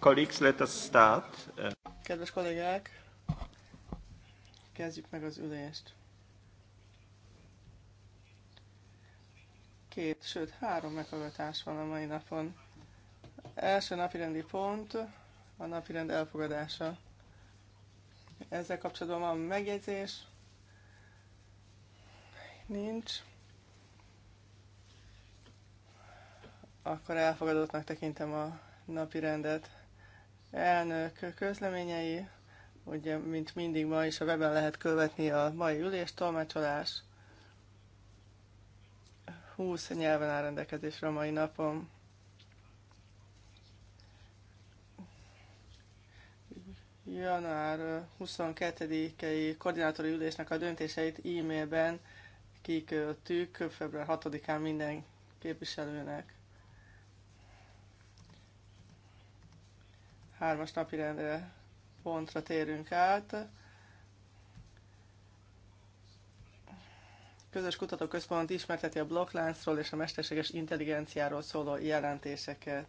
Colleagues, let us start. Kedves kollégák, kezdjük meg az ülést. Két, sőt három meghallgatás van a mai napon. Első napirendi pont a napirend elfogadása. Ezzel kapcsolatban van megjegyzés. Nincs. Akkor elfogadottnak tekintem a napi rendet elnök közleményei. Ugye, mint mindig ma is a webben lehet követni a mai ülés tolmácsolás. 20 nyelven áll rendelkezésre a mai napon. Január 22-i koordinátori ülésnek a döntéseit e-mailben kiköltük február 6-án minden képviselőnek. hármas napi rendre pontra térünk át. Közös Kutatóközpont ismerteti a blokkláncról és a mesterséges intelligenciáról szóló jelentéseket.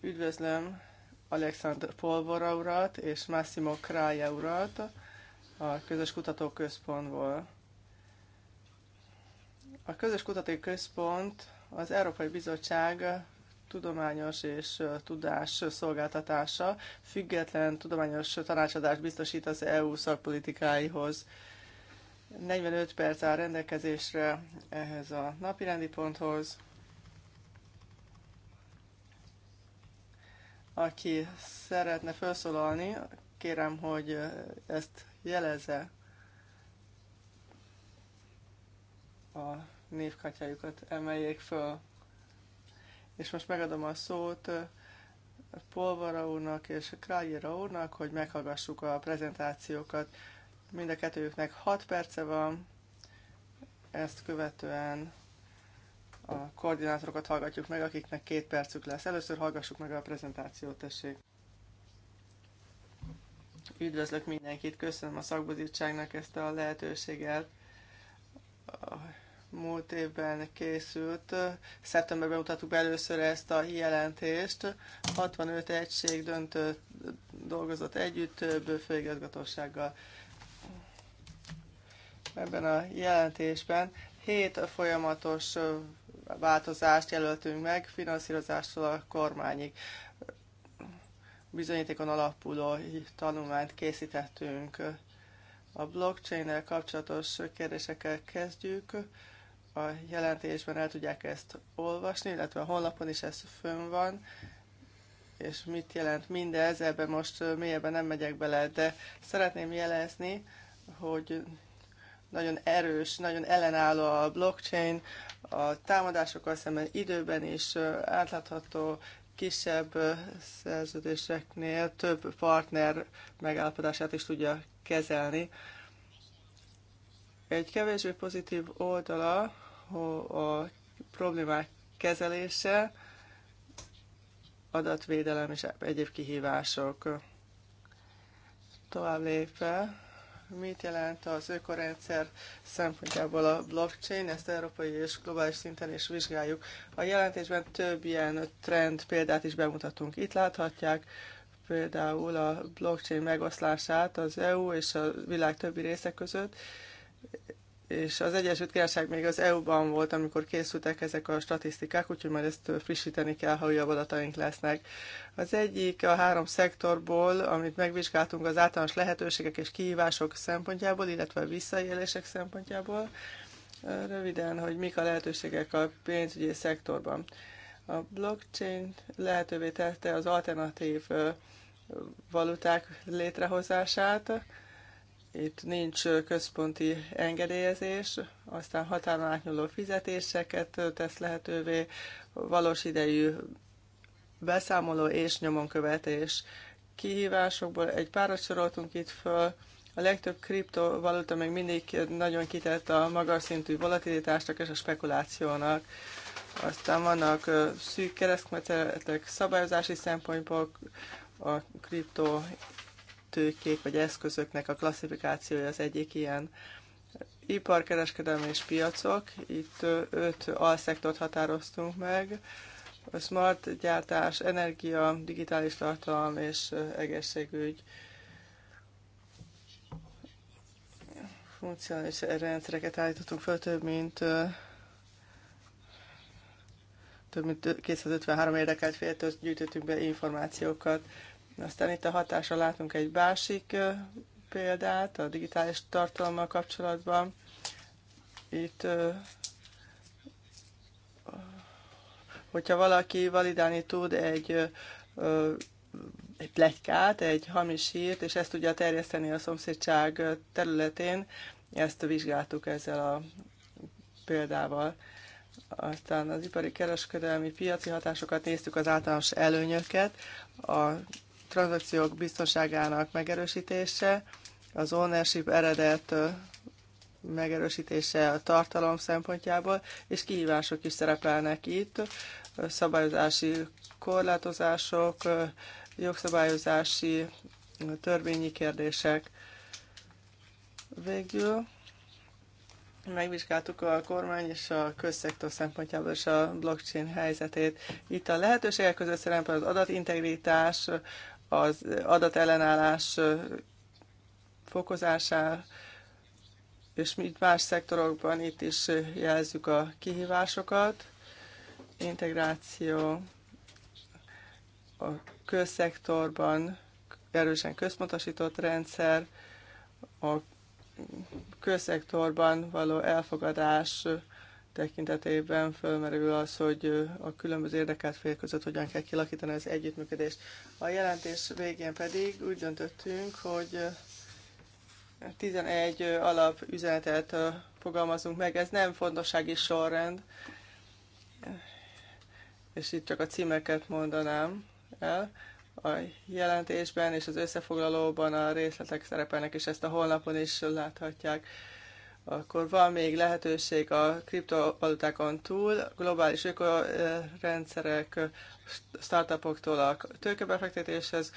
Üdvözlöm Alexander Polvora urat és Massimo Krája urat a Közös Kutatóközpontból. A Közös Kutatóközpont az Európai Bizottság tudományos és tudás szolgáltatása független tudományos tanácsadást biztosít az EU szakpolitikáihoz. 45 perc áll rendelkezésre ehhez a napirendi ponthoz. Aki szeretne felszólalni, kérem, hogy ezt jelezze a névkártyájukat emeljék föl. És most megadom a szót Polvara úrnak és Krájera úrnak, hogy meghallgassuk a prezentációkat. Mind a kettőjüknek 6 perce van, ezt követően a koordinátorokat hallgatjuk meg, akiknek két percük lesz. Először hallgassuk meg a prezentációt, tessék. Üdvözlök mindenkit, köszönöm a szakbizottságnak ezt a lehetőséget múlt évben készült. Szeptemberben mutattuk be először ezt a jelentést. 65 egység döntő dolgozott együtt több főigazgatósággal. Ebben a jelentésben hét folyamatos változást jelöltünk meg, finanszírozástól a kormányig. Bizonyítékon alapuló tanulmányt készítettünk. A blockchain-nel kapcsolatos kérdésekkel kezdjük a jelentésben el tudják ezt olvasni, illetve a honlapon is ez fönn van, és mit jelent mindez, ebben most mélyebben nem megyek bele, de szeretném jelezni, hogy nagyon erős, nagyon ellenálló a blockchain, a támadásokkal szemben időben is átlátható kisebb szerződéseknél több partner megállapodását is tudja kezelni. Egy kevésbé pozitív oldala a problémák kezelése, adatvédelem és egyéb kihívások. Tovább lépve, mit jelent az ökorendszer szempontjából a blockchain, ezt európai és globális szinten is vizsgáljuk. A jelentésben több ilyen trend példát is bemutatunk. Itt láthatják például a blockchain megoszlását az EU és a világ többi része között, és az Egyesült Királyság még az EU-ban volt, amikor készültek ezek a statisztikák, úgyhogy már ezt frissíteni kell, ha újabb adataink lesznek. Az egyik a három szektorból, amit megvizsgáltunk az általános lehetőségek és kihívások szempontjából, illetve a visszaélések szempontjából, röviden, hogy mik a lehetőségek a pénzügyi szektorban. A blockchain lehetővé tette az alternatív valuták létrehozását, itt nincs központi engedélyezés, aztán határon átnyúló fizetéseket tesz lehetővé, valós idejű beszámoló és nyomonkövetés. Kihívásokból egy párat soroltunk itt föl, a legtöbb kriptovaluta még mindig nagyon kitett a magas szintű volatilitásnak és a spekulációnak. Aztán vannak szűk keresztmetszeretek szabályozási szempontból, a kripto tőkék vagy eszközöknek a klasszifikációja az egyik ilyen. Ipar, kereskedelmi és piacok, itt öt alszektort határoztunk meg, a smart gyártás, energia, digitális tartalom és egészségügy. Funkcionális rendszereket állítottunk föl több mint több mint 253 érdekelt féltől gyűjtöttünk be információkat. Aztán itt a hatásra látunk egy másik példát a digitális tartalommal kapcsolatban. Itt hogyha valaki validálni tud egy, egy plegykát, egy hamis hírt, és ezt tudja terjeszteni a szomszédság területén, ezt vizsgáltuk ezzel a példával. Aztán az ipari kereskedelmi piaci hatásokat néztük, az általános előnyöket, a tranzakciók biztonságának megerősítése, az ownership eredet megerősítése a tartalom szempontjából, és kihívások is szerepelnek itt, szabályozási korlátozások, jogszabályozási törvényi kérdések. Végül megvizsgáltuk a kormány és a közszektor szempontjából is a blockchain helyzetét. Itt a lehetőségek között szerepel az adatintegritás, az adatellenállás fokozására, és mint más szektorokban itt is jelzük a kihívásokat. Integráció a közszektorban erősen központosított rendszer, a közszektorban való elfogadás tekintetében fölmerül az, hogy a különböző érdekelt fél között hogyan kell kilakítani az együttműködést. A jelentés végén pedig úgy döntöttünk, hogy 11 üzenetet fogalmazunk meg. Ez nem fontossági sorrend, és itt csak a címeket mondanám el. A jelentésben és az összefoglalóban a részletek szerepelnek, és ezt a honlapon is láthatják akkor van még lehetőség a kriptovalutákon túl, globális ökorendszerek, startupoktól a tőkebefektetéshez,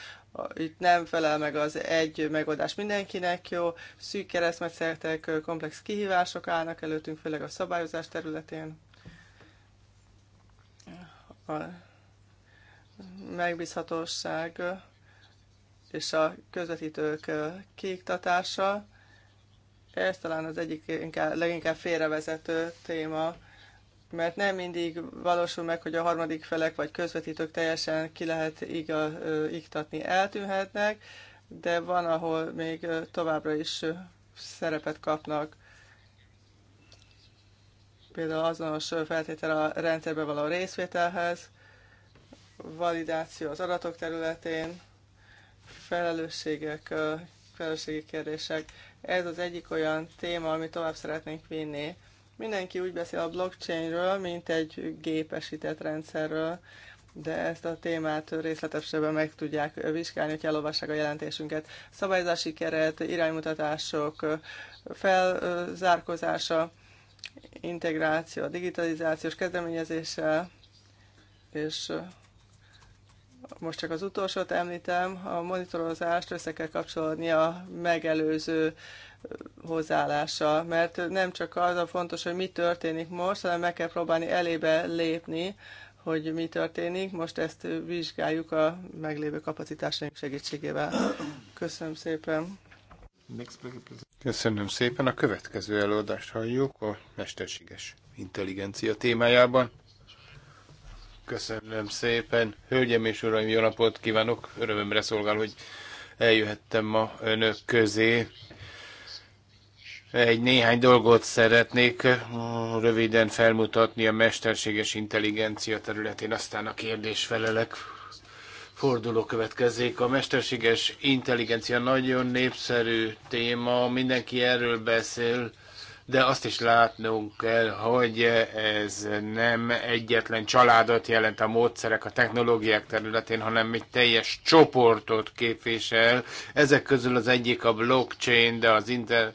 itt nem felel meg az egy megoldás mindenkinek jó, szűk keresztmetszertek, komplex kihívások állnak előttünk, főleg a szabályozás területén. A megbízhatóság és a közvetítők eh, kiiktatása ez talán az egyik inkább, leginkább félrevezető téma, mert nem mindig valósul meg, hogy a harmadik felek vagy közvetítők teljesen ki lehet iga, iktatni, eltűnhetnek, de van, ahol még továbbra is szerepet kapnak. Például azonos feltétel a rendszerbe való részvételhez, validáció az adatok területén, felelősségek felelősségi kérdések. Ez az egyik olyan téma, amit tovább szeretnénk vinni. Mindenki úgy beszél a blockchainről, mint egy gépesített rendszerről, de ezt a témát részletesebben meg tudják vizsgálni, hogy elolvassák a jelentésünket. Szabályzási keret, iránymutatások, felzárkozása, integráció, digitalizációs kezdeményezéssel, és most csak az utolsót említem, a monitorozást össze kell kapcsolódni a megelőző hozzáállással, mert nem csak az a fontos, hogy mi történik most, hanem meg kell próbálni elébe lépni, hogy mi történik. Most ezt vizsgáljuk a meglévő kapacitásaink segítségével. Köszönöm szépen! Köszönöm szépen. A következő előadást halljuk a mesterséges intelligencia témájában. Köszönöm szépen. Hölgyem és uraim, jó napot kívánok. Örömömre szolgál, hogy eljöhettem ma önök közé. Egy néhány dolgot szeretnék röviden felmutatni a mesterséges intelligencia területén, aztán a kérdésfelelek forduló következik. A mesterséges intelligencia nagyon népszerű téma, mindenki erről beszél, de azt is látnunk kell, hogy ez nem egyetlen családot jelent a módszerek, a technológiák területén, hanem egy teljes csoportot képvisel. Ezek közül az egyik a blockchain, de az inter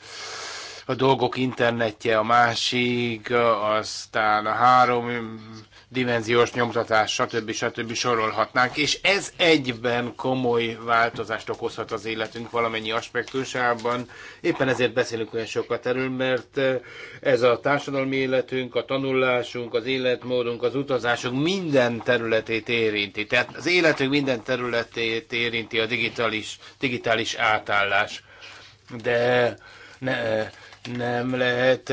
a dolgok internetje, a másik, aztán a három dimenziós nyomtatás, stb. stb. sorolhatnánk, és ez egyben komoly változást okozhat az életünk valamennyi aspektusában. Éppen ezért beszélünk olyan sokat erről, mert eh, ez a társadalmi életünk, a tanulásunk, az életmódunk, az utazásunk minden területét érinti. Tehát az életünk minden területét érinti a digitális, digitális átállás. De ne, eh, nem lehet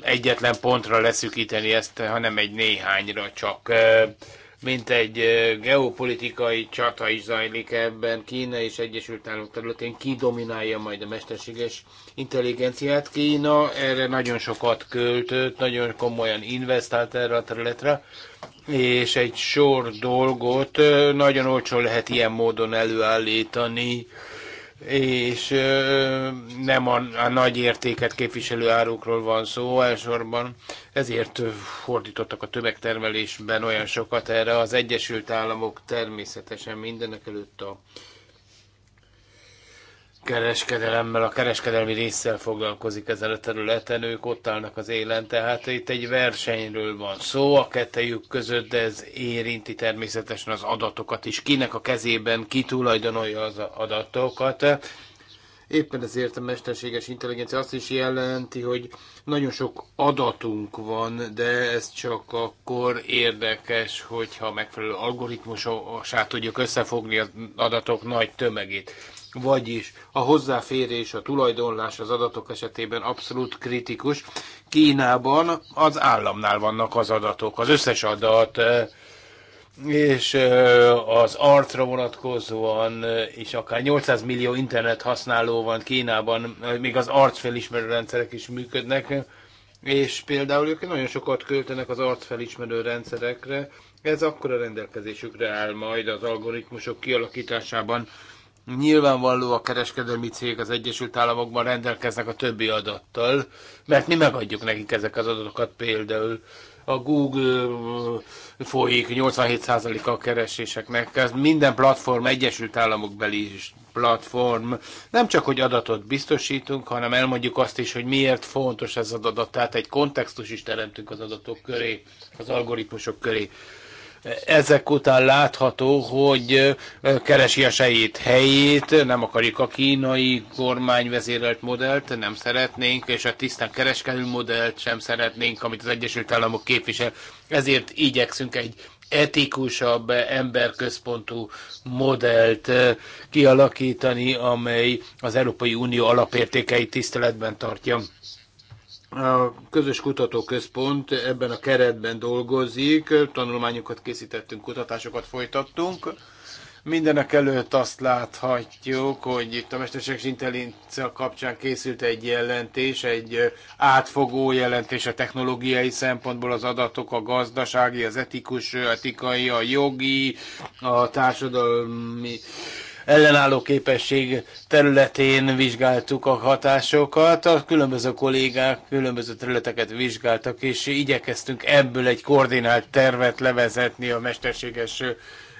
egyetlen pontra leszűkíteni ezt, hanem egy néhányra csak. Mint egy geopolitikai csata is zajlik ebben, Kína és Egyesült Államok területén kidominálja majd a mesterséges intelligenciát. Kína erre nagyon sokat költött, nagyon komolyan investált erre a területre, és egy sor dolgot nagyon olcsó lehet ilyen módon előállítani és nem a, a nagy értéket képviselő árukról van szó elsősorban, ezért fordítottak a tömegtermelésben olyan sokat erre. Az Egyesült Államok természetesen mindenek előtt a kereskedelemmel, a kereskedelmi résszel foglalkozik ezen a területen, ők ott állnak az élen, tehát itt egy versenyről van szó a kettejük között, de ez érinti természetesen az adatokat is. Kinek a kezében ki tulajdonolja az adatokat? Éppen ezért a mesterséges intelligencia azt is jelenti, hogy nagyon sok adatunk van, de ez csak akkor érdekes, hogyha megfelelő algoritmusát tudjuk összefogni az adatok nagy tömegét. Vagyis a hozzáférés, a tulajdonlás az adatok esetében abszolút kritikus. Kínában az államnál vannak az adatok, az összes adat, eh, és eh, az artra vonatkozóan eh, és akár 800 millió internet használó van Kínában, még az arcfelismerő rendszerek is működnek, és például ők nagyon sokat költenek az arcfelismerő rendszerekre, ez akkor a rendelkezésükre áll majd az algoritmusok kialakításában. Nyilvánvaló a kereskedelmi cég az Egyesült Államokban rendelkeznek a többi adattal, mert mi megadjuk nekik ezek az adatokat például. A Google folyik 87%-a a kereséseknek, ez minden platform, Egyesült Államok beli is platform. Nem csak, hogy adatot biztosítunk, hanem elmondjuk azt is, hogy miért fontos ez az adat, tehát egy kontextus is teremtünk az adatok köré, az algoritmusok köré ezek után látható, hogy keresi a saját helyét, nem akarjuk a kínai kormány vezérelt modellt, nem szeretnénk, és a tisztán kereskedő modellt sem szeretnénk, amit az Egyesült Államok képvisel. Ezért igyekszünk egy etikusabb, emberközpontú modellt kialakítani, amely az Európai Unió alapértékeit tiszteletben tartja. A közös kutatóközpont ebben a keretben dolgozik, tanulmányokat készítettünk, kutatásokat folytattunk. Mindenek előtt azt láthatjuk, hogy itt a mesterséges intelligencia kapcsán készült egy jelentés, egy átfogó jelentés a technológiai szempontból az adatok, a gazdasági, az etikus, etikai, a jogi, a társadalmi ellenálló képesség területén vizsgáltuk a hatásokat, a különböző kollégák különböző területeket vizsgáltak, és igyekeztünk ebből egy koordinált tervet levezetni a mesterséges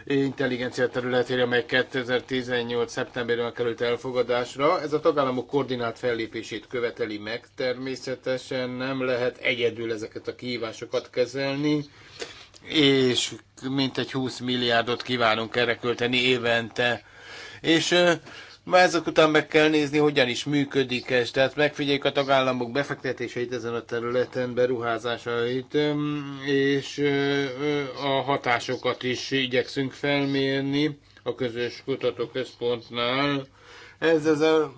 intelligencia területére, amely 2018. szeptemberben került elfogadásra. Ez a tagállamok koordinált fellépését követeli meg. Természetesen nem lehet egyedül ezeket a kihívásokat kezelni, és mintegy 20 milliárdot kívánunk erre költeni évente és már ezek után meg kell nézni, hogyan is működik ez. Tehát megfigyeljük a tagállamok befektetéseit ezen a területen, beruházásait, és a hatásokat is igyekszünk felmérni a közös kutatóközpontnál. Ez az, a,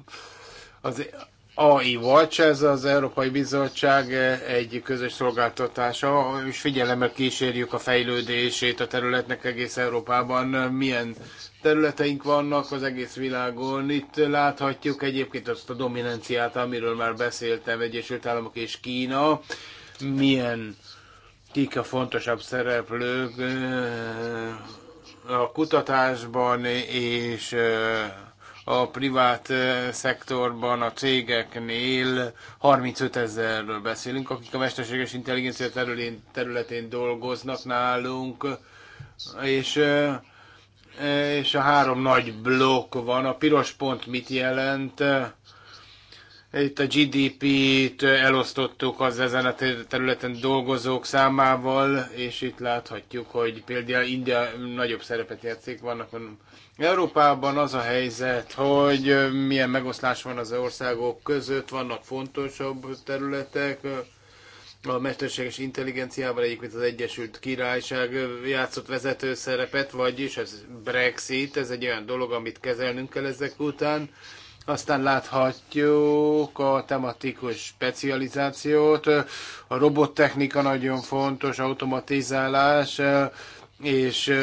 az AI Watch, ez az Európai Bizottság egy közös szolgáltatása, és figyelemmel kísérjük a fejlődését a területnek egész Európában, milyen területeink vannak az egész világon. Itt láthatjuk egyébként azt a dominanciát, amiről már beszéltem, Egyesült Államok és Kína. Milyen kik a fontosabb szereplők a kutatásban és a privát szektorban, a cégeknél 35 ezerről beszélünk, akik a mesterséges intelligencia területén, területén dolgoznak nálunk, és és a három nagy blokk van. A piros pont mit jelent? Itt a GDP-t elosztottuk az ezen a területen dolgozók számával, és itt láthatjuk, hogy például India nagyobb szerepet játszik. Vannak Európában az a helyzet, hogy milyen megoszlás van az országok között, vannak fontosabb területek, a mesterséges intelligenciával, egyébként az Egyesült Királyság játszott vezető szerepet, vagyis ez Brexit, ez egy olyan dolog, amit kezelnünk kell ezek után. Aztán láthatjuk a tematikus specializációt, a robottechnika nagyon fontos, automatizálás, és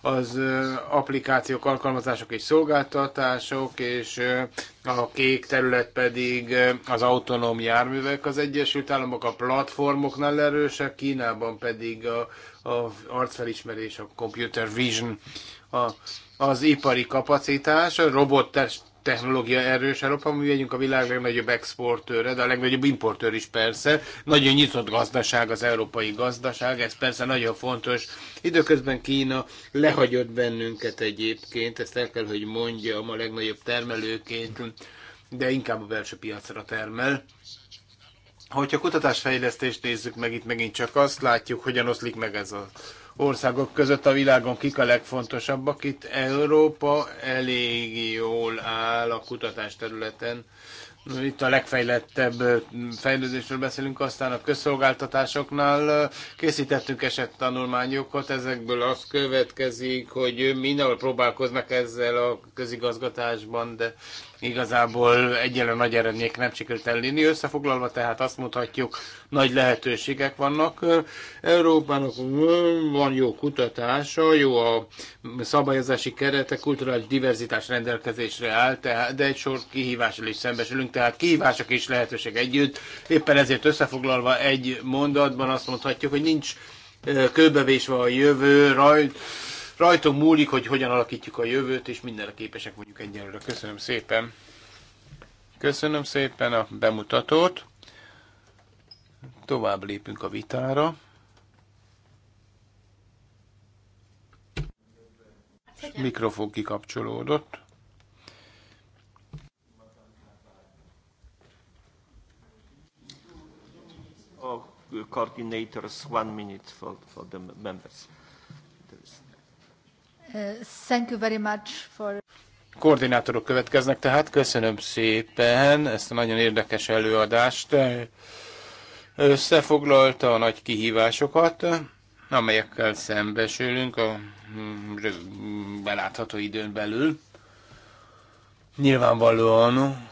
az applikációk, alkalmazások és szolgáltatások, és a kék terület pedig az autonóm járművek. Az Egyesült Államok a platformoknál erősek, Kínában pedig a, a arcfelismerés, a computer vision, a, az ipari kapacitás, a robot technológia erős Európa, mi vagyunk a világ legnagyobb exportőre, de a legnagyobb importőr is persze. Nagyon nyitott gazdaság az európai gazdaság, ez persze nagyon fontos. Időközben Kína lehagyott bennünket egyébként, ezt el kell, hogy mondjam, a legnagyobb termelőként, de inkább a belső piacra termel. Ha a kutatásfejlesztést nézzük meg, itt megint csak azt látjuk, hogyan oszlik meg ez a országok között a világon kik a legfontosabbak. Itt Európa elég jól áll a kutatás területen. Itt a legfejlettebb fejlődésről beszélünk, aztán a közszolgáltatásoknál készítettünk tanulmányokat ezekből az következik, hogy mindenhol próbálkoznak ezzel a közigazgatásban, de Igazából egyelőre nagy eredmények nem sikerült elérni. Összefoglalva tehát azt mondhatjuk, nagy lehetőségek vannak. Európának van jó kutatása, jó a szabályozási kerete, kulturális diverzitás rendelkezésre áll, tehát, de egy sor kihívással is szembesülünk, tehát kihívások és lehetőség együtt. Éppen ezért összefoglalva egy mondatban azt mondhatjuk, hogy nincs kőbevésve a jövő, rajt, rajtunk múlik, hogy hogyan alakítjuk a jövőt, és mindenre képesek vagyunk egyelőre. Köszönöm szépen. Köszönöm szépen a bemutatót. Tovább lépünk a vitára. Mikrofon kikapcsolódott. Oh, coordinators one minute for, for the members. Thank you very much for... Koordinátorok következnek, tehát köszönöm szépen ezt a nagyon érdekes előadást. Összefoglalta a nagy kihívásokat, amelyekkel szembesülünk a belátható időn belül. Nyilvánvalóan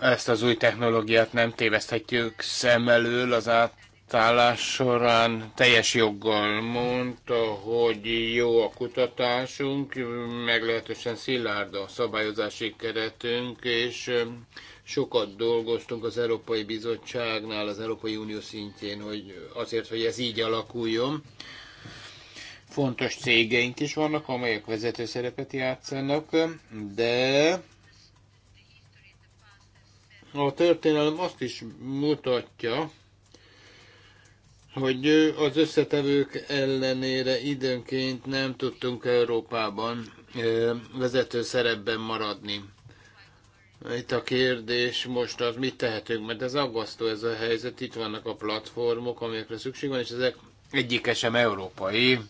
ezt az új technológiát nem téveszthetjük szem elől az át állás során teljes joggal mondta, hogy jó a kutatásunk, meglehetősen szilárd a szabályozási keretünk, és um, sokat dolgoztunk az Európai Bizottságnál, az Európai Unió szintjén, hogy azért, hogy ez így alakuljon. Fontos cégeink is vannak, amelyek vezető szerepet játszanak, de a történelem azt is mutatja, hogy az összetevők ellenére időnként nem tudtunk Európában vezető szerepben maradni. Itt a kérdés most az, mit tehetünk, mert ez aggasztó ez a helyzet. Itt vannak a platformok, amikre szükség van, és ezek egyike sem európai.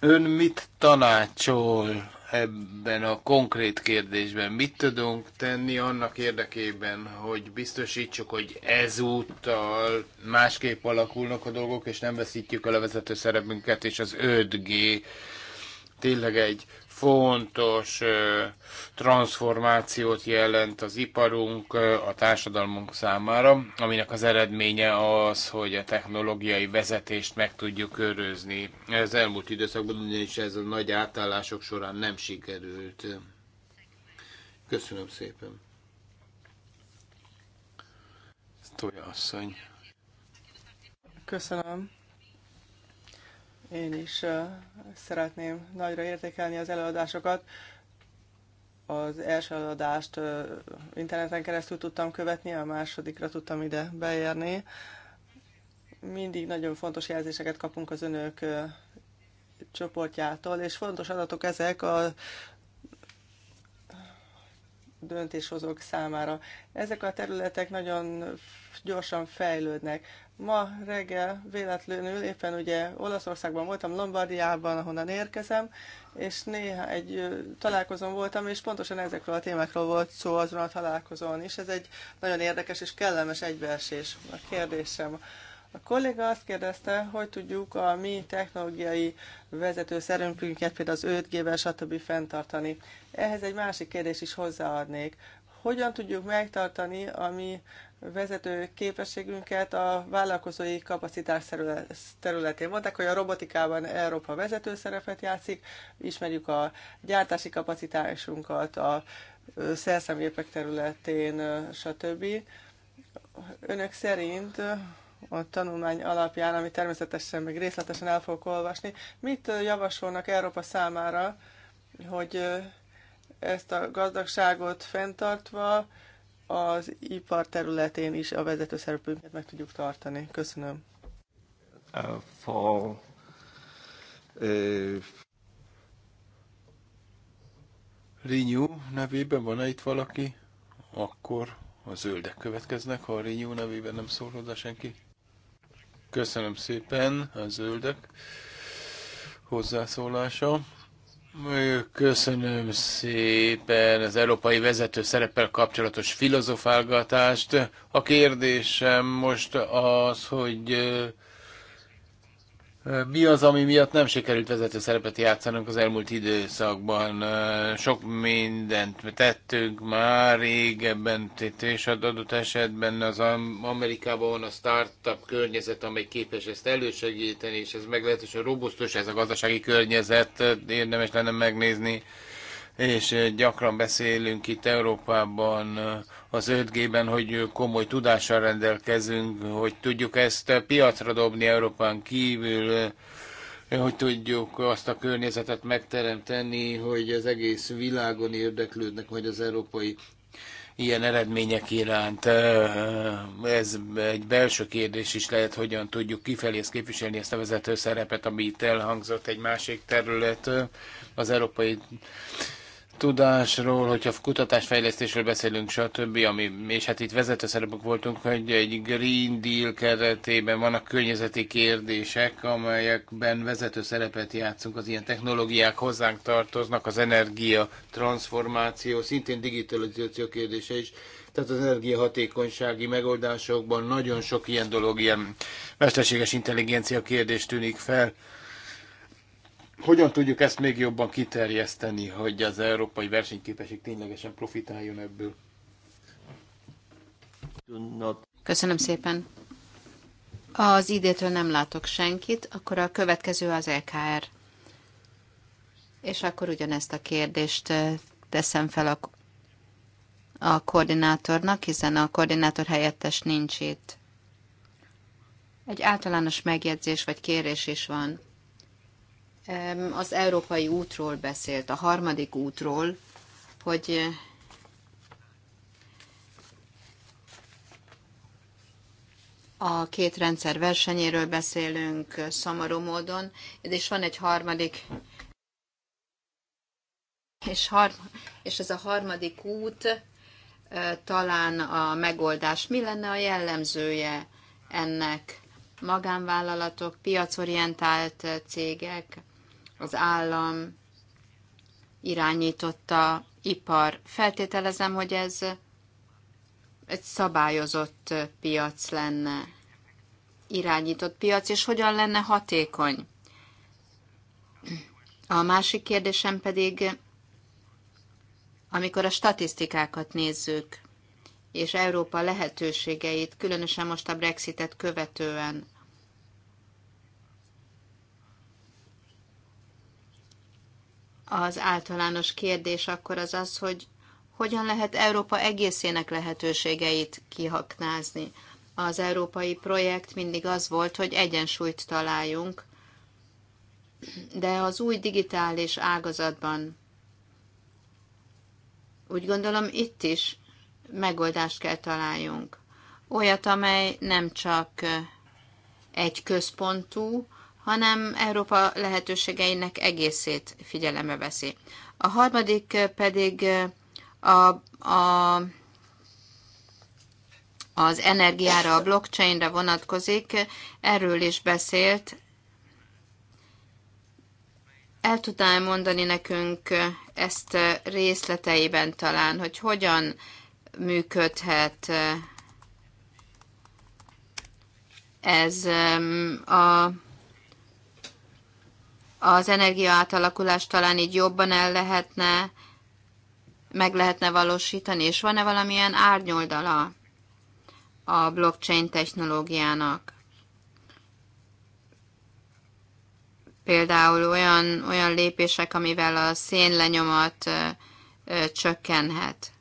Ön mit tanácsol ebben a konkrét kérdésben. Mit tudunk tenni annak érdekében, hogy biztosítsuk, hogy ezúttal másképp alakulnak a dolgok, és nem veszítjük el a vezető szerepünket, és az 5G tényleg egy fontos transformációt jelent az iparunk a társadalmunk számára, aminek az eredménye az, hogy a technológiai vezetést meg tudjuk őrözni. Ez elmúlt időszakban ugyanis ez a nagy átállások során nem sikerült. Köszönöm szépen. Tója asszony. Köszönöm. Én is szeretném nagyra értékelni az előadásokat. Az első előadást interneten keresztül tudtam követni, a másodikra tudtam ide beérni. Mindig nagyon fontos jelzéseket kapunk az önök csoportjától, és fontos adatok ezek a döntéshozók számára. Ezek a területek nagyon gyorsan fejlődnek. Ma reggel véletlenül éppen ugye Olaszországban voltam, Lombardiában, ahonnan érkezem, és néha egy találkozón voltam, és pontosan ezekről a témákról volt szó azon a találkozón is. Ez egy nagyon érdekes és kellemes egybeesés a kérdésem. A kolléga azt kérdezte, hogy tudjuk a mi technológiai vezető szerünkünket, például az 5G-vel, stb. fenntartani. Ehhez egy másik kérdés is hozzáadnék. Hogyan tudjuk megtartani a mi vezető képességünket a vállalkozói kapacitás területén. Mondták, hogy a robotikában Európa vezető szerepet játszik, ismerjük a gyártási kapacitásunkat, a szerszemépek területén, stb. Önök szerint a tanulmány alapján, ami természetesen még részletesen el fogok olvasni, mit javasolnak Európa számára, hogy ezt a gazdagságot fenntartva, az ipar területén is a vezető szerepünket meg tudjuk tartani. Köszönöm. Uh, for, uh, nevében van-e itt valaki? Akkor a zöldek következnek, ha a Rinyú nevében nem szól hozzá senki. Köszönöm szépen a zöldek hozzászólása. Köszönöm szépen az európai vezető szereppel kapcsolatos filozofálgatást. A kérdésem most az, hogy mi az, ami miatt nem sikerült vezető szerepet játszanunk az elmúlt időszakban? Sok mindent tettünk már régebben, és adott esetben az Amerikában van a startup környezet, amely képes ezt elősegíteni, és ez meglehetősen robusztus, ez a gazdasági környezet, érdemes lenne megnézni, és gyakran beszélünk itt Európában az 5G-ben, hogy komoly tudással rendelkezünk, hogy tudjuk ezt piacra dobni Európán kívül, hogy tudjuk azt a környezetet megteremteni, hogy az egész világon érdeklődnek majd az európai ilyen eredmények iránt. Ez egy belső kérdés is lehet, hogyan tudjuk kifelé ezt képviselni, ezt a vezető szerepet, ami itt elhangzott egy másik terület, az európai tudásról, hogyha kutatásfejlesztésről beszélünk, stb., ami, és hát itt vezető szerepek voltunk, hogy egy Green Deal keretében vannak környezeti kérdések, amelyekben vezető szerepet játszunk, az ilyen technológiák hozzánk tartoznak, az energia, transformáció, szintén digitalizáció kérdése is, tehát az energiahatékonysági megoldásokban nagyon sok ilyen dolog, ilyen mesterséges intelligencia kérdés tűnik fel, hogyan tudjuk ezt még jobban kiterjeszteni, hogy az európai versenyképesség ténylegesen profitáljon ebből? Köszönöm szépen. Az idétől nem látok senkit, akkor a következő az EKR. És akkor ugyanezt a kérdést eh, teszem fel a, a koordinátornak, hiszen a koordinátor helyettes nincs itt. Egy általános megjegyzés vagy kérés is van az európai útról beszélt, a harmadik útról, hogy eh, a két rendszer versenyéről beszélünk eh, szomorú módon, és van egy harmadik, és, har, és ez a harmadik út eh, talán a megoldás. Mi lenne a jellemzője ennek? Magánvállalatok, piacorientált cégek, az állam irányította ipar. Feltételezem, hogy ez egy szabályozott piac lenne, irányított piac, és hogyan lenne hatékony. A másik kérdésem pedig, amikor a statisztikákat nézzük, és Európa lehetőségeit, különösen most a Brexitet követően, az általános kérdés akkor az az, hogy hogyan lehet Európa egészének lehetőségeit kihaknázni. Az európai projekt mindig az volt, hogy egyensúlyt találjunk, de az új digitális ágazatban úgy gondolom itt is megoldást kell találjunk. Olyat, amely nem csak egy központú, hanem Európa lehetőségeinek egészét figyelembe veszi. A harmadik pedig a, a az energiára, a blockchainre vonatkozik, erről is beszélt. El tudnál mondani nekünk ezt részleteiben talán, hogy hogyan működhet ez a az energia átalakulást talán így jobban el lehetne, meg lehetne valósítani, és van-e valamilyen árnyoldala a blockchain technológiának? Például olyan, olyan lépések, amivel a szénlenyomat ö, ö, csökkenhet.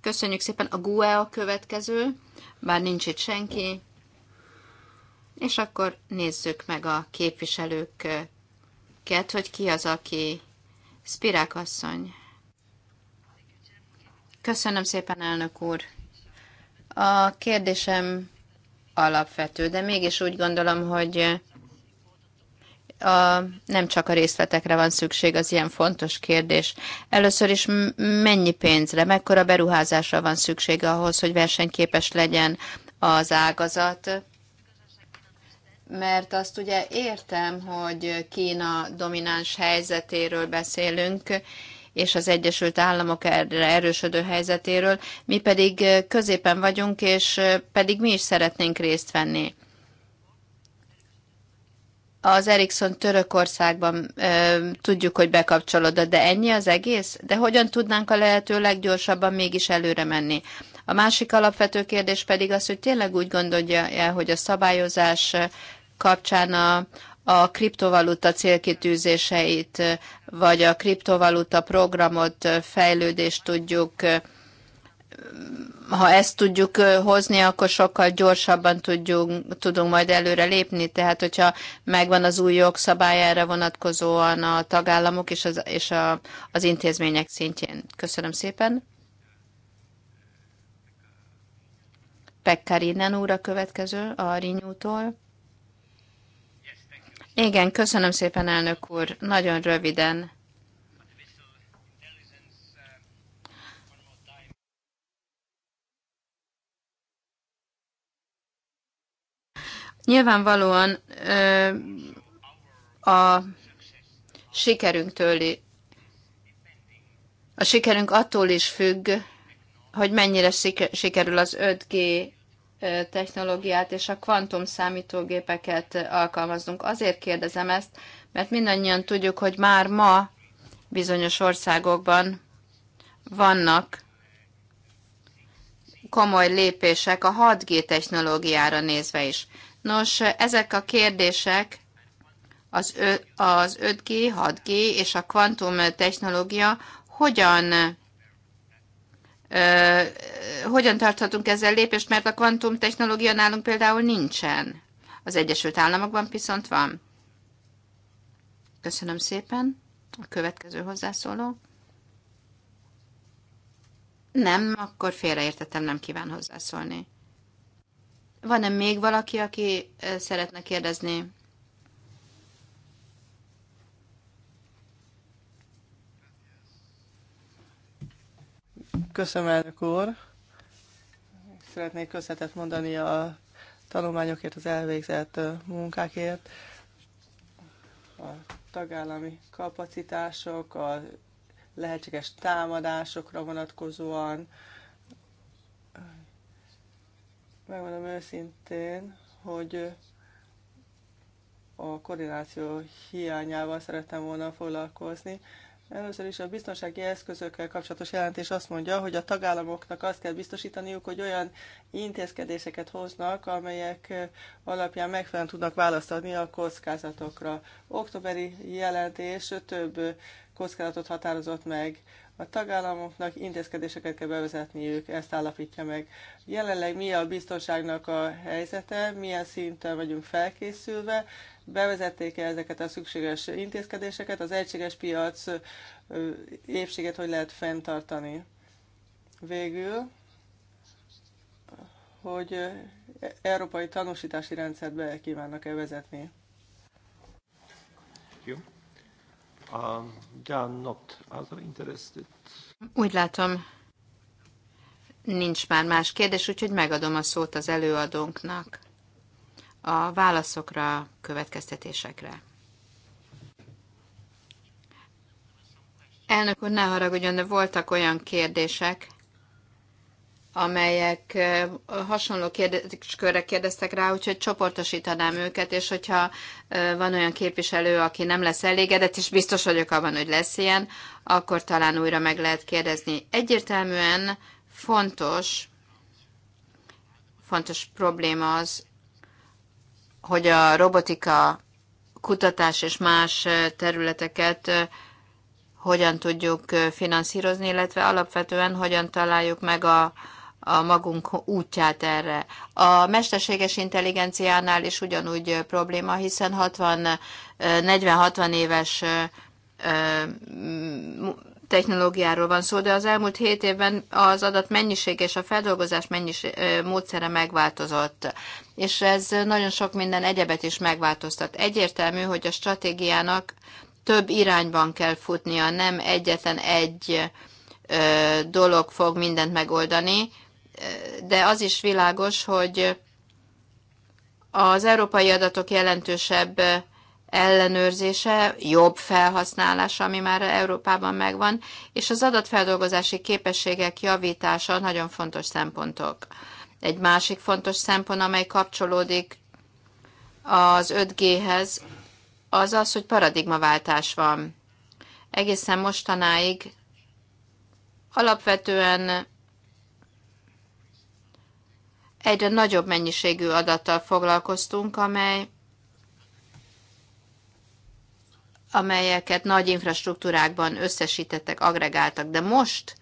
Köszönjük szépen. A GUE a következő, bár nincs itt senki. És akkor nézzük meg a képviselők minket, hogy ki az, aki. Spirák asszony. Köszönöm szépen, elnök úr. A kérdésem alapvető, de mégis úgy gondolom, hogy a, nem csak a részletekre van szükség, az ilyen fontos kérdés. Először is mennyi pénzre, mekkora beruházásra van szükség ahhoz, hogy versenyképes legyen az ágazat, mert azt ugye értem, hogy Kína domináns helyzetéről beszélünk, és az Egyesült Államok erre erősödő helyzetéről, mi pedig középen vagyunk, és pedig mi is szeretnénk részt venni. Az Ericsson Törökországban ö, tudjuk, hogy bekapcsolódott, de ennyi az egész? De hogyan tudnánk a lehető leggyorsabban mégis előre menni? A másik alapvető kérdés pedig az, hogy tényleg úgy gondolja el, hogy a szabályozás kapcsán a, a kriptovaluta célkitűzéseit, vagy a kriptovaluta programot, fejlődést tudjuk, ha ezt tudjuk hozni, akkor sokkal gyorsabban tudjunk, tudunk majd előre lépni. Tehát, hogyha megvan az új jogszabályára vonatkozóan a tagállamok és az, és a, az intézmények szintjén. Köszönöm szépen. Pekkarinen úr a következő, a Rinyútól. Igen, köszönöm szépen, elnök úr. Nagyon röviden. Nyilvánvalóan a sikerünktől, a sikerünk attól is függ, hogy mennyire sikerül az 5G technológiát és a kvantum számítógépeket alkalmazunk. Azért kérdezem ezt, mert mindannyian tudjuk, hogy már ma bizonyos országokban vannak komoly lépések a 6G technológiára nézve is. Nos, ezek a kérdések az, ö, az 5G, 6G és a kvantum technológia hogyan hogyan tarthatunk ezzel lépést, mert a kvantum technológia nálunk például nincsen. Az Egyesült Államokban viszont van. Köszönöm szépen. A következő hozzászóló. Nem, akkor félreértettem, nem kíván hozzászólni. Van-e még valaki, aki szeretne kérdezni? Köszönöm, elnök úr. Szeretnék köszönetet mondani a tanulmányokért, az elvégzett munkákért, a tagállami kapacitások, a lehetséges támadásokra vonatkozóan. Megmondom őszintén, hogy a koordináció hiányával szerettem volna foglalkozni, Először is a biztonsági eszközökkel kapcsolatos jelentés azt mondja, hogy a tagállamoknak azt kell biztosítaniuk, hogy olyan intézkedéseket hoznak, amelyek alapján megfelelően tudnak választani a kockázatokra. Októberi jelentés több kockázatot határozott meg. A tagállamoknak intézkedéseket kell bevezetniük, ezt állapítja meg. Jelenleg mi a biztonságnak a helyzete, milyen szinten vagyunk felkészülve, bevezették-e ezeket a szükséges intézkedéseket, az egységes piac épséget hogy lehet fenntartani. Végül, hogy európai tanúsítási rendszert be kívánnak-e vezetni. Jó. Um, not interested. Úgy látom, nincs már más kérdés, úgyhogy megadom a szót az előadónknak a válaszokra, következtetésekre. Elnök úr, ne haragudjon, de voltak olyan kérdések, amelyek hasonló kérdéskörre kérdeztek rá, úgyhogy csoportosítanám őket, és hogyha van olyan képviselő, aki nem lesz elégedett, és biztos vagyok abban, hogy lesz ilyen, akkor talán újra meg lehet kérdezni. Egyértelműen fontos, fontos probléma az, hogy a robotika kutatás és más területeket hogyan tudjuk finanszírozni, illetve alapvetően hogyan találjuk meg a, a magunk útját erre. A mesterséges intelligenciánál is ugyanúgy probléma, hiszen 60, 40-60 éves technológiáról van szó, de az elmúlt hét évben az adat mennyiség és a feldolgozás mennyis, módszere megváltozott, és ez nagyon sok minden egyebet is megváltoztat. Egyértelmű, hogy a stratégiának több irányban kell futnia, nem egyetlen egy ö, dolog fog mindent megoldani, de az is világos, hogy az európai adatok jelentősebb ellenőrzése, jobb felhasználása, ami már Európában megvan, és az adatfeldolgozási képességek javítása nagyon fontos szempontok. Egy másik fontos szempont, amely kapcsolódik az 5G-hez, az az, hogy paradigmaváltás van. Egészen mostanáig alapvetően egyre nagyobb mennyiségű adattal foglalkoztunk, amely amelyeket nagy infrastruktúrákban összesítettek, agregáltak, de most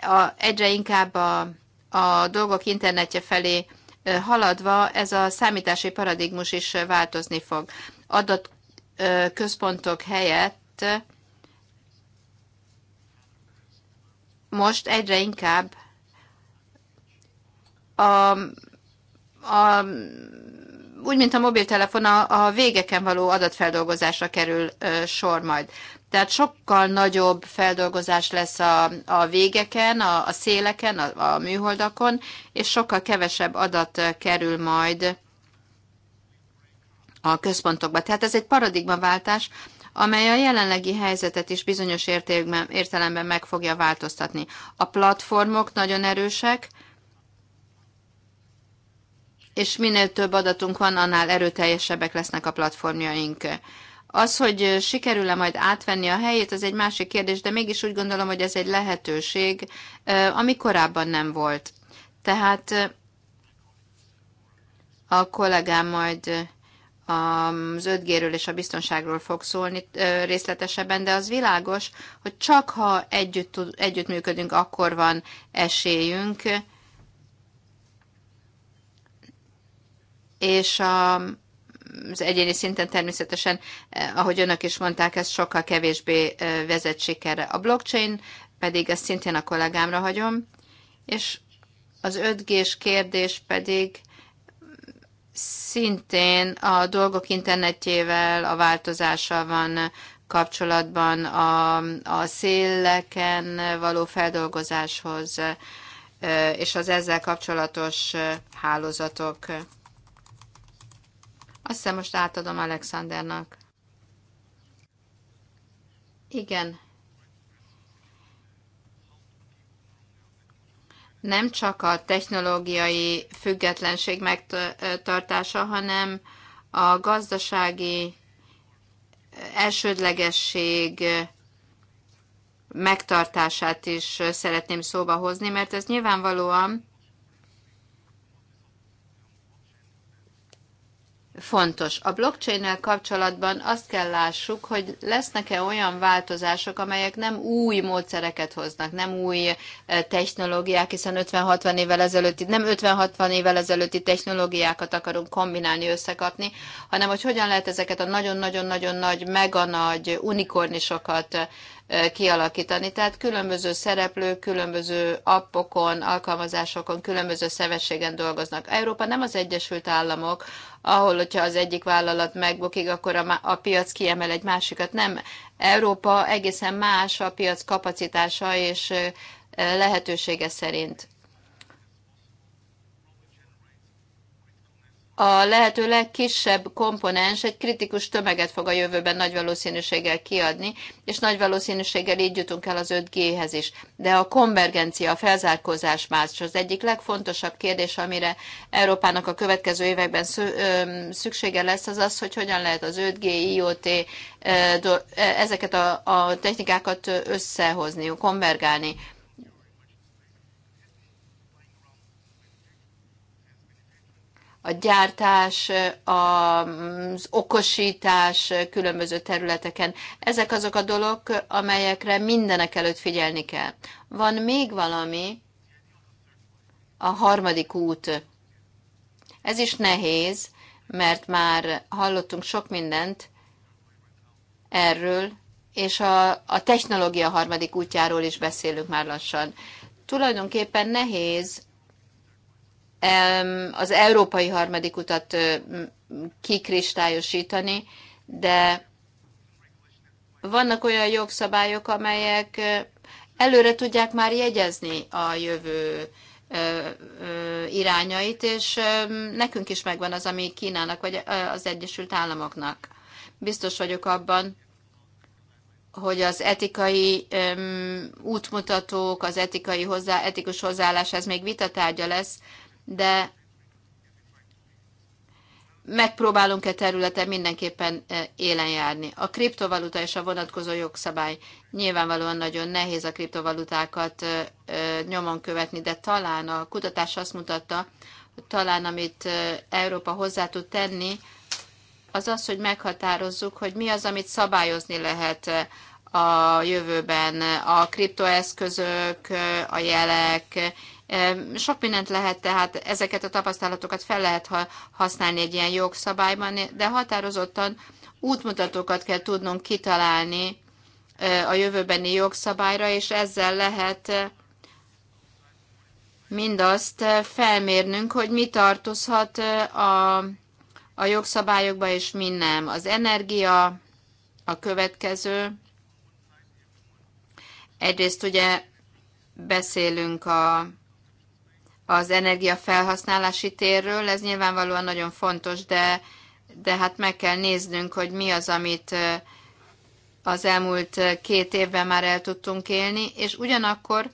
a, egyre inkább a, a dolgok internetje felé haladva ez a számítási paradigmus is változni fog. Adat központok helyett most egyre inkább a, a úgy, mint a mobiltelefon, a, a végeken való adatfeldolgozásra kerül ö, sor majd. Tehát sokkal nagyobb feldolgozás lesz a, a végeken, a, a széleken, a, a műholdakon, és sokkal kevesebb adat kerül majd a központokba. Tehát ez egy paradigmaváltás, amely a jelenlegi helyzetet is bizonyos értelemben meg fogja változtatni. A platformok nagyon erősek, és minél több adatunk van, annál erőteljesebbek lesznek a platformjaink. Az, hogy sikerül-e majd átvenni a helyét, az egy másik kérdés, de mégis úgy gondolom, hogy ez egy lehetőség, eh, ami korábban nem volt. Tehát eh, a kollégám majd eh, az 5 és a biztonságról fog szólni részletesebben, de az világos, hogy csak ha együtt, együttműködünk, akkor van esélyünk, és a, az egyéni szinten természetesen, eh, ahogy önök is mondták, ez sokkal kevésbé eh, vezet sikerre. A blockchain pedig ezt szintén a kollégámra hagyom, és az 5G-s kérdés pedig szintén a dolgok internetjével, a változása van kapcsolatban, a, a széleken való feldolgozáshoz, eh, és az ezzel kapcsolatos hálózatok. Azt hiszem, most átadom Alexandernak. Igen. Nem csak a technológiai függetlenség megtartása, hanem a gazdasági elsődlegesség megtartását is szeretném szóba hozni, mert ez nyilvánvalóan fontos. A blockchain kapcsolatban azt kell lássuk, hogy lesznek-e olyan változások, amelyek nem új módszereket hoznak, nem új eh, technológiák, hiszen 50-60 évvel ezelőtti, nem 50-60 évvel ezelőtti technológiákat akarunk kombinálni, összekapni, hanem hogy hogyan lehet ezeket a nagyon-nagyon-nagyon nagy, mega nagy unikornisokat eh, kialakítani. Tehát különböző szereplők, különböző appokon, alkalmazásokon, különböző szövetségen dolgoznak. Európa nem az Egyesült Államok, ahol, hogyha az egyik vállalat megbukik, akkor a, a piac kiemel egy másikat. Nem, Európa egészen más a piac kapacitása és lehetősége szerint. a lehető legkisebb komponens egy kritikus tömeget fog a jövőben nagy valószínűséggel kiadni, és nagy valószínűséggel így jutunk el az 5G-hez is. De a konvergencia, a felzárkózás más az egyik legfontosabb kérdés, amire Európának a következő években szüksége lesz, az az, hogy hogyan lehet az 5G, IoT, ezeket a, a technikákat összehozni, konvergálni. a gyártás, az okosítás különböző területeken. Ezek azok a dolgok, amelyekre mindenek előtt figyelni kell. Van még valami, a harmadik út. Ez is nehéz, mert már hallottunk sok mindent erről, és a, a technológia harmadik útjáról is beszélünk már lassan. Tulajdonképpen nehéz az európai harmadik utat kikristályosítani, de vannak olyan jogszabályok, amelyek előre tudják már jegyezni a jövő irányait, és nekünk is megvan az, ami Kínának vagy az Egyesült Államoknak. Biztos vagyok abban, hogy az etikai um, útmutatók, az etikai hozzá, etikus hozzáállás, ez még vitatárgya lesz, de megpróbálunk-e területen mindenképpen e, élen járni. A kriptovaluta és a vonatkozó jogszabály nyilvánvalóan nagyon nehéz a kriptovalutákat e, e, nyomon követni, de talán a kutatás azt mutatta, hogy talán amit Európa hozzá tud tenni, az az, hogy meghatározzuk, hogy mi az, amit szabályozni lehet a jövőben. A kriptoeszközök, a jelek, sok mindent lehet, tehát ezeket a tapasztalatokat fel lehet használni egy ilyen jogszabályban, de határozottan útmutatókat kell tudnunk kitalálni a jövőbeni jogszabályra, és ezzel lehet mindazt felmérnünk, hogy mi tartozhat a, a jogszabályokba, és mi nem. Az energia a következő. Egyrészt ugye beszélünk a az energiafelhasználási térről, ez nyilvánvalóan nagyon fontos, de, de hát meg kell néznünk, hogy mi az, amit az elmúlt két évben már el tudtunk élni, és ugyanakkor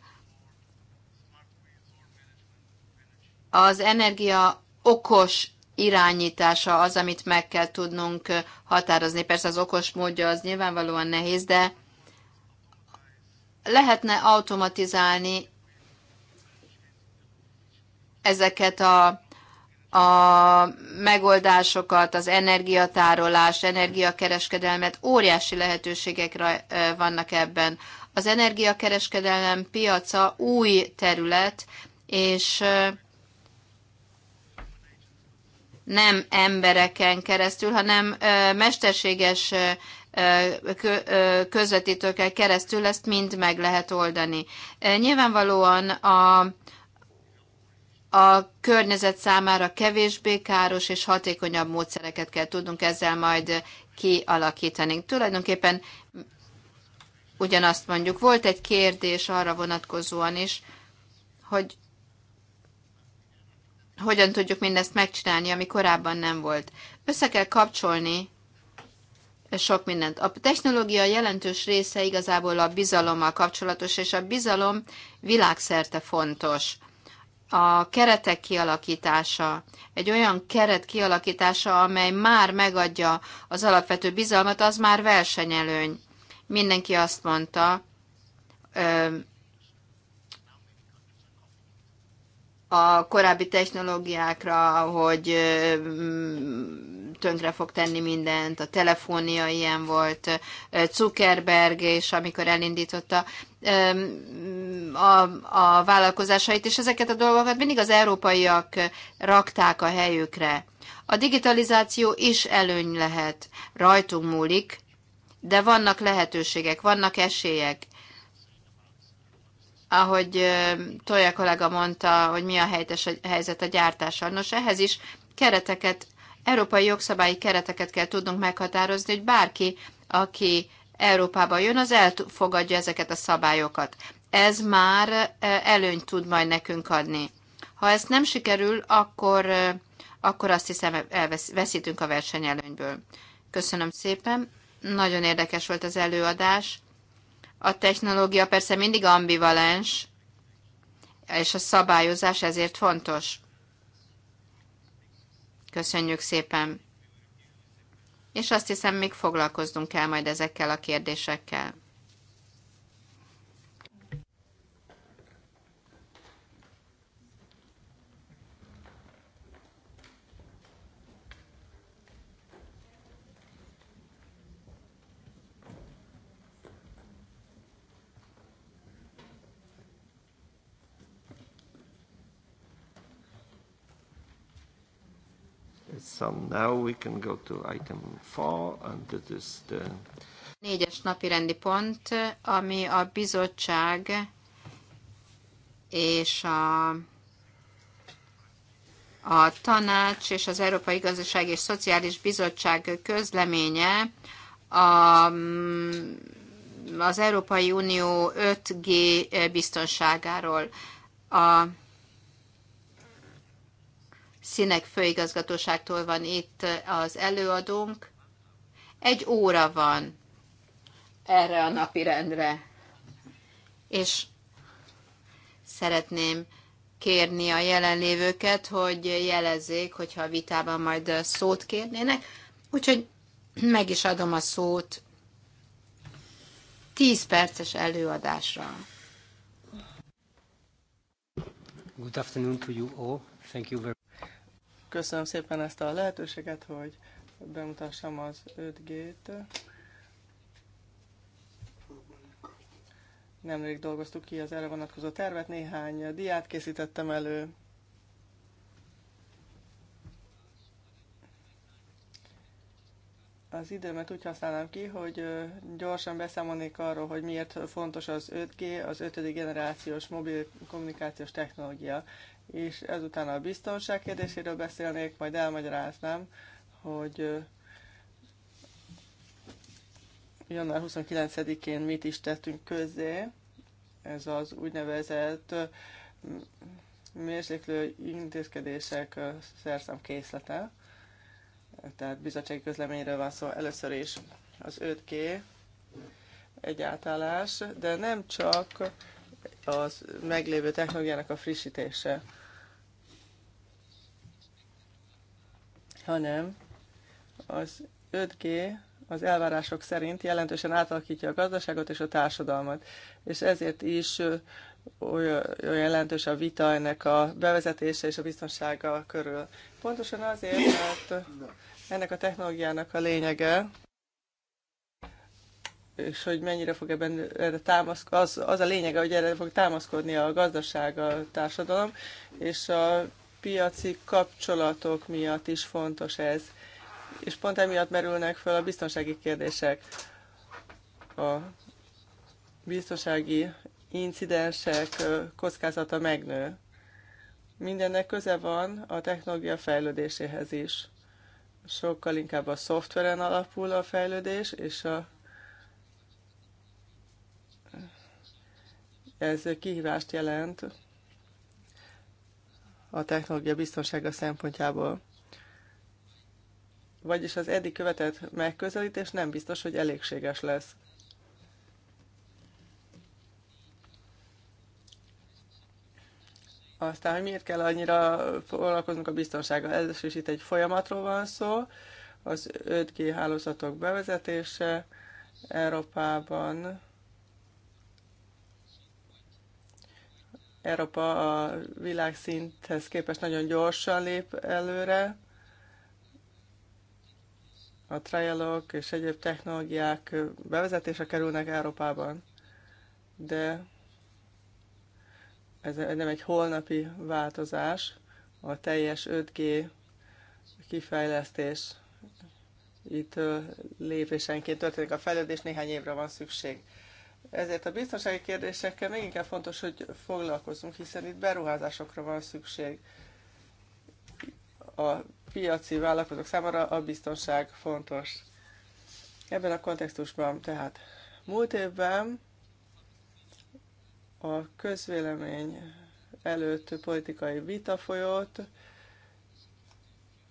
az energia okos irányítása az, amit meg kell tudnunk határozni. Persze az okos módja az nyilvánvalóan nehéz, de lehetne automatizálni ezeket a a megoldásokat, az energiatárolás, energiakereskedelmet, óriási lehetőségekre vannak ebben. Az energiakereskedelem piaca új terület, és nem embereken keresztül, hanem mesterséges közvetítőkkel keresztül ezt mind meg lehet oldani. Nyilvánvalóan a a környezet számára kevésbé káros és hatékonyabb módszereket kell tudnunk ezzel majd kialakítani. Tulajdonképpen ugyanazt mondjuk. Volt egy kérdés arra vonatkozóan is, hogy hogyan tudjuk mindezt megcsinálni, ami korábban nem volt. Össze kell kapcsolni sok mindent. A technológia jelentős része igazából a bizalommal kapcsolatos, és a bizalom világszerte fontos a keretek kialakítása, egy olyan keret kialakítása, amely már megadja az alapvető bizalmat, az már versenyelőny. Mindenki azt mondta, a korábbi technológiákra, hogy tönkre fog tenni mindent, a telefonia ilyen volt, Zuckerberg, és amikor elindította a, a vállalkozásait, és ezeket a dolgokat mindig az európaiak rakták a helyükre. A digitalizáció is előny lehet, rajtunk múlik, de vannak lehetőségek, vannak esélyek. Ahogy Tolja kollega mondta, hogy mi a helyzet a gyártással. Nos, ehhez is kereteket európai jogszabályi kereteket kell tudnunk meghatározni, hogy bárki, aki Európába jön, az elfogadja ezeket a szabályokat. Ez már e, előnyt tud majd nekünk adni. Ha ezt nem sikerül, akkor, e, akkor azt hiszem veszítünk a versenyelőnyből. Köszönöm szépen, nagyon érdekes volt az előadás. A technológia persze mindig ambivalens, és a szabályozás ezért fontos. Köszönjük szépen! És azt hiszem, még foglalkoznunk kell majd ezekkel a kérdésekkel. we can go to item four, and that is the... Négyes napi rendi pont, ami a bizottság és a, a tanács és az Európai Gazdaság és Szociális Bizottság közleménye a, mm, az Európai Unió 5G biztonságáról. A színek főigazgatóságtól van itt az előadónk. Egy óra van erre a napi rendre. És szeretném kérni a jelenlévőket, hogy jelezzék, hogyha a vitában majd szót kérnének. Úgyhogy meg is adom a szót 10 perces előadásra. Good afternoon to you all. Thank you very Köszönöm szépen ezt a lehetőséget, hogy bemutassam az 5G-t. Nemrég dolgoztuk ki az erre vonatkozó tervet, néhány diát készítettem elő. Az időmet úgy használom ki, hogy gyorsan beszámolnék arról, hogy miért fontos az 5G, az 5. generációs mobil kommunikációs technológia és ezután a biztonság kérdéséről beszélnék, majd elmagyaráznám, hogy január 29-én mit is tettünk közé. Ez az úgynevezett mérséklő intézkedések szerszám készlete. Tehát bizottsági közleményről van szó először is az 5G egy átállás, de nem csak az meglévő technológiának a frissítése. hanem az 5G az elvárások szerint jelentősen átalakítja a gazdaságot és a társadalmat. És ezért is olyan, jelentős a vita ennek a bevezetése és a biztonsága körül. Pontosan azért, mert ennek a technológiának a lényege, és hogy mennyire fog ebben erre támaszkodni, az, az a lényege, hogy erre fog támaszkodni a gazdaság, a társadalom, és a piaci kapcsolatok miatt is fontos ez, és pont emiatt merülnek fel a biztonsági kérdések. A biztonsági incidensek kockázata megnő. Mindennek köze van a technológia fejlődéséhez is. Sokkal inkább a szoftveren alapul a fejlődés, és a ez kihívást jelent a technológia biztonsága szempontjából. Vagyis az eddig követett megközelítés nem biztos, hogy elégséges lesz. Aztán, hogy miért kell annyira foglalkoznunk a biztonsággal? Ez is itt egy folyamatról van szó, az 5G hálózatok bevezetése Európában Európa a világszinthez képest nagyon gyorsan lép előre. A trialok és egyéb technológiák bevezetése kerülnek Európában, de ez nem egy holnapi változás, a teljes 5G kifejlesztés itt lépésenként történik a fejlődés, néhány évre van szükség. Ezért a biztonsági kérdésekkel még inkább fontos, hogy foglalkozzunk, hiszen itt beruházásokra van szükség. A piaci vállalkozók számára a biztonság fontos. Ebben a kontextusban tehát múlt évben a közvélemény előtt politikai vita folyott,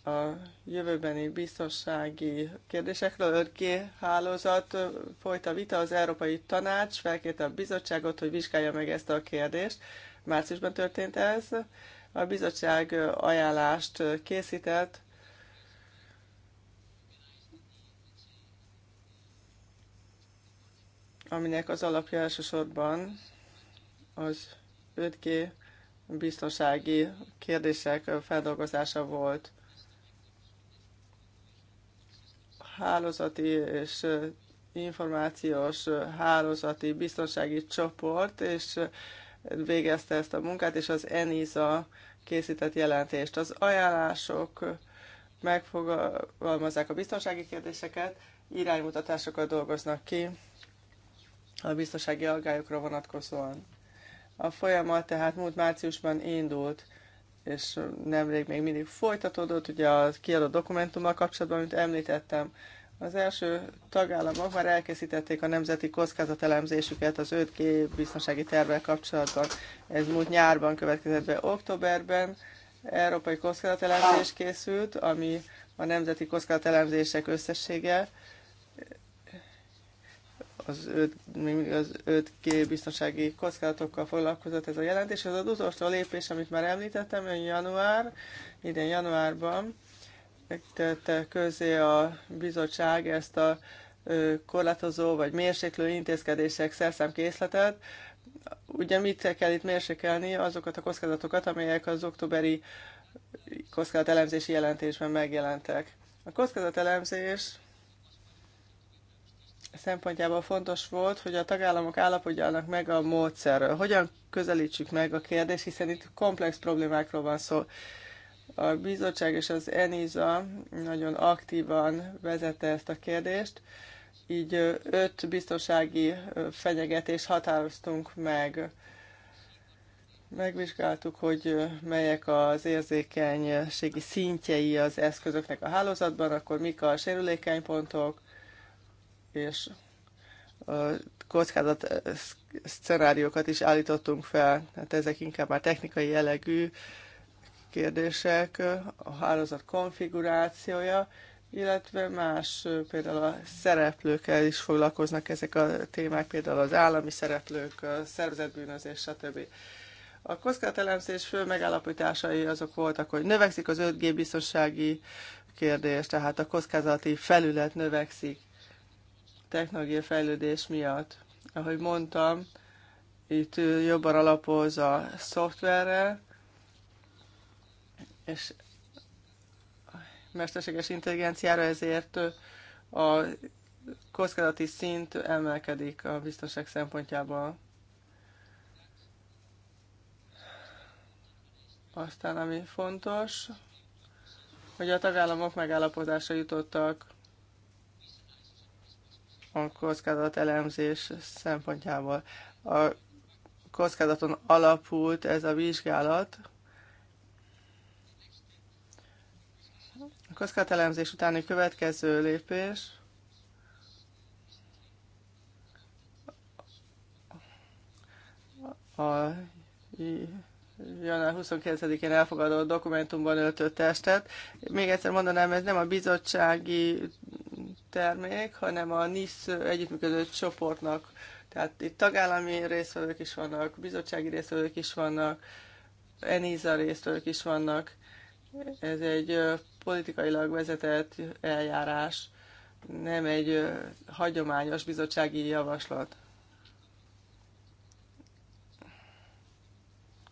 a jövőbeni biztonsági kérdésekről. örké hálózat folyt a vita, az Európai Tanács felkérte a bizottságot, hogy vizsgálja meg ezt a kérdést. Márciusban történt ez. A bizottság ajánlást készített, aminek az alapja elsősorban az 5G biztonsági kérdések feldolgozása volt. hálózati és információs hálózati biztonsági csoport, és végezte ezt a munkát, és az ENISA készített jelentést. Az ajánlások megfogalmazzák a biztonsági kérdéseket, iránymutatásokat dolgoznak ki a biztonsági aggályokra vonatkozóan. A folyamat tehát múlt márciusban indult és nemrég még mindig folytatódott, ugye a kiadott dokumentummal kapcsolatban, amit említettem, az első tagállamok már elkészítették a nemzeti kockázatelemzésüket az 5G biztonsági tervvel kapcsolatban. Ez múlt nyárban következett be, októberben európai kockázatelemzés készült, ami a nemzeti kockázatelemzések összessége, az 5, az 5G biztonsági kockázatokkal foglalkozott ez a jelentés. Ez az utolsó lépés, amit már említettem, hogy január, idén januárban tette közé a bizottság ezt a korlátozó vagy mérséklő intézkedések szerszámkészletet. Ugye mit kell itt mérsékelni? Azokat a kockázatokat, amelyek az októberi kockázatelemzési jelentésben megjelentek. A kockázatelemzés szempontjából fontos volt, hogy a tagállamok állapodjanak meg a módszerről. Hogyan közelítsük meg a kérdést, hiszen itt komplex problémákról van szó. A bizottság és az ENISA nagyon aktívan vezette ezt a kérdést, így öt biztonsági fenyegetést határoztunk meg. Megvizsgáltuk, hogy melyek az érzékenységi szintjei az eszközöknek a hálózatban, akkor mik a sérülékeny pontok, és kockázat szcenáriókat is állítottunk fel, tehát ezek inkább már technikai jellegű kérdések, a hálózat konfigurációja, illetve más, például a szereplőkkel is foglalkoznak ezek a témák, például az állami szereplők, a szervezetbűnözés, stb. A elemzés fő megállapításai azok voltak, hogy növekszik az 5G biztonsági kérdés, tehát a kockázati felület növekszik technológiai fejlődés miatt. Ahogy mondtam, itt jobban alapoz a szoftverrel, és mesterséges intelligenciára, ezért a kockázati szint emelkedik a biztonság szempontjából. Aztán ami fontos, hogy a tagállamok megállapozásra jutottak a kockázat elemzés szempontjából. A kockázaton alapult ez a vizsgálat. A elemzés utáni következő lépés a január 29-én elfogadott dokumentumban öltött testet. Még egyszer mondanám, ez nem a bizottsági termék, hanem a NISZ együttműködő csoportnak. Tehát itt tagállami résztvevők is vannak, bizottsági résztvevők is vannak, ENISA résztvevők is vannak. Ez egy politikailag vezetett eljárás, nem egy hagyományos bizottsági javaslat.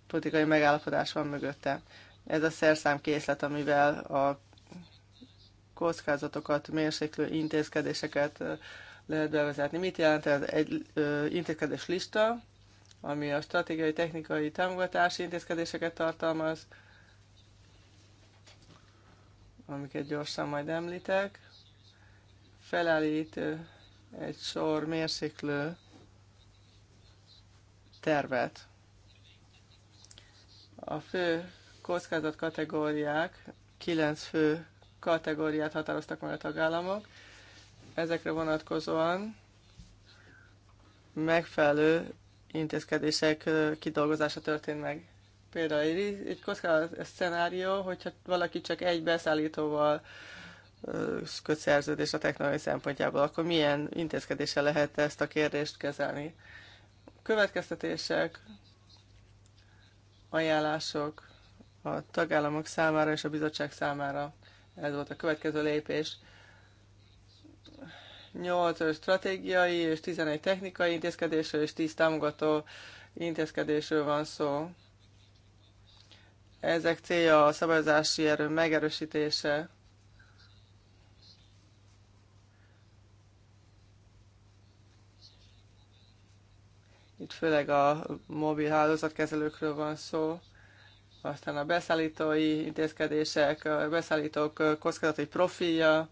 Politikai megállapodás van mögötte. Ez a szerszámkészlet, amivel a kockázatokat mérséklő intézkedéseket lehet bevezetni. Mit jelent ez? Egy intézkedés lista, ami a stratégiai, technikai támogatási intézkedéseket tartalmaz, amiket gyorsan majd említek. Felállít egy sor mérséklő tervet. A fő kockázat kategóriák, kilenc fő kategóriát határoztak meg a tagállamok. Ezekre vonatkozóan megfelelő intézkedések kidolgozása történt meg. Például egy, egy kockázat szenárió, hogyha valaki csak egy beszállítóval köt szerződést a technológiai szempontjából, akkor milyen intézkedése lehet ezt a kérdést kezelni? Következtetések, ajánlások a tagállamok számára és a bizottság számára. Ez volt a következő lépés. 8 stratégiai és 11 technikai intézkedésről és 10 támogató intézkedésről van szó. Ezek célja a szabályozási erő megerősítése. Itt főleg a mobil hálózatkezelőkről van szó aztán a beszállítói intézkedések, a beszállítók kockázati profilja,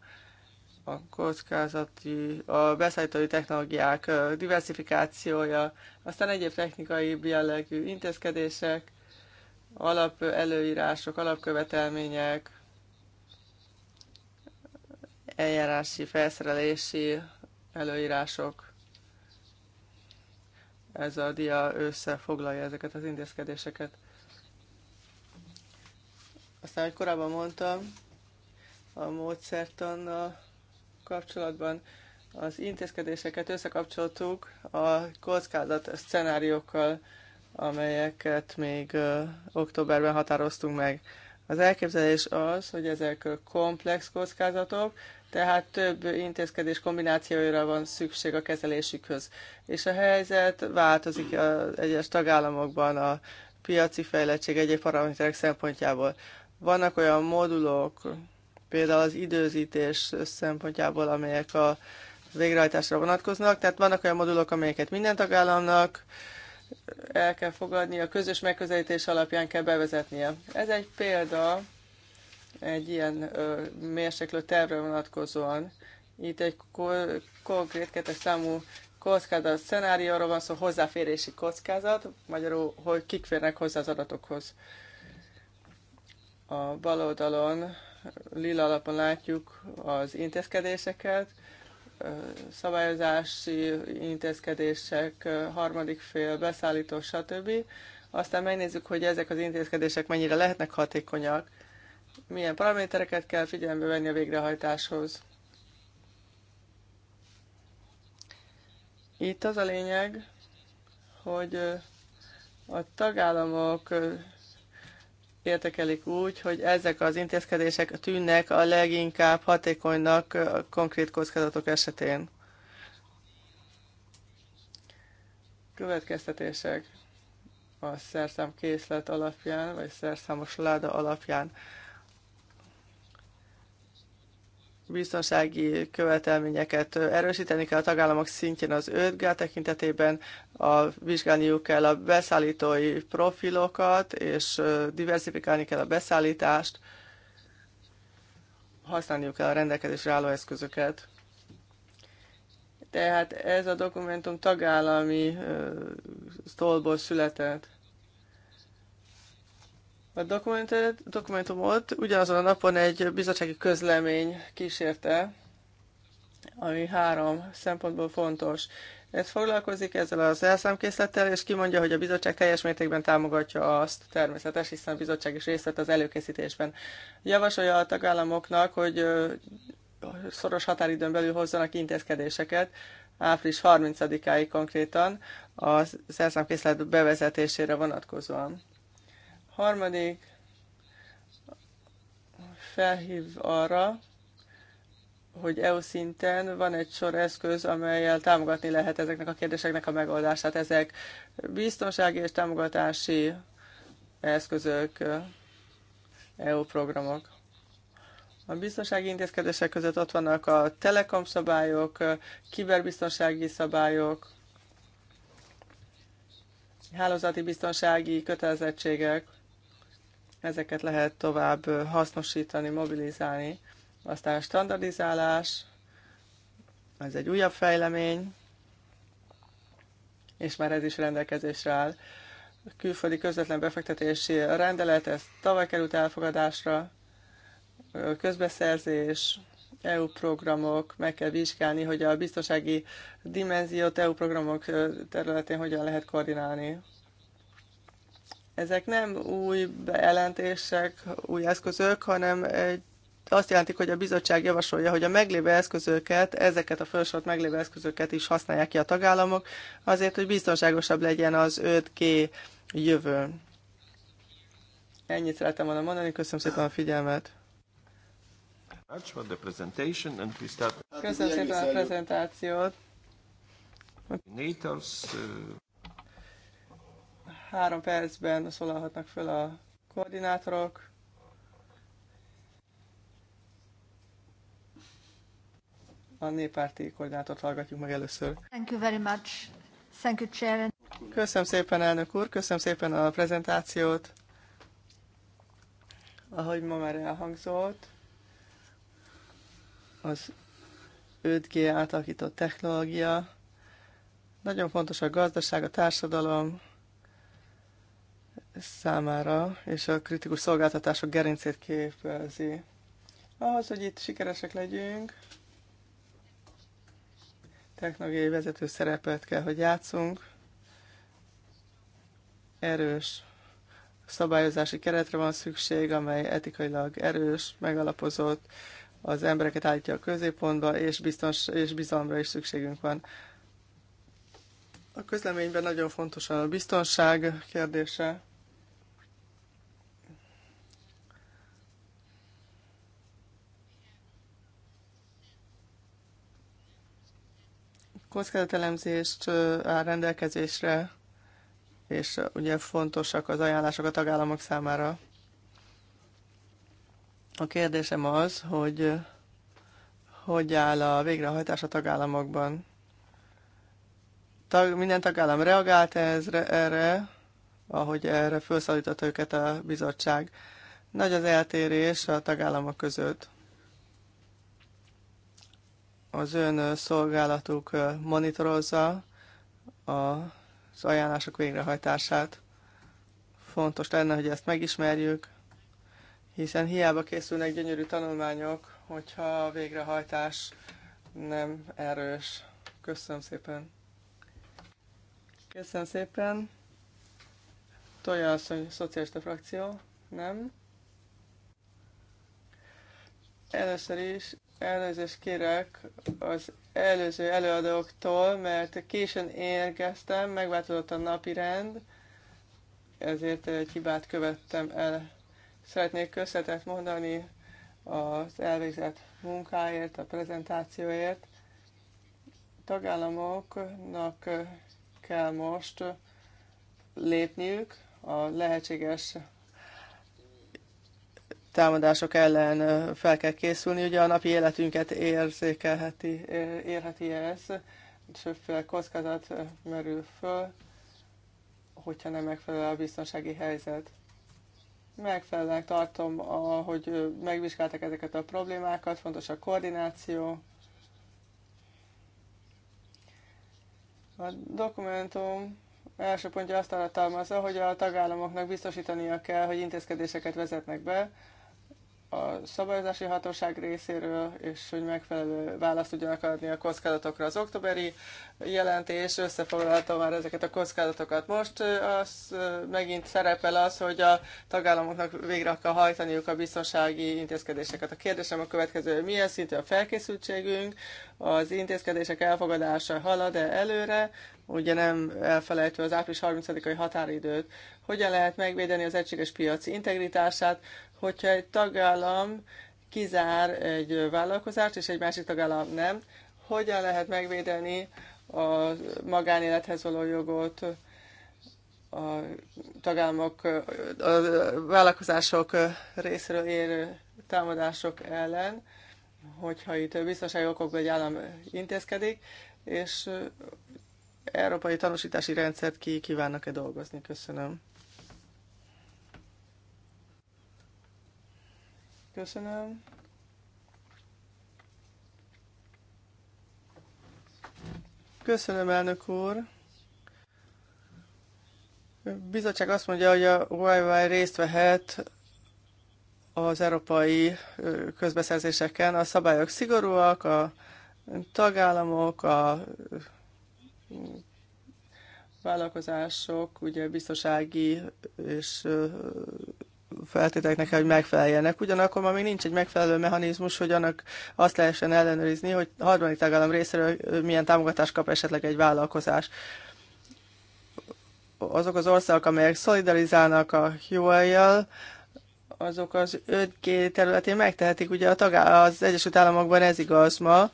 a kockázati, a beszállítói technológiák diversifikációja, aztán egyéb technikai jellegű intézkedések, alap előírások, alapkövetelmények, eljárási, felszerelési előírások. Ez a dia összefoglalja ezeket az intézkedéseket. Aztán, hogy korábban mondtam, a módszertannal kapcsolatban az intézkedéseket összekapcsoltuk a kockázat szenáriókkal, amelyeket még októberben határoztunk meg. Az elképzelés az, hogy ezek komplex kockázatok, tehát több intézkedés kombinációira van szükség a kezelésükhöz. És a helyzet változik az egyes tagállamokban a piaci fejlettség egyéb paraméterek szempontjából. Vannak olyan modulok, például az időzítés szempontjából, amelyek a végrehajtásra vonatkoznak, tehát vannak olyan modulok, amelyeket minden tagállamnak el kell fogadni, a közös megközelítés alapján kell bevezetnie. Ez egy példa egy ilyen ö, mérséklő tervre vonatkozóan. Itt egy ko- konkrét kettes számú kockázat szenárióról van szó, hozzáférési kockázat, magyarul, hogy kik férnek hozzá az adatokhoz. A bal oldalon lila alapon látjuk az intézkedéseket, szabályozási intézkedések, harmadik fél, beszállító, stb. Aztán megnézzük, hogy ezek az intézkedések mennyire lehetnek hatékonyak, milyen paramétereket kell figyelembe venni a végrehajtáshoz. Itt az a lényeg, hogy a tagállamok értekelik úgy, hogy ezek az intézkedések tűnnek a leginkább hatékonynak a konkrét kockázatok esetén. Következtetések a szerszám készlet alapján, vagy szerszámos láda alapján biztonsági követelményeket erősíteni kell a tagállamok szintjén az 5G tekintetében, a, vizsgálniuk kell a beszállítói profilokat, és diversifikálni kell a beszállítást, használniuk kell a rendelkezésre álló eszközöket. Tehát ez a dokumentum tagállami uh, sztolból született. A dokumentumot ugyanazon a napon egy bizottsági közlemény kísérte, ami három szempontból fontos. Ez foglalkozik ezzel az elszámkészlettel, és kimondja, hogy a bizottság teljes mértékben támogatja azt, természetes, hiszen a bizottság is részt vett az előkészítésben. Javasolja a tagállamoknak, hogy szoros határidőn belül hozzanak intézkedéseket, április 30-áig konkrétan, az elszámkészlet bevezetésére vonatkozóan. Harmadik, felhív arra, hogy EU szinten van egy sor eszköz, amelyel támogatni lehet ezeknek a kérdéseknek a megoldását. Ezek biztonsági és támogatási eszközök, EU programok. A biztonsági intézkedések között ott vannak a telekom szabályok, kiberbiztonsági szabályok, hálózati biztonsági kötelezettségek, ezeket lehet tovább hasznosítani, mobilizálni. Aztán a standardizálás, ez egy újabb fejlemény, és már ez is rendelkezésre áll. A külföldi közvetlen befektetési rendelet, ez tavaly került elfogadásra, közbeszerzés, EU programok, meg kell vizsgálni, hogy a biztonsági dimenziót EU programok területén hogyan lehet koordinálni. Ezek nem új bejelentések, új eszközök, hanem egy azt jelentik, hogy a bizottság javasolja, hogy a meglévő eszközöket, ezeket a felsorolt meglévő eszközöket is használják ki a tagállamok, azért, hogy biztonságosabb legyen az 5G jövő. Ennyit szeretem volna mondani, köszönöm szépen a figyelmet. Köszönöm szépen a prezentációt. Három percben szólalhatnak föl a koordinátorok. A néppárti koordinátort hallgatjuk meg először. Thank you very much. Thank you, Chair. Köszönöm szépen, elnök úr, köszönöm szépen a prezentációt. Ahogy ma már elhangzott, az 5G átalakított technológia. Nagyon fontos a gazdaság, a társadalom, számára, és a kritikus szolgáltatások gerincét képezi. Ahhoz, hogy itt sikeresek legyünk, technológiai vezető szerepet kell, hogy játszunk. Erős szabályozási keretre van szükség, amely etikailag erős, megalapozott, az embereket állítja a középpontba, és, biztons, és bizalomra is szükségünk van. A közleményben nagyon fontos a biztonság kérdése. kockázatelemzést áll rendelkezésre, és ugye fontosak az ajánlások a tagállamok számára. A kérdésem az, hogy hogy áll a végrehajtás a tagállamokban. Tag, minden tagállam reagált ezre, erre, ahogy erre felszólította őket a bizottság. Nagy az eltérés a tagállamok között az ön szolgálatuk monitorozza az ajánlások végrehajtását. Fontos lenne, hogy ezt megismerjük, hiszen hiába készülnek gyönyörű tanulmányok, hogyha a végrehajtás nem erős. Köszönöm szépen. Köszönöm szépen. Tolja a szocialista frakció, nem? Először is elnézést kérek az előző előadóktól, mert későn érkeztem, megváltozott a napi rend, ezért egy hibát követtem el. Szeretnék köszönetet mondani az elvégzett munkáért, a prezentációért. A tagállamoknak kell most lépniük a lehetséges támadások ellen fel kell készülni. Ugye a napi életünket érzékelheti, érheti ez, sőféle kockázat merül föl, hogyha nem megfelel a biztonsági helyzet. Megfelelnek tartom, hogy megvizsgáltak ezeket a problémákat, fontos a koordináció. A dokumentum első pontja azt tartalmazza, hogy a tagállamoknak biztosítania kell, hogy intézkedéseket vezetnek be, a szabályozási hatóság részéről, és hogy megfelelő választ tudjanak adni a kockázatokra. Az októberi jelentés összefoglalta már ezeket a kockázatokat. Most az megint szerepel az, hogy a tagállamoknak végre kell hajtaniuk a biztonsági intézkedéseket. A kérdésem a következő, hogy milyen szintű a felkészültségünk, az intézkedések elfogadása halad-e előre, ugye nem elfelejtő az április 30-ai határidőt, hogyan lehet megvédeni az egységes piaci integritását, hogyha egy tagállam kizár egy vállalkozást, és egy másik tagállam nem, hogyan lehet megvédeni a magánélethez való jogot, a tagállamok, a vállalkozások részéről érő támadások ellen, hogyha itt biztonsági okokból egy állam intézkedik, és európai tanúsítási rendszert ki kívánnak-e dolgozni. Köszönöm. Köszönöm. Köszönöm, elnök úr. A bizottság azt mondja, hogy a Huawei részt vehet az európai közbeszerzéseken. A szabályok szigorúak, a tagállamok, a vállalkozások ugye biztonsági és feltételeknek kell, hogy megfeleljenek. Ugyanakkor ma még nincs egy megfelelő mechanizmus, hogy annak azt lehessen ellenőrizni, hogy a harmadik tagállam részéről milyen támogatást kap esetleg egy vállalkozás. Azok az országok, amelyek szolidarizálnak a huawei azok az 5G területén megtehetik. Ugye a tagá- az Egyesült Államokban ez igaz ma,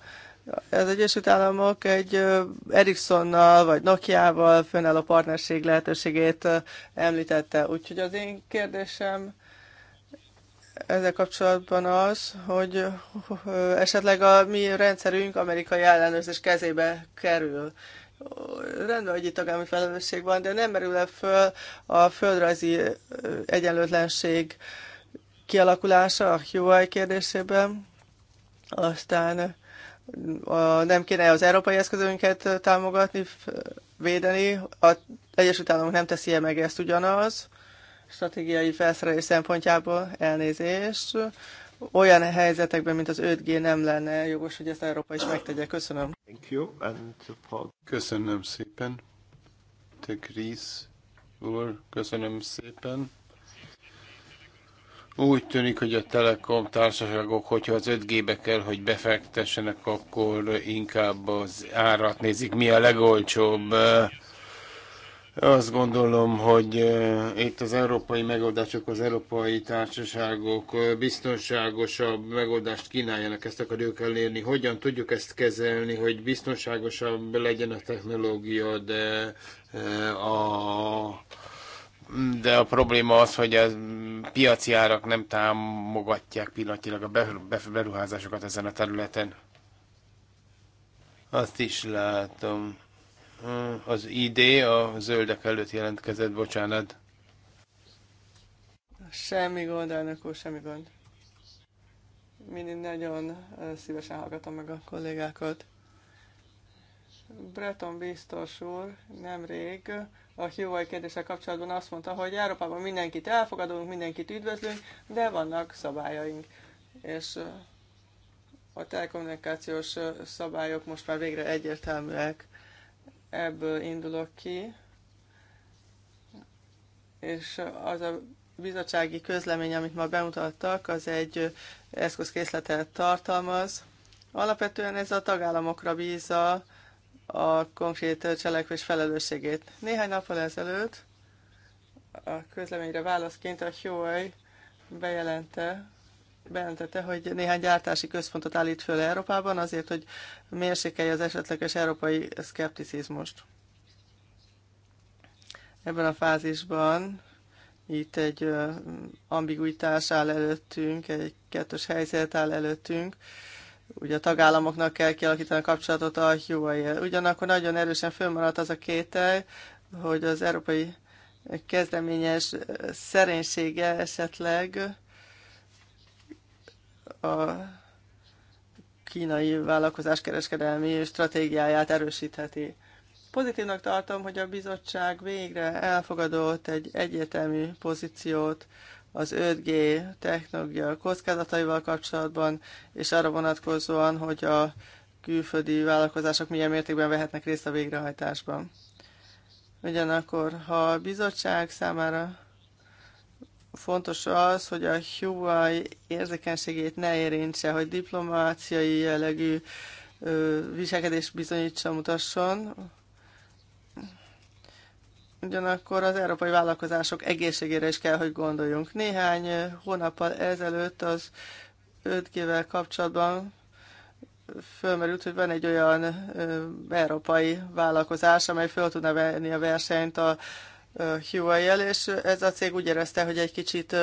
az Egyesült Államok egy Ericssonnal vagy Nokia-val fönnálló partnerség lehetőségét említette. Úgyhogy az én kérdésem ezzel kapcsolatban az, hogy esetleg a mi rendszerünk amerikai ellenőrzés kezébe kerül. Rendben, hogy itt a felelősség van, de nem merül -e föl a földrajzi egyenlőtlenség kialakulása a Huawei kérdésében. Aztán a, nem kéne az európai eszközünket támogatni, védeni. Az Egyesült Államok nem teszi meg ezt ugyanaz, stratégiai felszerelés szempontjából elnézést. Olyan helyzetekben, mint az 5G nem lenne jogos, hogy ezt Európa is megtegye. Köszönöm. Thank you and Köszönöm szépen. Te Krisz úr, köszönöm szépen. Úgy tűnik, hogy a telekom társaságok, hogyha az 5G-be kell, hogy befektessenek, akkor inkább az árat nézik, mi a legolcsóbb. Azt gondolom, hogy itt az európai megoldások, az európai társaságok biztonságosabb megoldást kínáljanak, ezt akarjuk elérni. Hogyan tudjuk ezt kezelni, hogy biztonságosabb legyen a technológia, de a de a probléma az, hogy a piaci árak nem támogatják pillanatilag a beruházásokat ezen a területen. Azt is látom. Hm, az ID a zöldek előtt jelentkezett, bocsánat. Semmi gond, elnök úr, semmi gond. Mindig nagyon szívesen hallgatom meg a kollégákat. Breton biztos úr nemrég a Huawei kérdéssel kapcsolatban azt mondta, hogy Európában mindenkit elfogadunk, mindenkit üdvözlünk, de vannak szabályaink. És a telekommunikációs szabályok most már végre egyértelműek. Ebből indulok ki. És az a bizottsági közlemény, amit ma bemutattak, az egy eszközkészletet tartalmaz. Alapvetően ez a tagállamokra bízza a konkrét cselekvés felelősségét. Néhány nappal ezelőtt a közleményre válaszként a Huawei bejelente, bejelentette, hogy néhány gyártási központot állít föl Európában azért, hogy mérsékelje az esetleges európai szkepticizmust. Ebben a fázisban itt egy ambiguitás áll előttünk, egy kettős helyzet áll előttünk, ugye a tagállamoknak kell kialakítani a kapcsolatot a Huawei-el. Ugyanakkor nagyon erősen fölmaradt az a kétel, hogy az európai kezdeményes szerénysége esetleg a kínai vállalkozás kereskedelmi stratégiáját erősítheti. Pozitívnak tartom, hogy a bizottság végre elfogadott egy egyértelmű pozíciót az 5G technológia kockázataival kapcsolatban, és arra vonatkozóan, hogy a külföldi vállalkozások milyen mértékben vehetnek részt a végrehajtásban. Ugyanakkor, ha a bizottság számára fontos az, hogy a Huawei érzékenységét ne érintse, hogy diplomáciai jellegű viselkedést bizonyítsa, mutasson, Ugyanakkor az európai vállalkozások egészségére is kell, hogy gondoljunk. Néhány hónappal ezelőtt az 5G-vel kapcsolatban fölmerült, hogy van egy olyan európai vállalkozás, amely föl tudna venni a versenyt a Huawei-el, és ez a cég úgy érezte, hogy egy kicsit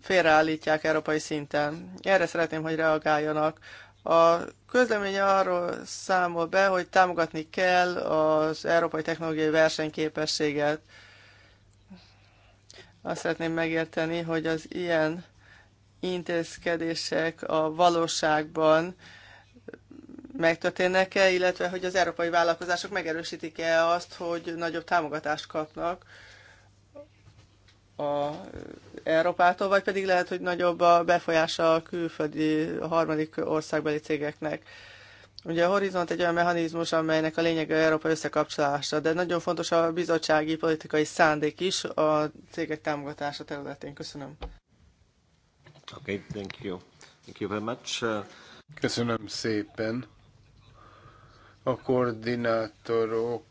félreállítják európai szinten. Erre szeretném, hogy reagáljanak. A közlemény arról számol be, hogy támogatni kell az európai technológiai versenyképességet. Azt szeretném megérteni, hogy az ilyen intézkedések a valóságban megtörténnek-e, illetve hogy az európai vállalkozások megerősítik-e azt, hogy nagyobb támogatást kapnak a Európától, vagy pedig lehet, hogy nagyobb a befolyása a külföldi, a harmadik országbeli cégeknek. Ugye a Horizont egy olyan mechanizmus, amelynek a lényege Európa összekapcsolása, de nagyon fontos a bizottsági politikai szándék is a cégek támogatása területén. Köszönöm. Okay, thank you. Thank you very much. Köszönöm szépen. A koordinátorok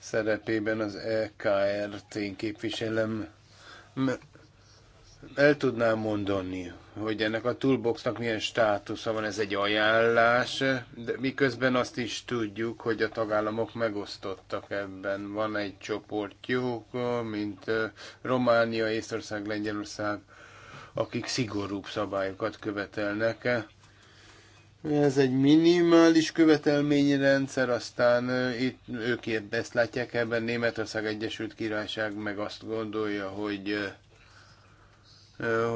szerepében az EKR-t képviselem. El tudnám mondani, hogy ennek a toolboxnak milyen státusza van, ez egy ajánlás, de miközben azt is tudjuk, hogy a tagállamok megosztottak ebben. Van egy csoportjuk, mint Románia, Észország, Lengyelország, akik szigorúbb szabályokat követelnek. Ez egy minimális rendszer, aztán itt ők ezt látják ebben Németország Egyesült Királyság meg azt gondolja, hogy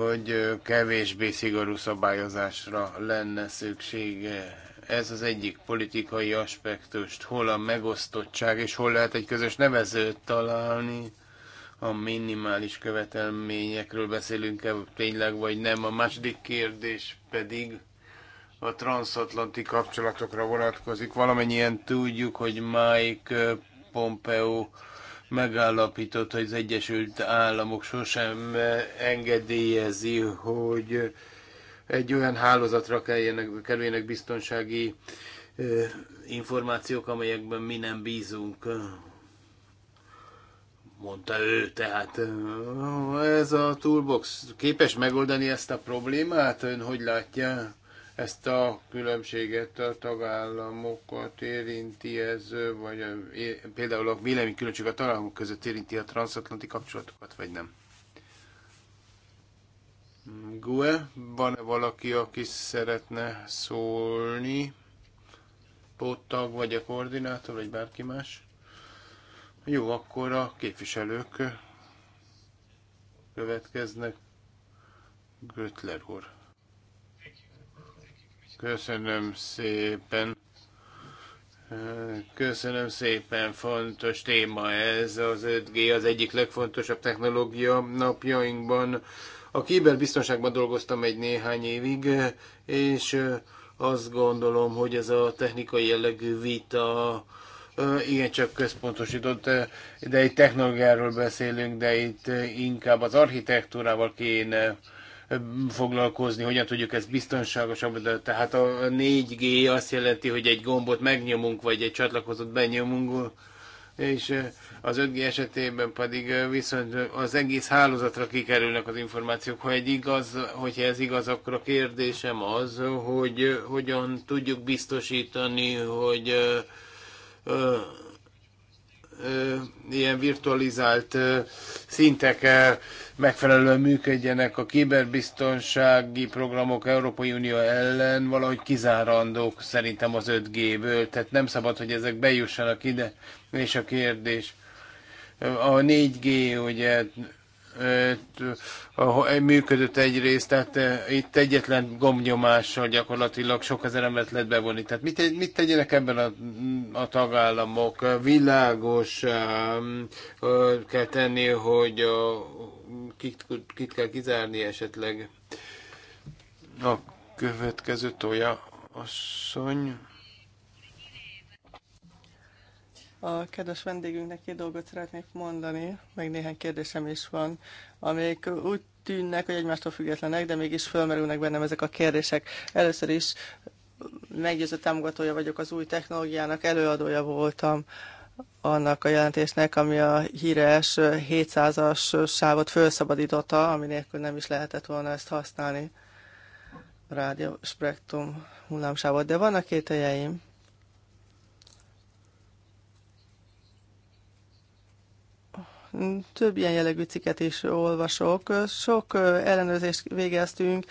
hogy kevésbé szigorú szabályozásra lenne szüksége. Ez az egyik politikai aspektust, hol a megosztottság, és hol lehet egy közös nevezőt találni. A minimális követelményekről beszélünk-e tényleg, vagy nem. A második kérdés pedig, a transatlanti kapcsolatokra vonatkozik. Valamennyien tudjuk, hogy Mike Pompeo megállapított, hogy az Egyesült Államok sosem engedélyezi, hogy egy olyan hálózatra kerüljenek, kerüljenek biztonsági információk, amelyekben mi nem bízunk mondta ő, tehát ez a toolbox képes megoldani ezt a problémát? Ön hogy látja? ezt a különbséget a tagállamokat érinti ez, vagy például a vélemi különbség a tagállamok között érinti a transatlanti kapcsolatokat, vagy nem? Gue, van -e valaki, aki szeretne szólni? Póttag, vagy a koordinátor, vagy bárki más? Jó, akkor a képviselők következnek. Götler úr. Köszönöm szépen. Köszönöm szépen, fontos téma ez, az 5G az egyik legfontosabb technológia napjainkban. A kiberbiztonságban dolgoztam egy néhány évig, és azt gondolom, hogy ez a technikai jellegű vita igen, csak központosított, de egy technológiáról beszélünk, de itt inkább az architektúrával kéne foglalkozni, hogyan tudjuk ezt biztonságosabb, de tehát a 4G azt jelenti, hogy egy gombot megnyomunk, vagy egy csatlakozót benyomunk, és az 5G esetében pedig viszont az egész hálózatra kikerülnek az információk. Ha egy igaz, hogyha ez igaz, akkor a kérdésem az, hogy hogyan tudjuk biztosítani, hogy ilyen virtualizált szintek megfelelően működjenek a kiberbiztonsági programok Európai Unió ellen valahogy kizárandók szerintem az 5G-ből, tehát nem szabad, hogy ezek bejussanak ide, és a kérdés. A 4G ugye működött egyrészt, tehát itt egyetlen gombnyomással gyakorlatilag sok ezer embert lehet bevonni. Tehát mit, mit tegyenek ebben a, a tagállamok? Világos kell tenni, hogy a, kit, kit kell kizárni esetleg. A következő tolja asszony. A kedves vendégünknek két dolgot szeretnék mondani, meg néhány kérdésem is van, amelyek úgy tűnnek, hogy egymástól függetlenek, de mégis fölmerülnek bennem ezek a kérdések. Először is meggyőző támogatója vagyok az új technológiának, előadója voltam annak a jelentésnek, ami a híres 700-as sávot felszabadította, ami nélkül nem is lehetett volna ezt használni, a rádió spektrum hullámsávot. De vannak kételjeim, több ilyen jellegű cikket is olvasok. Sok ellenőrzést végeztünk,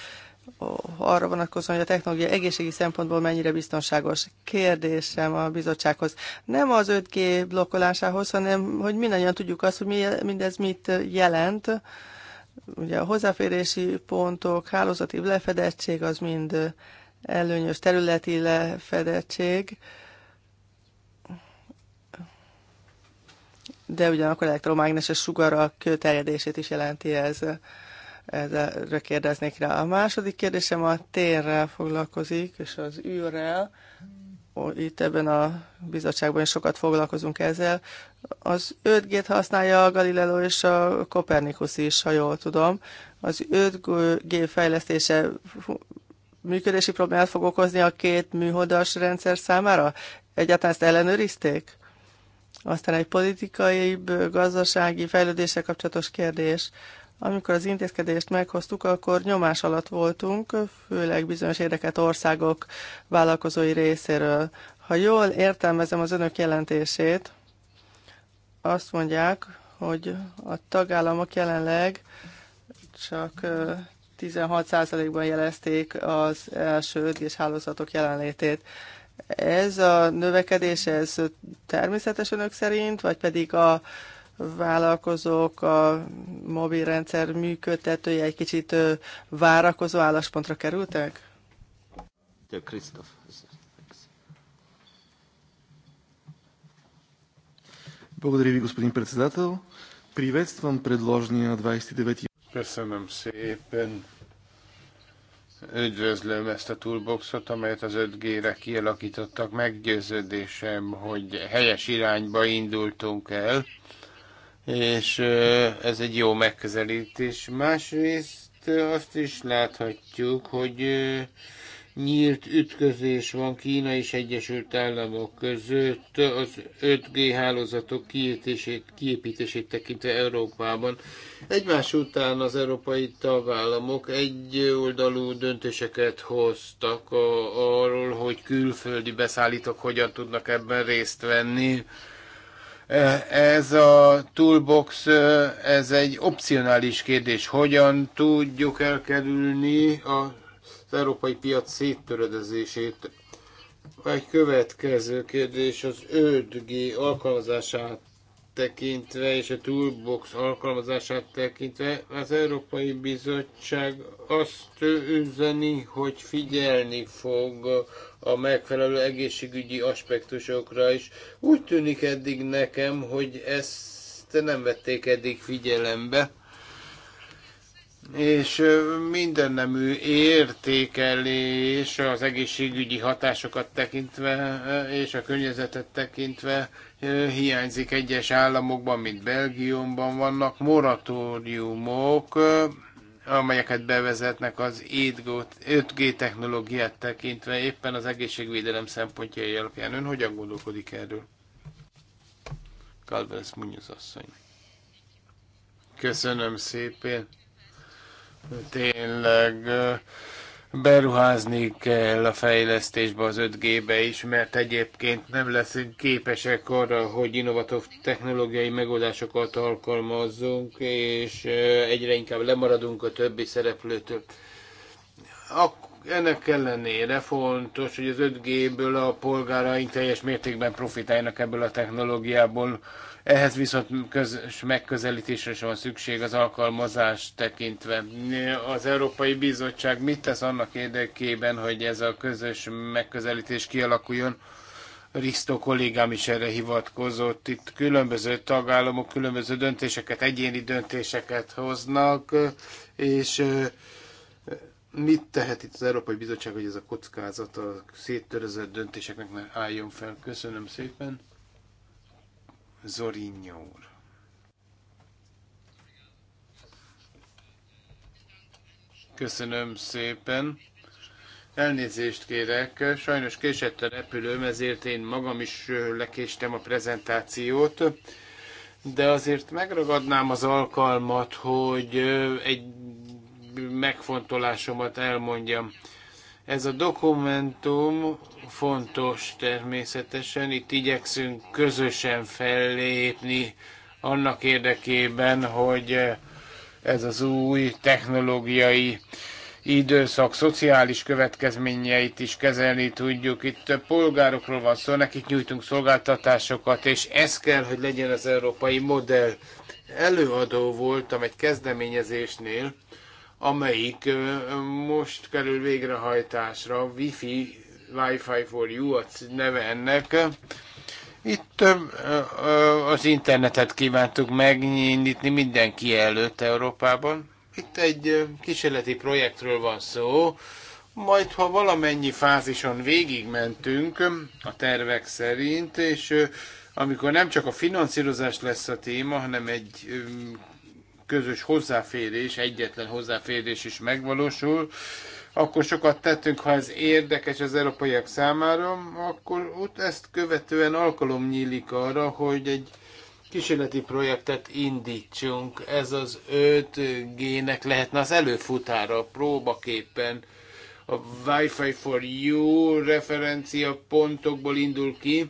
arra vonatkozóan, hogy a technológia egészségi szempontból mennyire biztonságos kérdésem a bizottsághoz. Nem az 5G blokkolásához, hanem hogy mindannyian tudjuk azt, hogy mi, mindez mit jelent. Ugye a hozzáférési pontok, hálózati lefedettség, az mind előnyös területi lefedettség. de ugyanakkor elektromágneses sugarak terjedését is jelenti ez. Erre kérdeznék rá. A második kérdésem a térrel foglalkozik, és az űrrel. Itt ebben a bizottságban is sokat foglalkozunk ezzel. Az 5G-t használja a Galileo és a Kopernikus is, ha jól tudom. Az 5G fejlesztése működési problémát fog okozni a két műholdas rendszer számára? Egyáltalán ezt ellenőrizték? Aztán egy politikai, gazdasági fejlődése kapcsolatos kérdés. Amikor az intézkedést meghoztuk, akkor nyomás alatt voltunk, főleg bizonyos érdeket országok vállalkozói részéről. Ha jól értelmezem az önök jelentését, azt mondják, hogy a tagállamok jelenleg csak 16%-ban jelezték az első 5 hálózatok jelenlétét. Ez a növekedés, ez természetes önök szerint, vagy pedig a vállalkozók, a mobilrendszer működtetője egy kicsit várakozó álláspontra kerültek? Krisztof. Благодаря ви, господин председател. Приветствам предложения 29 Köszönöm szépen, Üdvözlöm ezt a toolboxot, amelyet az 5G-re kialakítottak. Meggyőződésem, hogy helyes irányba indultunk el, és ez egy jó megközelítés. Másrészt azt is láthatjuk, hogy nyílt ütközés van Kína és Egyesült Államok között az 5G hálózatok kiépítését, kiépítését tekintve Európában. Egymás után az európai tagállamok egyoldalú döntéseket hoztak a, arról, hogy külföldi beszállítók hogyan tudnak ebben részt venni. Ez a toolbox, ez egy opcionális kérdés. Hogyan tudjuk elkerülni a európai piac széttöredezését. Egy következő kérdés az 5G alkalmazását tekintve és a Toolbox alkalmazását tekintve az Európai Bizottság azt üzeni, hogy figyelni fog a megfelelő egészségügyi aspektusokra is. Úgy tűnik eddig nekem, hogy ezt nem vették eddig figyelembe és minden nemű értékelés az egészségügyi hatásokat tekintve és a környezetet tekintve hiányzik egyes államokban, mint Belgiumban vannak moratóriumok, amelyeket bevezetnek az 5G technológiát tekintve éppen az egészségvédelem szempontjai alapján. Ön hogyan gondolkodik erről? Galvez Munoz asszony. Köszönöm szépen. Tényleg beruházni kell a fejlesztésbe az 5G-be is, mert egyébként nem leszünk képesek arra, hogy innovatív technológiai megoldásokat alkalmazzunk, és egyre inkább lemaradunk a többi szereplőtől. Ennek ellenére fontos, hogy az 5G-ből a polgáraink teljes mértékben profitáljanak ebből a technológiából ehhez viszont közös megközelítésre sem van szükség az alkalmazást tekintve. Az Európai Bizottság mit tesz annak érdekében, hogy ez a közös megközelítés kialakuljon? Risto kollégám is erre hivatkozott. Itt különböző tagállamok különböző döntéseket, egyéni döntéseket hoznak, és mit tehet itt az Európai Bizottság, hogy ez a kockázat a széttörözött döntéseknek ne álljon fel? Köszönöm szépen. Zorinja úr. Köszönöm szépen. Elnézést kérek, sajnos késett a repülőm, ezért én magam is lekéstem a prezentációt, de azért megragadnám az alkalmat, hogy egy megfontolásomat elmondjam. Ez a dokumentum fontos természetesen, itt igyekszünk közösen fellépni annak érdekében, hogy ez az új technológiai időszak szociális következményeit is kezelni tudjuk. Itt polgárokról van szó, nekik nyújtunk szolgáltatásokat, és ez kell, hogy legyen az európai modell. Előadó voltam egy kezdeményezésnél, amelyik most kerül végrehajtásra, Wi-Fi, Wi-Fi for You a neve ennek. Itt az internetet kívántuk megnyitni mindenki előtt Európában. Itt egy kísérleti projektről van szó, majd ha valamennyi fázison végigmentünk a tervek szerint, és amikor nem csak a finanszírozás lesz a téma, hanem egy közös hozzáférés, egyetlen hozzáférés is megvalósul, akkor sokat tettünk, ha ez érdekes az európaiak számára, akkor ott ezt követően alkalom nyílik arra, hogy egy kísérleti projektet indítsunk. Ez az 5G-nek lehetne az előfutára próbaképpen. A Wi-Fi for You referencia pontokból indul ki,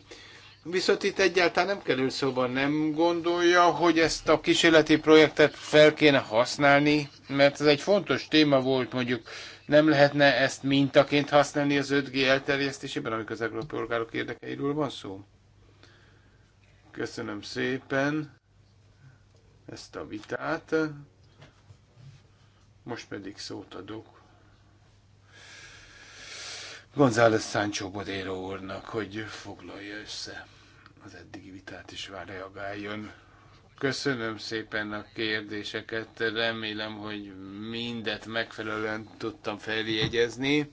Viszont itt egyáltalán nem kerül szóban, nem gondolja, hogy ezt a kísérleti projektet fel kéne használni, mert ez egy fontos téma volt, mondjuk nem lehetne ezt mintaként használni az 5G elterjesztésében, amikor az európai polgárok érdekeiről van szó. Köszönöm szépen ezt a vitát. Most pedig szót adok González Sancho Bodero úrnak, hogy foglalja össze az eddigi vitát is vár reagáljon. Köszönöm szépen a kérdéseket, remélem, hogy mindet megfelelően tudtam feljegyezni,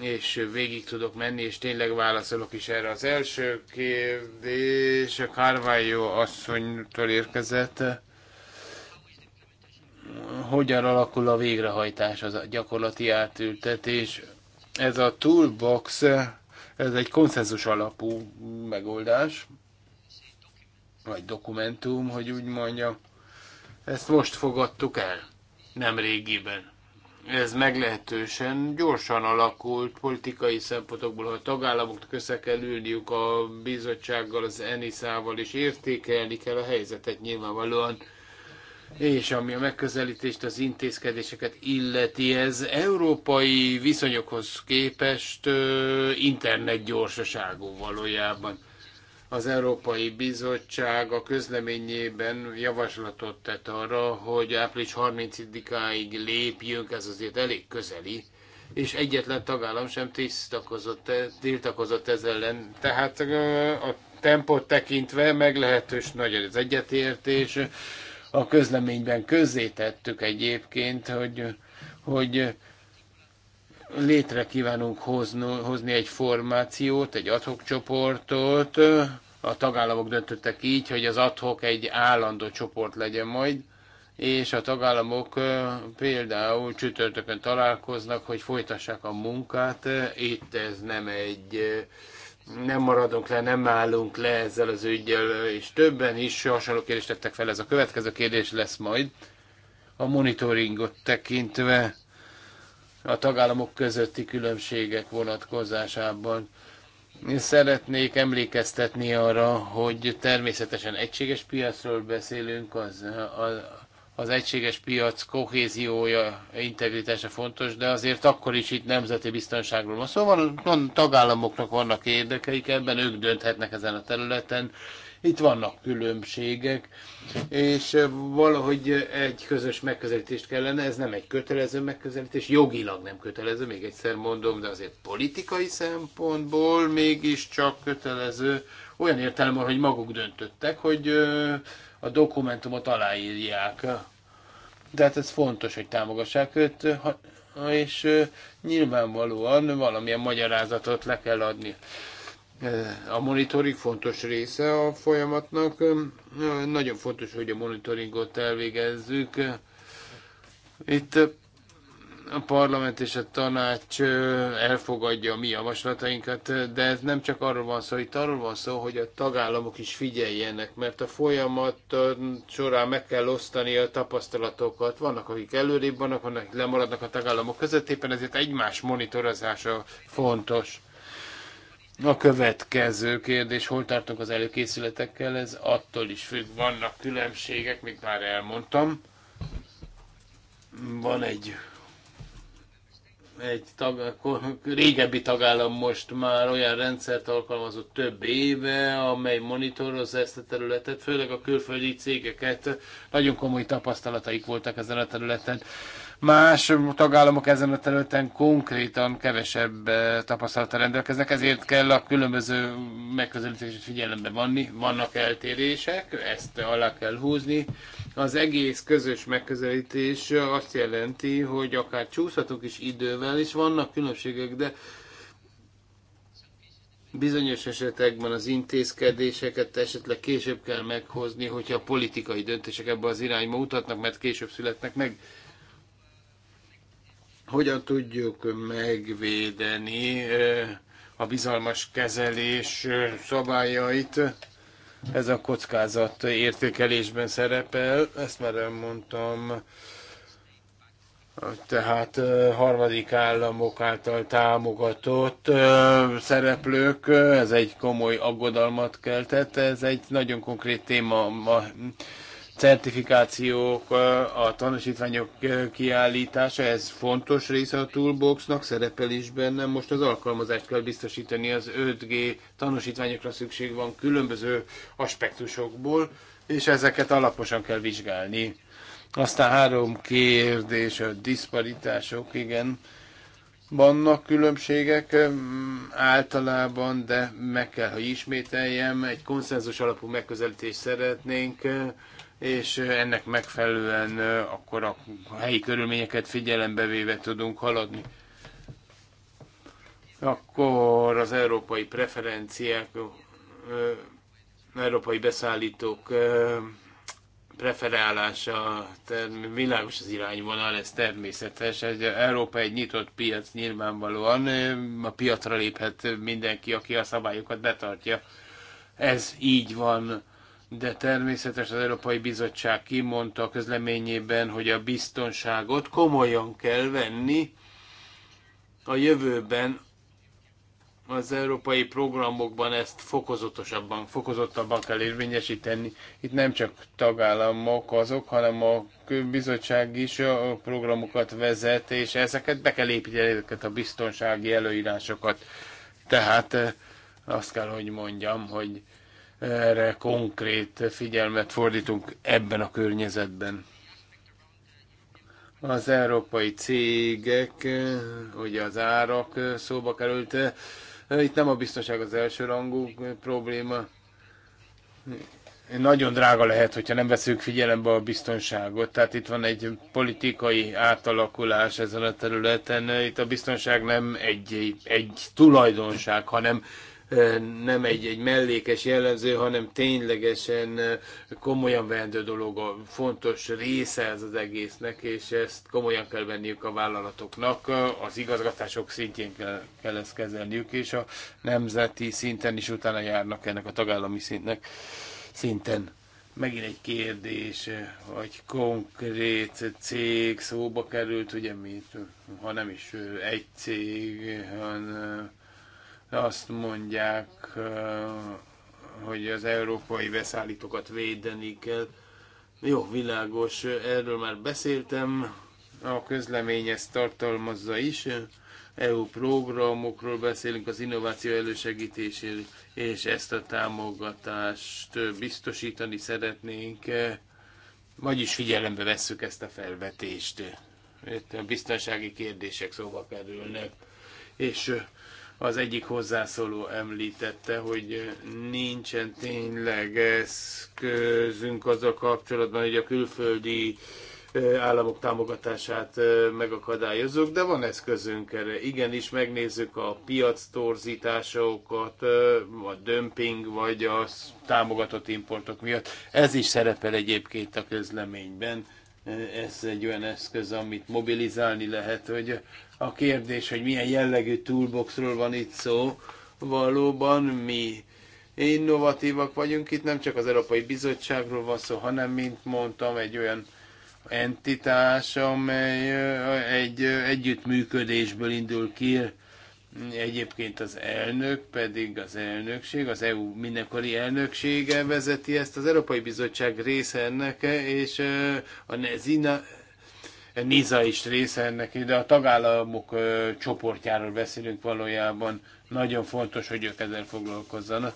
és végig tudok menni, és tényleg válaszolok is erre. Az első kérdés a Carvalho asszonytól érkezett. Hogyan alakul a végrehajtás, az a gyakorlati átültetés? Ez a toolbox, ez egy konszenzus alapú megoldás, vagy dokumentum, hogy úgy mondjam. Ezt most fogadtuk el, nem régiben. Ez meglehetősen gyorsan alakult politikai szempontokból, ha a tagállamoknak össze kell ülniük a bizottsággal, az enisa és értékelni kell a helyzetet nyilvánvalóan és ami a megközelítést, az intézkedéseket illeti, ez európai viszonyokhoz képest internet gyorsaságú valójában. Az Európai Bizottság a közleményében javaslatot tett arra, hogy április 30-áig lépjünk, ez azért elég közeli, és egyetlen tagállam sem tisztakozott, e, tiltakozott ez ellen. Tehát a tempót tekintve meglehetős nagy az egyetértés a közleményben közzétettük egyébként, hogy, hogy létre kívánunk hozni, hozni egy formációt, egy adhok csoportot. A tagállamok döntöttek így, hogy az adhok egy állandó csoport legyen majd, és a tagállamok például csütörtökön találkoznak, hogy folytassák a munkát. Itt ez nem egy nem maradunk le, nem állunk le ezzel az ügyel, és többen is hasonló kérdést tettek fel, ez a következő kérdés lesz majd. A monitoringot tekintve a tagállamok közötti különbségek vonatkozásában. Én szeretnék emlékeztetni arra, hogy természetesen egységes piacról beszélünk, az, az, az egységes piac kohéziója, integritása fontos, de azért akkor is itt nemzeti biztonságról van. Szóval a tagállamoknak vannak érdekeik ebben, ők dönthetnek ezen a területen. Itt vannak különbségek, és valahogy egy közös megközelítést kellene, ez nem egy kötelező megközelítés, jogilag nem kötelező, még egyszer mondom, de azért politikai szempontból mégiscsak kötelező, olyan értelemben, hogy maguk döntöttek, hogy a dokumentumot aláírják. De hát ez fontos, hogy támogassák őt, és nyilvánvalóan valamilyen magyarázatot le kell adni. A monitoring fontos része a folyamatnak. Nagyon fontos, hogy a monitoringot elvégezzük. Itt a parlament és a tanács elfogadja a mi javaslatainkat, de ez nem csak arról van szó, itt arról van szó, hogy a tagállamok is figyeljenek, mert a folyamat során meg kell osztani a tapasztalatokat. Vannak, akik előrébb vannak, vannak, akik lemaradnak a tagállamok között, éppen ezért egymás monitorozása fontos. A következő kérdés, hol tartunk az előkészületekkel, ez attól is függ, vannak különbségek, mint már elmondtam. Van egy egy tag, régebbi tagállam most már olyan rendszert alkalmazott több éve, amely monitorozza ezt a területet, főleg a külföldi cégeket. Nagyon komoly tapasztalataik voltak ezen a területen. Más tagállamok ezen a területen konkrétan kevesebb eh, tapasztalata rendelkeznek, ezért kell a különböző megközelítését figyelembe vanni. Vannak eltérések, ezt alá kell húzni. Az egész közös megközelítés azt jelenti, hogy akár csúszhatunk is idővel, és vannak különbségek, de bizonyos esetekben az intézkedéseket esetleg később kell meghozni, hogyha a politikai döntések ebbe az irányba mutatnak, mert később születnek meg. Hogyan tudjuk megvédeni eh, a bizalmas kezelés eh, szabályait? Ez a kockázat értékelésben szerepel, ezt már elmondtam tehát eh, harmadik államok által támogatott szereplők, ez egy komoly aggodalmat keltett, ez egy nagyon konkrét téma certifikációk, a tanúsítványok kiállítása, ez fontos része a toolboxnak, szerepel is benne. Most az alkalmazást kell biztosítani, az 5G tanúsítványokra szükség van különböző aspektusokból, és ezeket alaposan kell vizsgálni. Aztán három kérdés, a diszparitások, igen. Vannak különbségek általában, de meg kell, hogy ismételjem, egy konszenzus alapú megközelítést szeretnénk és ennek megfelelően akkor a helyi körülményeket figyelembe véve tudunk haladni. Akkor az európai preferenciák, európai beszállítók preferálása, világos az irányvonal, ez természetes. Egy Európa egy nyitott piac nyilvánvalóan, a piacra léphet mindenki, aki a szabályokat betartja. Ez így van de természetesen az Európai Bizottság kimondta a közleményében, hogy a biztonságot komolyan kell venni a jövőben az európai programokban ezt fokozatosabban, fokozottabban kell érvényesíteni. Itt nem csak tagállamok azok, hanem a bizottság is a programokat vezet, és ezeket be kell építeni, ezeket a biztonsági előírásokat. Tehát eh, azt kell, hogy mondjam, hogy erre konkrét figyelmet fordítunk ebben a környezetben. Az európai cégek, ugye az árak szóba került, itt nem a biztonság az első rangú probléma. Nagyon drága lehet, hogyha nem veszünk figyelembe a biztonságot. Tehát itt van egy politikai átalakulás ezen a területen. Itt a biztonság nem egy, egy tulajdonság, hanem nem egy, egy mellékes jellemző, hanem ténylegesen eh, komolyan vendő dolog, a fontos része ez az egésznek, és ezt komolyan kell venniük a vállalatoknak, eh, az igazgatások szintjén kell, kell ezt kezelniük, és a nemzeti szinten is utána járnak ennek a tagállami szintnek szinten megint egy kérdés, eh, hogy konkrét cég szóba került, ugye mint, ha nem is egy cég, hanem azt mondják, hogy az európai beszállítókat védeni kell. Jó, világos, erről már beszéltem, a közlemény ezt tartalmazza is. EU programokról beszélünk, az innováció elősegítéséről, és ezt a támogatást biztosítani szeretnénk. Vagyis figyelembe vesszük ezt a felvetést. Itt a biztonsági kérdések szóba kerülnek. És az egyik hozzászóló említette, hogy nincsen tényleg eszközünk azzal kapcsolatban, hogy a külföldi államok támogatását megakadályozunk, de van eszközünk erre. Igenis, megnézzük a piac torzításokat, a dömping vagy a támogatott importok miatt. Ez is szerepel egyébként a közleményben. Ez egy olyan eszköz, amit mobilizálni lehet, hogy a kérdés, hogy milyen jellegű toolboxról van itt szó, valóban mi innovatívak vagyunk itt, nem csak az Európai Bizottságról van szó, hanem, mint mondtam, egy olyan entitás, amely eh, egy eh, együttműködésből indul ki, Egyébként az elnök pedig az elnökség, az EU mindenkori elnöksége vezeti ezt, az Európai Bizottság része ennek, és eh, nezina Niza is része ennek, de a tagállamok csoportjáról beszélünk valójában. Nagyon fontos, hogy ők ezzel foglalkozzanak.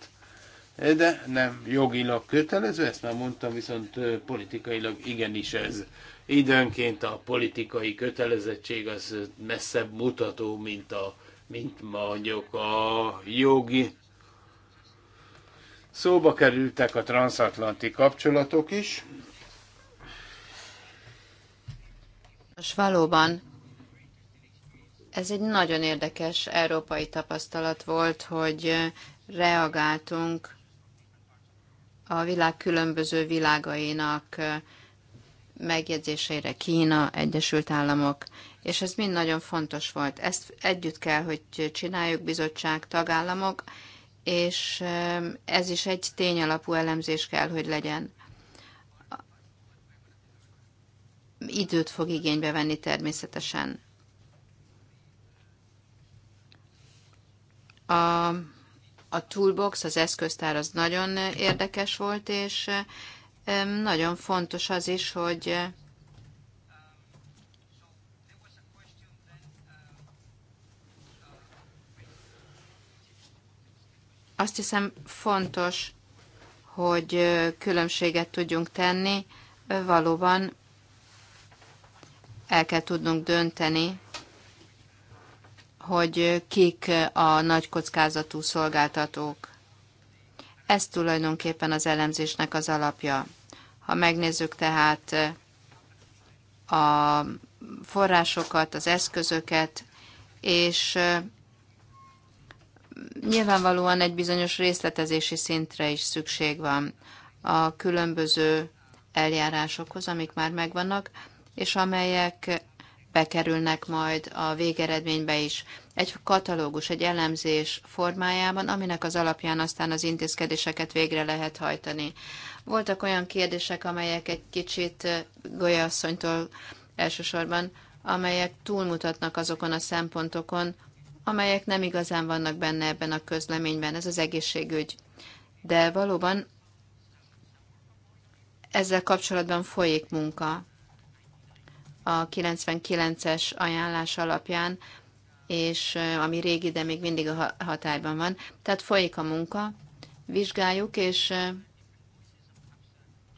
De nem jogilag kötelező, ezt már mondtam, viszont politikailag igenis ez. Időnként a politikai kötelezettség az messzebb mutató, mint, a, mint mondjuk a jogi. Szóba kerültek a transatlanti kapcsolatok is, És valóban ez egy nagyon érdekes európai tapasztalat volt, hogy reagáltunk a világ különböző világainak megjegyzéseire Kína, Egyesült Államok, és ez mind nagyon fontos volt. Ezt együtt kell, hogy csináljuk bizottság, tagállamok, és ez is egy tényalapú elemzés kell, hogy legyen. időt fog igénybe venni természetesen. A, a toolbox, az eszköztár az nagyon érdekes volt, és nagyon fontos az is, hogy azt hiszem fontos, hogy különbséget tudjunk tenni valóban el kell tudnunk dönteni, hogy kik a nagy kockázatú szolgáltatók. Ez tulajdonképpen az elemzésnek az alapja. Ha megnézzük tehát eh, a forrásokat, az eszközöket, és eh, nyilvánvalóan egy bizonyos részletezési szintre is szükség van a különböző eljárásokhoz, amik már megvannak, és amelyek bekerülnek majd a végeredménybe is egy katalógus, egy elemzés formájában, aminek az alapján aztán az intézkedéseket végre lehet hajtani. Voltak olyan kérdések, amelyek egy kicsit eh, asszonytól elsősorban, amelyek túlmutatnak azokon a szempontokon, amelyek nem igazán vannak benne ebben a közleményben, ez az egészségügy. De valóban ezzel kapcsolatban folyik munka a 99-es ajánlás alapján, és ami régi, de még mindig a hatályban van. Tehát folyik a munka, vizsgáljuk, és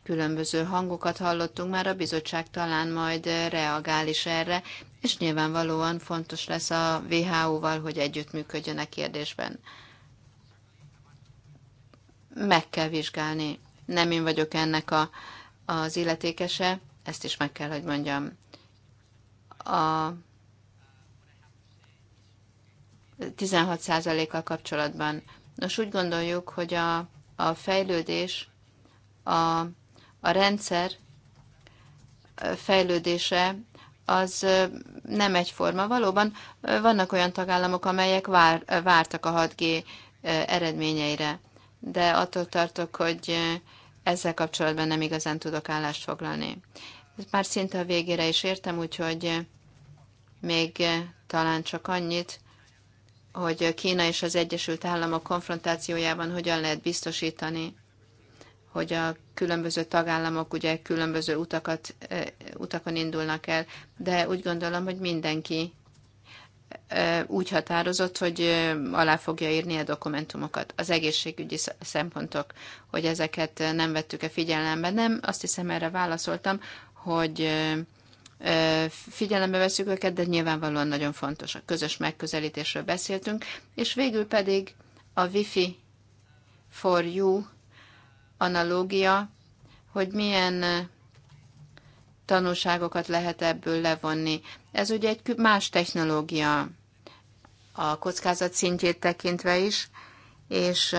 különböző hangokat hallottunk már, a bizottság talán majd reagál is erre, és nyilvánvalóan fontos lesz a WHO-val, hogy együttműködjön a kérdésben. Meg kell vizsgálni. Nem én vagyok ennek a, az illetékese, ezt is meg kell, hogy mondjam a 16%-kal kapcsolatban. Nos, úgy gondoljuk, hogy a, a fejlődés, a, a rendszer fejlődése az nem egyforma. Valóban vannak olyan tagállamok, amelyek vár, vártak a 6G eredményeire, de attól tartok, hogy ezzel kapcsolatban nem igazán tudok állást foglalni. Ez már szinte a végére is értem, úgyhogy még eh, talán csak annyit, hogy Kína és az Egyesült Államok konfrontációjában hogyan lehet biztosítani, hogy a különböző tagállamok ugye különböző utakat, eh, utakon indulnak el, de úgy gondolom, hogy mindenki eh, úgy határozott, hogy alá fogja írni a dokumentumokat. Az egészségügyi szempontok, hogy ezeket nem vettük-e figyelembe, nem, azt hiszem erre válaszoltam, hogy figyelembe veszük őket, de nyilvánvalóan nagyon fontos. A közös megközelítésről beszéltünk, és végül pedig a Wi-Fi for you analógia, hogy milyen tanulságokat lehet ebből levonni. Ez ugye egy más technológia a kockázat szintjét tekintve is, és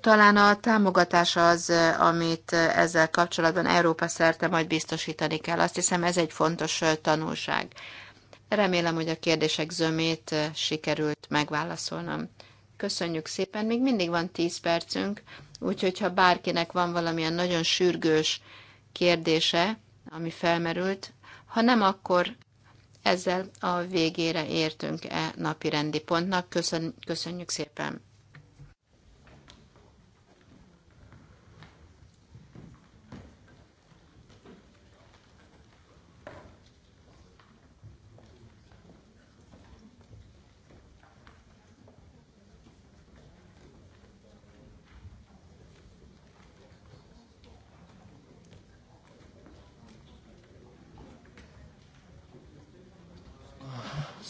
Talán a támogatás az, amit ezzel kapcsolatban Európa szerte majd biztosítani kell. Azt hiszem, ez egy fontos tanulság. Remélem, hogy a kérdések zömét sikerült megválaszolnom. Köszönjük szépen, még mindig van 10 percünk, úgyhogy ha bárkinek van valamilyen nagyon sürgős kérdése, ami felmerült, ha nem, akkor ezzel a végére értünk e napi rendi pontnak. Köszön, köszönjük szépen!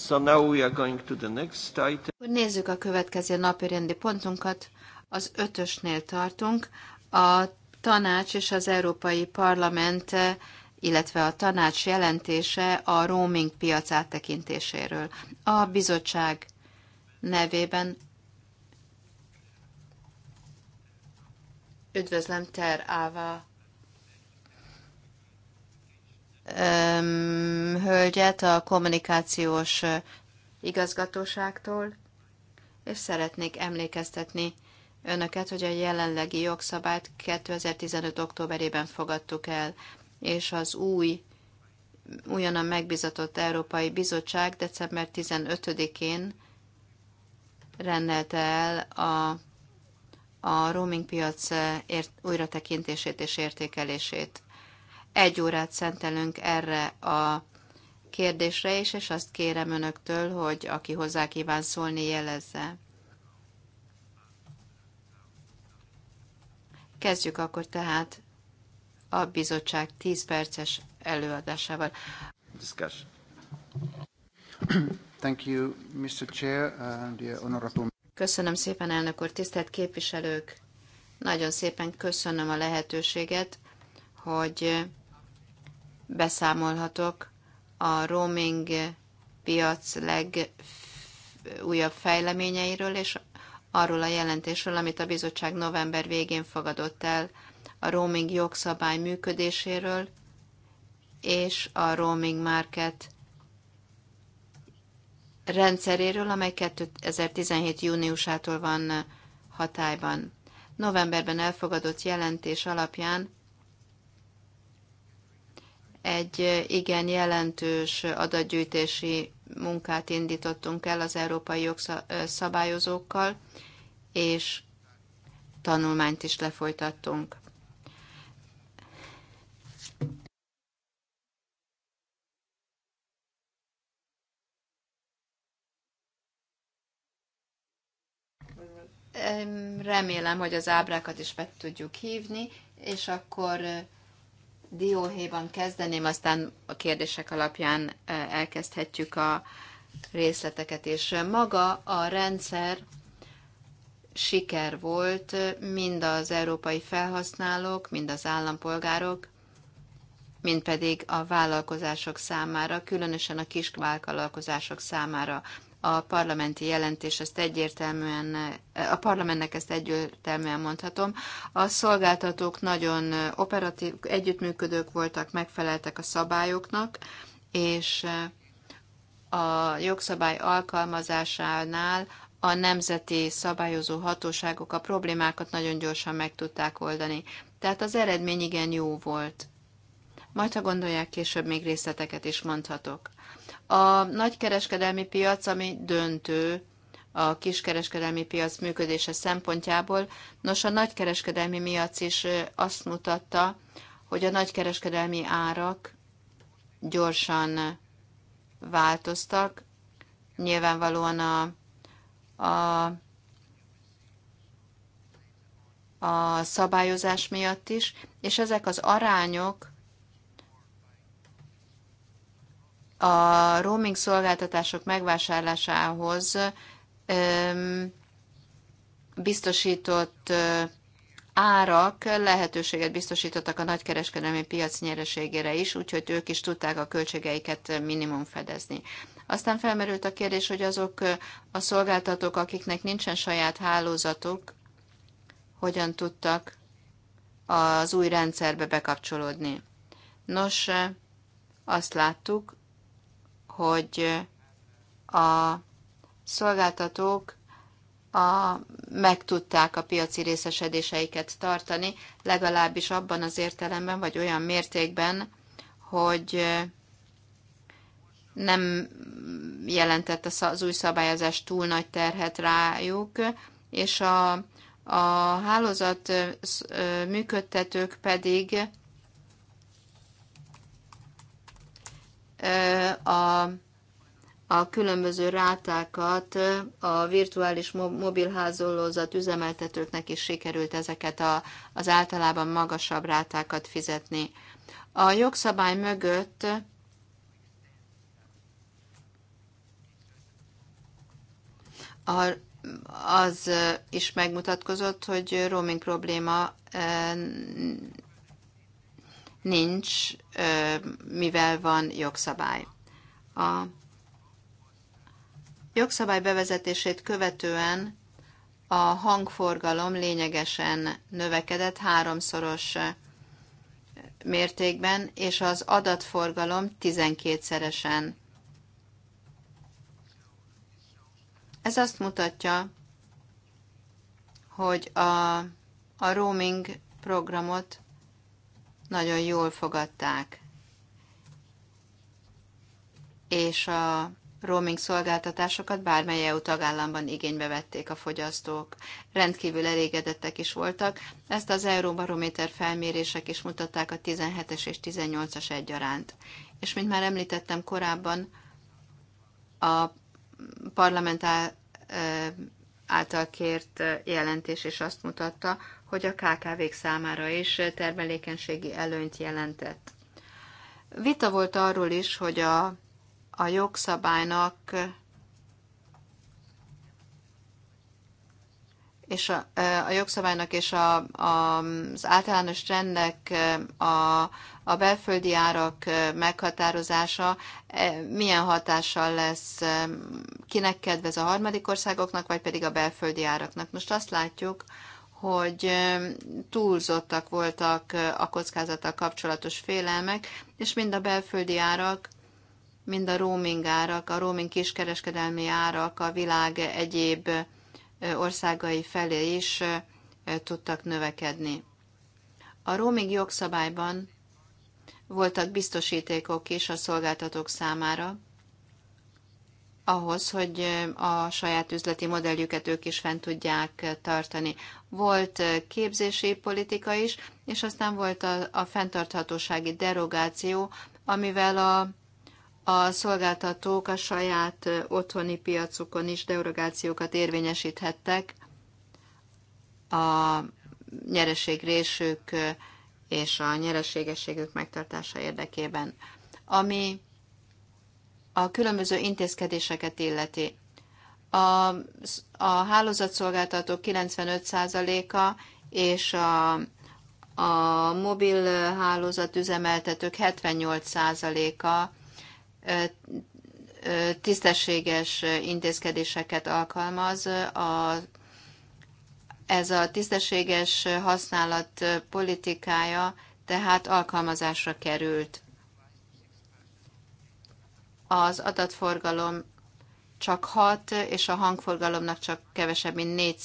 So now we are going to the next item. Nézzük a következő napi rendi pontunkat. Az ötösnél tartunk. A tanács és az Európai Parlament illetve a tanács jelentése a roaming piac áttekintéséről. A bizottság nevében üdvözlöm Ter Áva öm, hölgyet a kommunikációs igazgatóságtól, és szeretnék emlékeztetni önöket, hogy a jelenlegi jogszabályt 2015. októberében fogadtuk el, és az új, újonnan megbizatott Európai Bizottság december 15-én rendelte el a, a roaming piac ért, újratekintését és értékelését. Egy órát szentelünk erre a kérdésre is, és azt kérem önöktől, hogy aki hozzá kíván szólni, jelezze. Kezdjük akkor tehát a bizottság 10 perces előadásával. Discussion. Thank you, Mr. Chair, uh, and the honorable... Köszönöm szépen, elnök úr, tisztelt képviselők! Nagyon szépen köszönöm a lehetőséget, hogy beszámolhatok a roaming piac legújabb fejleményeiről, és arról a jelentésről, amit a bizottság november végén fogadott el a roaming jogszabály működéséről és a roaming market rendszeréről, amely 2017. júniusától van hatályban. Novemberben elfogadott jelentés alapján egy igen jelentős adatgyűjtési munkát indítottunk el az európai jogszabályozókkal, és tanulmányt is lefolytattunk. Remélem, hogy az ábrákat is be tudjuk hívni, és akkor dióhéjban kezdeném, aztán a kérdések alapján elkezdhetjük a részleteket, és maga a rendszer siker volt mind az európai felhasználók, mind az állampolgárok, mind pedig a vállalkozások számára, különösen a kisvállalkozások számára a parlamenti jelentés, ezt egyértelműen, a parlamentnek ezt egyértelműen mondhatom. A szolgáltatók nagyon operatív, együttműködők voltak, megfeleltek a szabályoknak, és a jogszabály alkalmazásánál a nemzeti szabályozó hatóságok a problémákat nagyon gyorsan meg tudták oldani. Tehát az eredmény igen jó volt. Majd, ha gondolják, később még részleteket is mondhatok. A nagykereskedelmi piac, ami döntő a kiskereskedelmi piac működése szempontjából, nos a nagykereskedelmi piac is azt mutatta, hogy a nagykereskedelmi árak gyorsan változtak. Nyilvánvalóan a, a a szabályozás miatt is, és ezek az arányok a roaming szolgáltatások megvásárlásához biztosított árak lehetőséget biztosítottak a nagykereskedelmi piac nyereségére is, úgyhogy ők is tudták a költségeiket minimum fedezni. Aztán felmerült a kérdés, hogy azok a szolgáltatók, akiknek nincsen saját hálózatuk, hogyan tudtak az új rendszerbe bekapcsolódni. Nos, azt láttuk, hogy a szolgáltatók a, meg tudták a piaci részesedéseiket tartani, legalábbis abban az értelemben, vagy olyan mértékben, hogy nem jelentett az új szabályozás túl nagy terhet rájuk, és a, a hálózat működtetők pedig a, a különböző rátákat a virtuális mobilházolózat üzemeltetőknek is sikerült ezeket a, az általában magasabb rátákat fizetni. A jogszabály mögött a, az is megmutatkozott, hogy roaming probléma nincs, mivel van jogszabály. A jogszabály bevezetését követően a hangforgalom lényegesen növekedett háromszoros mértékben, és az adatforgalom 12-szeresen. Ez azt mutatja, hogy a, a roaming programot nagyon jól fogadták. És a roaming szolgáltatásokat bármely EU tagállamban igénybe vették a fogyasztók. Rendkívül elégedettek is voltak. Ezt az Euróbarométer felmérések is mutatták a 17-es és 18-as egyaránt. És mint már említettem korábban, a parlament által kért jelentés is azt mutatta, hogy a KKV-k számára is termelékenységi előnyt jelentett. Vita volt arról is, hogy a, a jogszabálynak és a, a jogszabálynak és a, a, az általános trendek, a, a belföldi árak meghatározása milyen hatással lesz, kinek kedvez a harmadik országoknak, vagy pedig a belföldi áraknak. Most azt látjuk, hogy túlzottak voltak a kockázattal kapcsolatos félelmek, és mind a belföldi árak, mind a roaming árak, a roaming kiskereskedelmi árak a világ egyéb országai felé is tudtak növekedni. A roaming jogszabályban voltak biztosítékok is a szolgáltatók számára, ahhoz, hogy a saját üzleti modelljüket ők is fent tudják tartani. Volt képzési politika is, és aztán volt a, a fenntarthatósági derogáció, amivel a, a szolgáltatók a saját otthoni piacukon is derogációkat érvényesíthettek a nyereségrésük és a nyereségességük megtartása érdekében. Ami a különböző intézkedéseket illeti. A, a hálózatszolgáltatók 95%-a és a, a mobil hálózat üzemeltetők 78%-a tisztességes intézkedéseket alkalmaz. A, ez a tisztességes használat politikája tehát alkalmazásra került az adatforgalom csak 6, és a hangforgalomnak csak kevesebb, mint 4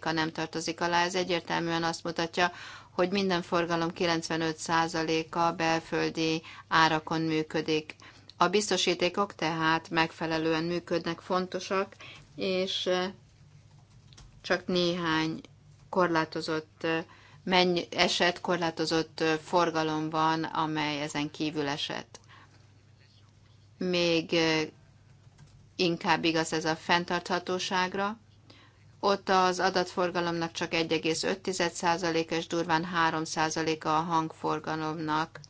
a nem tartozik alá. Ez egyértelműen azt mutatja, hogy minden forgalom 95 a belföldi árakon működik. A biztosítékok tehát megfelelően működnek, fontosak, és eh, csak néhány korlátozott eh, eset, korlátozott eh, forgalom van, amely ezen kívül esett még inkább igaz ez a fenntarthatóságra. Ott az adatforgalomnak csak 1,5% és durván 3% a hangforgalomnak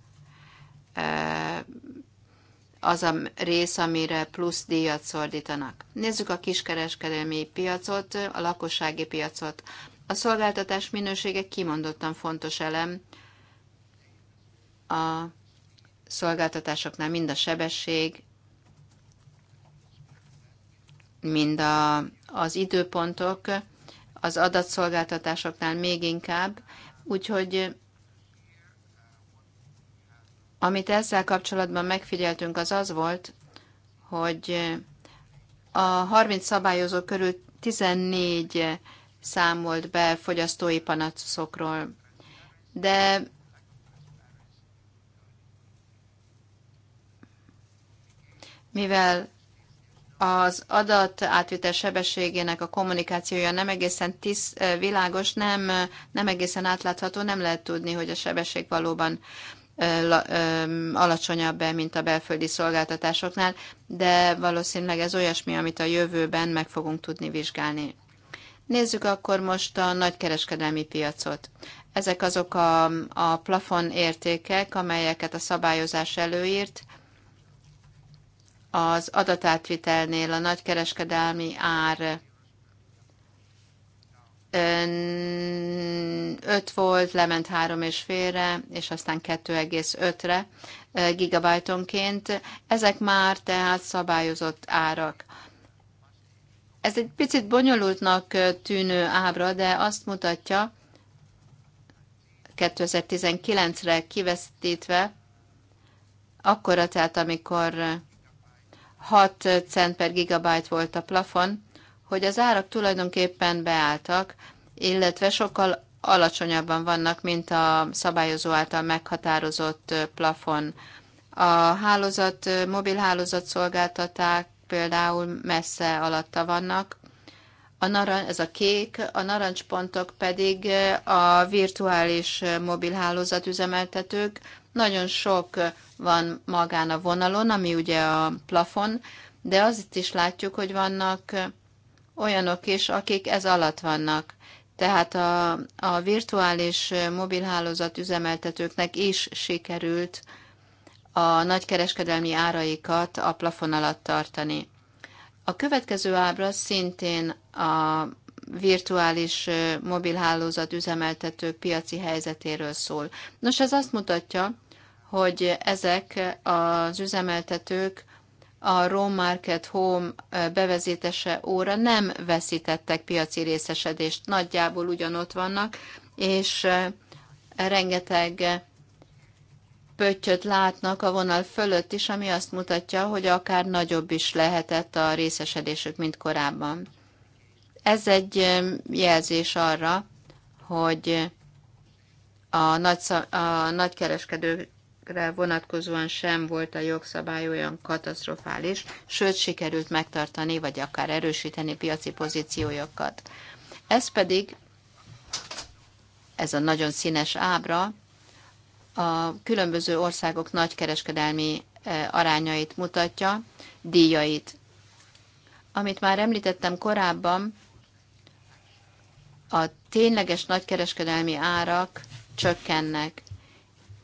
az a rész, amire plusz díjat szordítanak. Nézzük a kiskereskedelmi piacot, a lakossági piacot. A szolgáltatás minősége kimondottan fontos elem a szolgáltatásoknál mind a sebesség, mind a, az időpontok, az adatszolgáltatásoknál még inkább, úgyhogy amit ezzel kapcsolatban megfigyeltünk, az az volt, hogy a 30 szabályozó körül 14 számolt be fogyasztói panaszokról, de mivel az adat átvitel sebességének a kommunikációja nem egészen tisz, világos, nem, nem egészen átlátható, nem lehet tudni, hogy a sebesség valóban alacsonyabb-e, mint a belföldi szolgáltatásoknál, de valószínűleg ez olyasmi, amit a jövőben meg fogunk tudni vizsgálni. Nézzük akkor most a nagykereskedelmi piacot. Ezek azok a, a plafon értékek, amelyeket a szabályozás előírt, az adatátvitelnél a nagykereskedelmi ár 5 volt, lement 3,5-re, és aztán 2,5-re gigabajtonként. Ezek már tehát szabályozott árak. Ez egy picit bonyolultnak tűnő ábra, de azt mutatja, 2019-re kivesztítve, akkora tehát, amikor 6 cent per gigabyte volt a plafon, hogy az árak tulajdonképpen beálltak, illetve sokkal alacsonyabban vannak, mint a szabályozó által meghatározott plafon. A hálózat, mobilhálózat szolgáltaták például messze alatta vannak, a narancs, ez a kék, a narancspontok pedig a virtuális mobilhálózat üzemeltetők, nagyon sok van magán a vonalon, ami ugye a plafon, de az itt is látjuk, hogy vannak olyanok is, akik ez alatt vannak. Tehát a, a virtuális mobilhálózat üzemeltetőknek is sikerült a nagykereskedelmi áraikat a plafon alatt tartani. A következő ábra szintén a virtuális mobilhálózat üzemeltetők piaci helyzetéről szól. Nos, ez azt mutatja, hogy ezek az üzemeltetők a Raw Market Home bevezetése óra nem veszítettek piaci részesedést, nagyjából ugyanott vannak, és rengeteg pöttyöt látnak a vonal fölött is, ami azt mutatja, hogy akár nagyobb is lehetett a részesedésük, mint korábban. Ez egy jelzés arra, hogy a, nagy, a nagykereskedőkre vonatkozóan sem volt a jogszabály olyan katasztrofális, sőt sikerült megtartani, vagy akár erősíteni piaci pozíciójukat. Ez pedig, ez a nagyon színes ábra, a különböző országok nagykereskedelmi e, arányait mutatja, díjait. Amit már említettem korábban, a tényleges nagykereskedelmi árak csökkennek,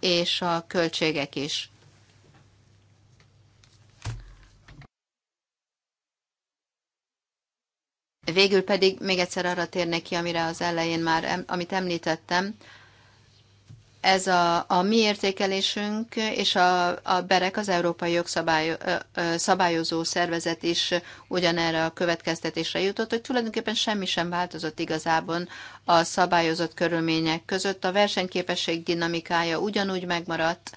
és a költségek is. Végül pedig még egyszer arra térnek ki, amire az elején már, amit említettem, ez a, a mi értékelésünk, és a, a BEREK, az Európai Jogszabály, Szabályozó Szervezet is ugyanerre a következtetésre jutott, hogy tulajdonképpen semmi sem változott igazából a szabályozott körülmények között. A versenyképesség dinamikája ugyanúgy megmaradt,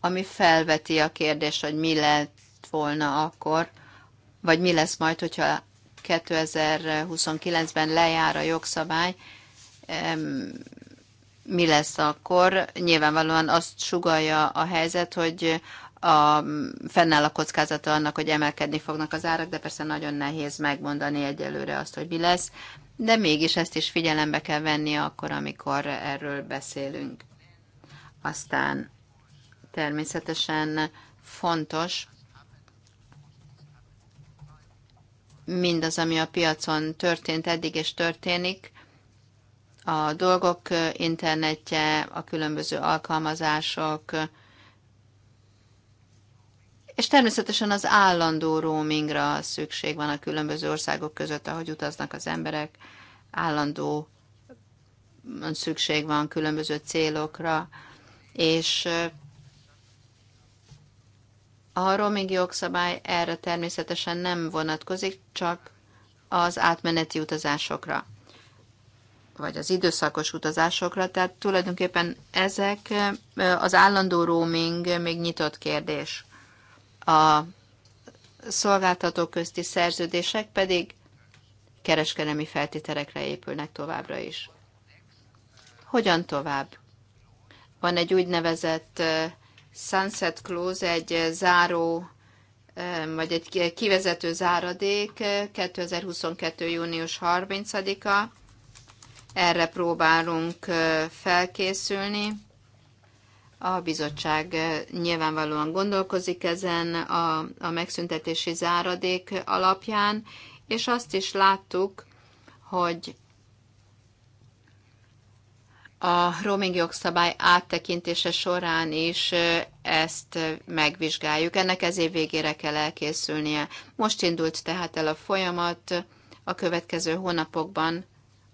ami felveti a kérdést, hogy mi lett volna akkor, vagy mi lesz majd, hogyha 2029-ben lejár a jogszabály, mi lesz akkor. Nyilvánvalóan azt sugalja a helyzet, hogy a, fennáll a kockázata annak, hogy emelkedni fognak az árak, de persze nagyon nehéz megmondani egyelőre azt, hogy mi lesz, de mégis ezt is figyelembe kell venni akkor, amikor erről beszélünk. Aztán természetesen fontos mindaz, ami a piacon történt eddig és történik, a dolgok internetje, a különböző alkalmazások, és természetesen az állandó roamingra szükség van a különböző országok között, ahogy utaznak az emberek, állandó szükség van különböző célokra, és a roaming jogszabály erre természetesen nem vonatkozik, csak az átmeneti utazásokra vagy az időszakos utazásokra, tehát tulajdonképpen ezek az állandó roaming még nyitott kérdés. A szolgáltatók közti szerződések pedig kereskedelmi feltételekre épülnek továbbra is. Hogyan tovább? Van egy úgynevezett sunset clause, egy záró vagy egy kivezető záradék 2022. június 30-a, erre próbálunk felkészülni. A bizottság nyilvánvalóan gondolkozik ezen a, a megszüntetési záradék alapján, és azt is láttuk, hogy a roaming jogszabály áttekintése során is ezt megvizsgáljuk. Ennek ez év végére kell elkészülnie. Most indult tehát el a folyamat, a következő hónapokban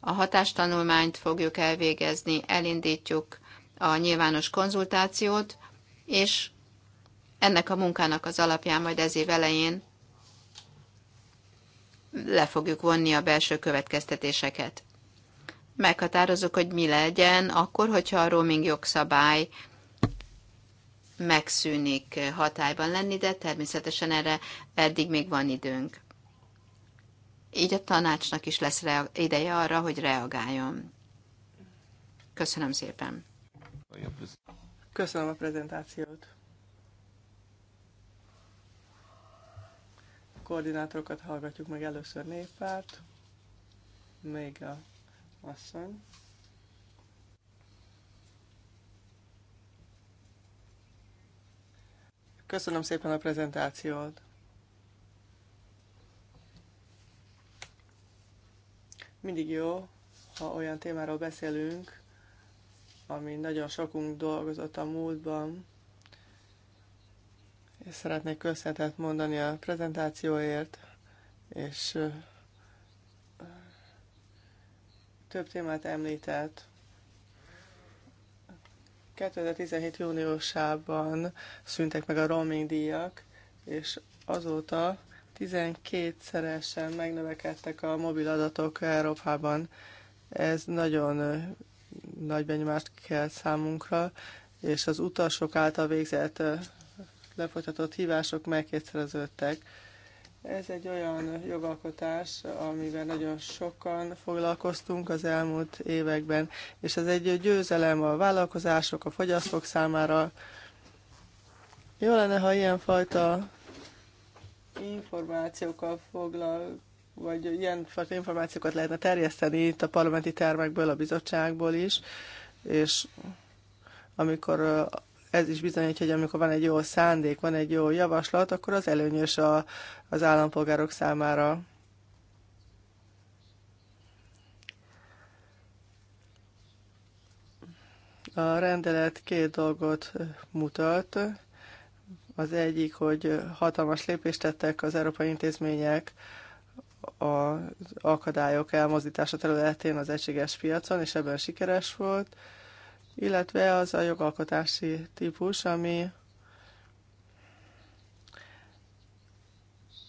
a hatástanulmányt fogjuk elvégezni, elindítjuk a nyilvános konzultációt, és ennek a munkának az alapján majd ez év elején le fogjuk vonni a belső következtetéseket. Meghatározok, hogy mi legyen akkor, hogyha a roaming jogszabály megszűnik hatályban lenni, de természetesen erre eddig még van időnk. Így a tanácsnak is lesz ideje arra, hogy reagáljon. Köszönöm szépen. Köszönöm a prezentációt. A koordinátorokat hallgatjuk meg először néppárt, még a asszony. Köszönöm szépen a prezentációt. Mindig jó, ha olyan témáról beszélünk, ami nagyon sokunk dolgozott a múltban, és szeretnék köszönetet mondani a prezentációért, és több témát említett. 2017. júniusában szűntek meg a roaming díjak, és azóta 12-szeresen megnövekedtek a mobil adatok Európában. Ez nagyon nagy benyomást kell számunkra, és az utasok által végzett lefolytatott hívások megkétszereződtek. Ez egy olyan jogalkotás, amivel nagyon sokan foglalkoztunk az elmúlt években, és ez egy győzelem a vállalkozások, a fogyasztók számára. Jó lenne, ha ilyenfajta információkkal foglal, vagy ilyen információkat lehetne terjeszteni itt a parlamenti termekből, a bizottságból is, és amikor ez is bizonyítja, hogy amikor van egy jó szándék, van egy jó javaslat, akkor az előnyös a, az állampolgárok számára. A rendelet két dolgot mutat. Az egyik, hogy hatalmas lépést tettek az európai intézmények az akadályok elmozdítása területén az egységes piacon, és ebben sikeres volt, illetve az a jogalkotási típus, ami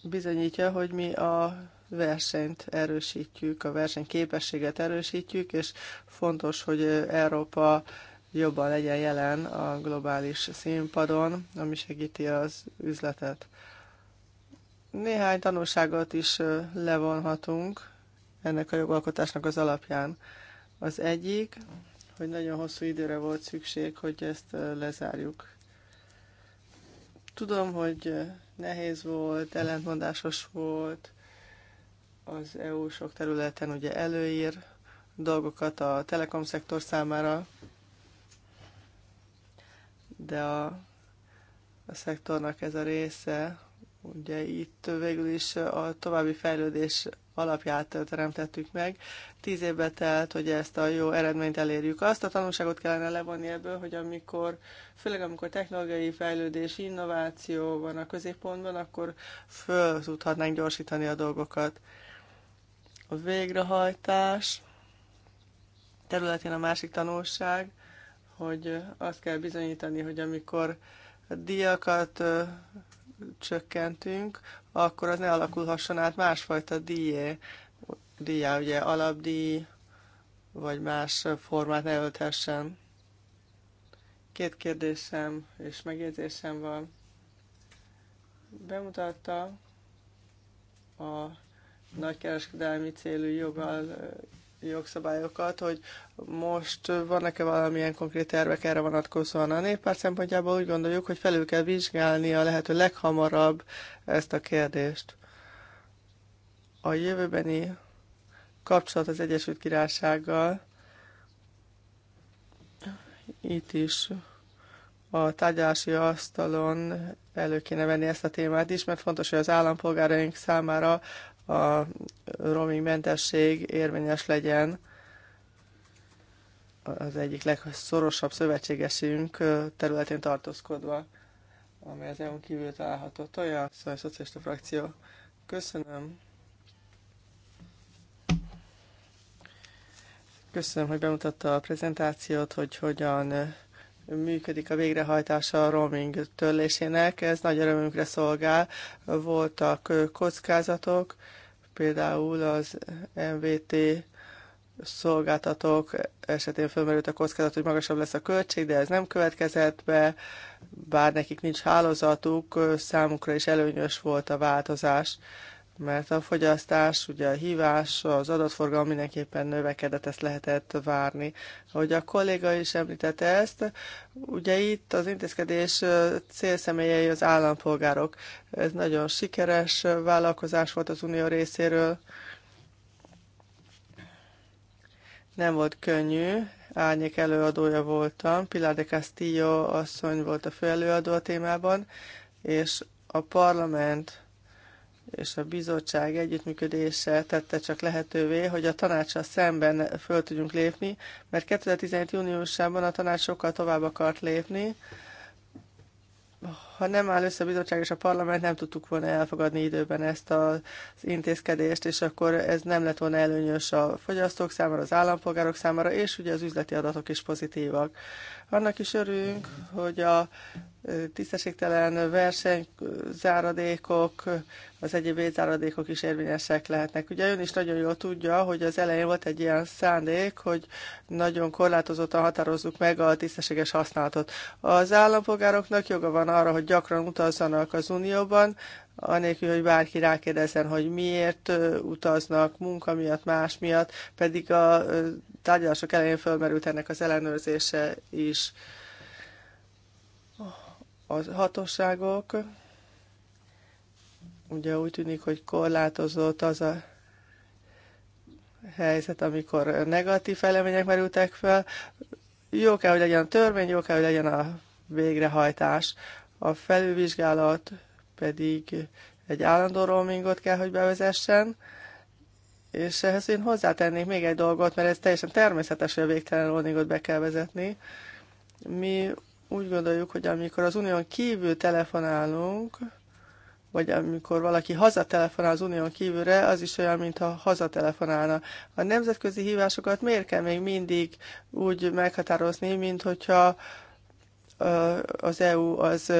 bizonyítja, hogy mi a versenyt erősítjük, a versenyképességet erősítjük, és fontos, hogy Európa jobban legyen jelen a globális színpadon, ami segíti az üzletet. Néhány tanulságot is levonhatunk ennek a jogalkotásnak az alapján. Az egyik, hogy nagyon hosszú időre volt szükség, hogy ezt lezárjuk. Tudom, hogy nehéz volt, ellentmondásos volt, az EU sok területen ugye előír dolgokat a telekom szektor számára, de a, a szektornak ez a része, ugye itt végül is a további fejlődés alapját teremtettük meg. Tíz évbe telt, hogy ezt a jó eredményt elérjük. Azt a tanulságot kellene levonni ebből, hogy amikor, főleg amikor technológiai fejlődés, innováció van a középpontban, akkor föl tudhatnánk gyorsítani a dolgokat. A végrehajtás területén a másik tanulság, hogy azt kell bizonyítani, hogy amikor díjakat csökkentünk, akkor az ne alakulhasson át másfajta díjé, díjá, ugye alapdíj, vagy más formát ne ölthessen. Két kérdésem és megjegyzésem van. Bemutatta a nagykereskedelmi célú joggal jogszabályokat, hogy most vannak-e valamilyen konkrét tervek erre vonatkozóan. A néppárt szempontjából úgy gondoljuk, hogy felül kell vizsgálni a lehető leghamarabb ezt a kérdést. A jövőbeni kapcsolat az Egyesült Királysággal itt is a tárgyalási asztalon elő kéne venni ezt a témát is, mert fontos, hogy az állampolgáraink számára a roaming mentesség érvényes legyen. Az egyik legszorosabb szövetségesünk területén tartózkodva, amely az eu kívül található. Tolja, szóval a szocialista frakció. Köszönöm. Köszönöm, hogy bemutatta a prezentációt, hogy hogyan működik a végrehajtása a roaming törlésének. Ez nagy örömünkre szolgál. Voltak kockázatok, például az MVT szolgáltatók esetén fölmerült a kockázat, hogy magasabb lesz a költség, de ez nem következett be, bár nekik nincs hálózatuk, számukra is előnyös volt a változás mert a fogyasztás, ugye a hívás, az adatforgalom mindenképpen növekedett, ezt lehetett várni. Ahogy a kolléga is említette ezt, ugye itt az intézkedés célszemélyei az állampolgárok. Ez nagyon sikeres vállalkozás volt az unió részéről. Nem volt könnyű, árnyék előadója voltam, Pilar de Castillo asszony volt a főelőadó a témában, és a parlament és a bizottság együttműködése tette csak lehetővé, hogy a tanácsa szemben föl tudjunk lépni, mert 2017. júniusában a tanács sokkal tovább akart lépni, ha nem áll össze a bizottság és a parlament, nem tudtuk volna elfogadni időben ezt az intézkedést, és akkor ez nem lett volna előnyös a fogyasztók számára, az állampolgárok számára, és ugye az üzleti adatok is pozitívak. Annak is örülünk, hogy a tisztességtelen versenyzáradékok, az egyéb védzáradékok is érvényesek lehetnek. Ugye ön is nagyon jól tudja, hogy az elején volt egy ilyen szándék, hogy nagyon korlátozottan határozzuk meg a tisztességes használatot. Az állampolgároknak joga van arra, hogy gyakran utaznak az Unióban, anélkül, hogy bárki rákérdezzen, hogy miért utaznak munka miatt, más miatt, pedig a tárgyalások elején fölmerült ennek az ellenőrzése is. A hatóságok, ugye úgy tűnik, hogy korlátozott az a helyzet, amikor negatív elemények merültek fel. Jó kell, hogy legyen a törvény, jó kell, hogy legyen a végrehajtás a felülvizsgálat pedig egy állandó roamingot kell, hogy bevezessen, és ehhez én hozzátennék még egy dolgot, mert ez teljesen természetes, hogy a végtelen roamingot be kell vezetni. Mi úgy gondoljuk, hogy amikor az unión kívül telefonálunk, vagy amikor valaki hazatelefonál az unión kívülre, az is olyan, mintha hazatelefonálna. A nemzetközi hívásokat miért kell még mindig úgy meghatározni, mint hogyha az EU az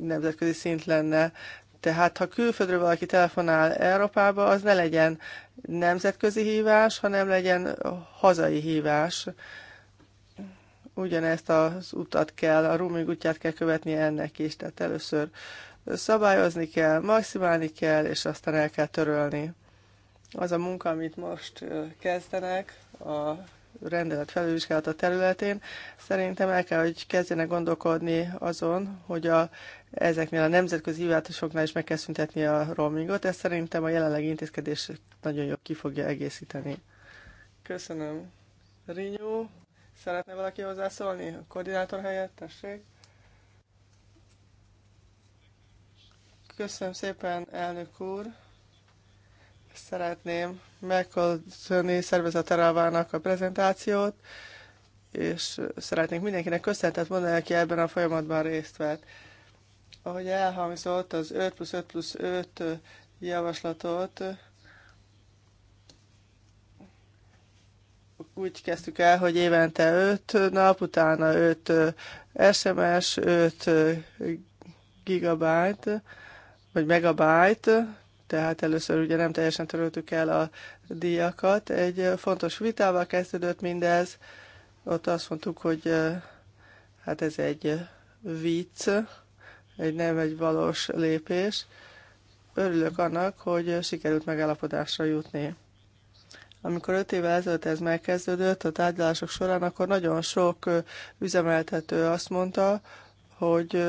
nemzetközi szint lenne. Tehát ha külföldről valaki telefonál Európába, az ne legyen nemzetközi hívás, hanem legyen hazai hívás. Ugyanezt az utat kell, a roaming útját kell követni ennek is. Tehát először szabályozni kell, maximálni kell, és aztán el kell törölni. Az a munka, amit most kezdenek a rendelet felülvizsgálata területén, szerintem el kell, hogy kezdjenek gondolkodni azon, hogy a, ezeknél a nemzetközi hívásoknál is meg kell szüntetni a roamingot. Ez szerintem a jelenlegi intézkedés nagyon jól ki fogja egészíteni. Köszönöm. Rinyó, szeretne valaki hozzászólni? A koordinátor helyett, tessék. Köszönöm szépen, elnök úr. Szeretném megköszönni szervezet Teravának a prezentációt, és szeretnék mindenkinek köszönetet mondani, aki ebben a folyamatban részt vett. Ahogy elhangzott, az 5 plusz 5 plusz 5 javaslatot úgy kezdtük el, hogy évente 5 nap, utána 5 SMS, 5 gigabyte, vagy megabyte tehát először ugye nem teljesen töröltük el a díjakat. Egy fontos vitával kezdődött mindez, ott azt mondtuk, hogy hát ez egy vicc, egy nem egy valós lépés. Örülök annak, hogy sikerült megállapodásra jutni. Amikor öt évvel ezelőtt ez megkezdődött a tárgyalások során, akkor nagyon sok üzemeltető azt mondta, hogy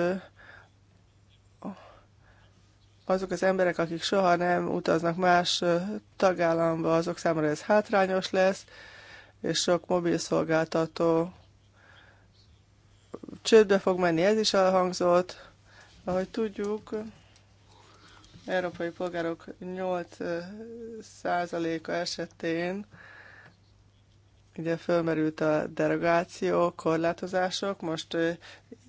azok az emberek, akik soha nem utaznak más tagállamba, azok számára ez hátrányos lesz, és sok mobil szolgáltató csődbe fog menni, ez is elhangzott. Ahogy tudjuk, európai polgárok 8%-a esetén ugye fölmerült a derogáció, korlátozások, most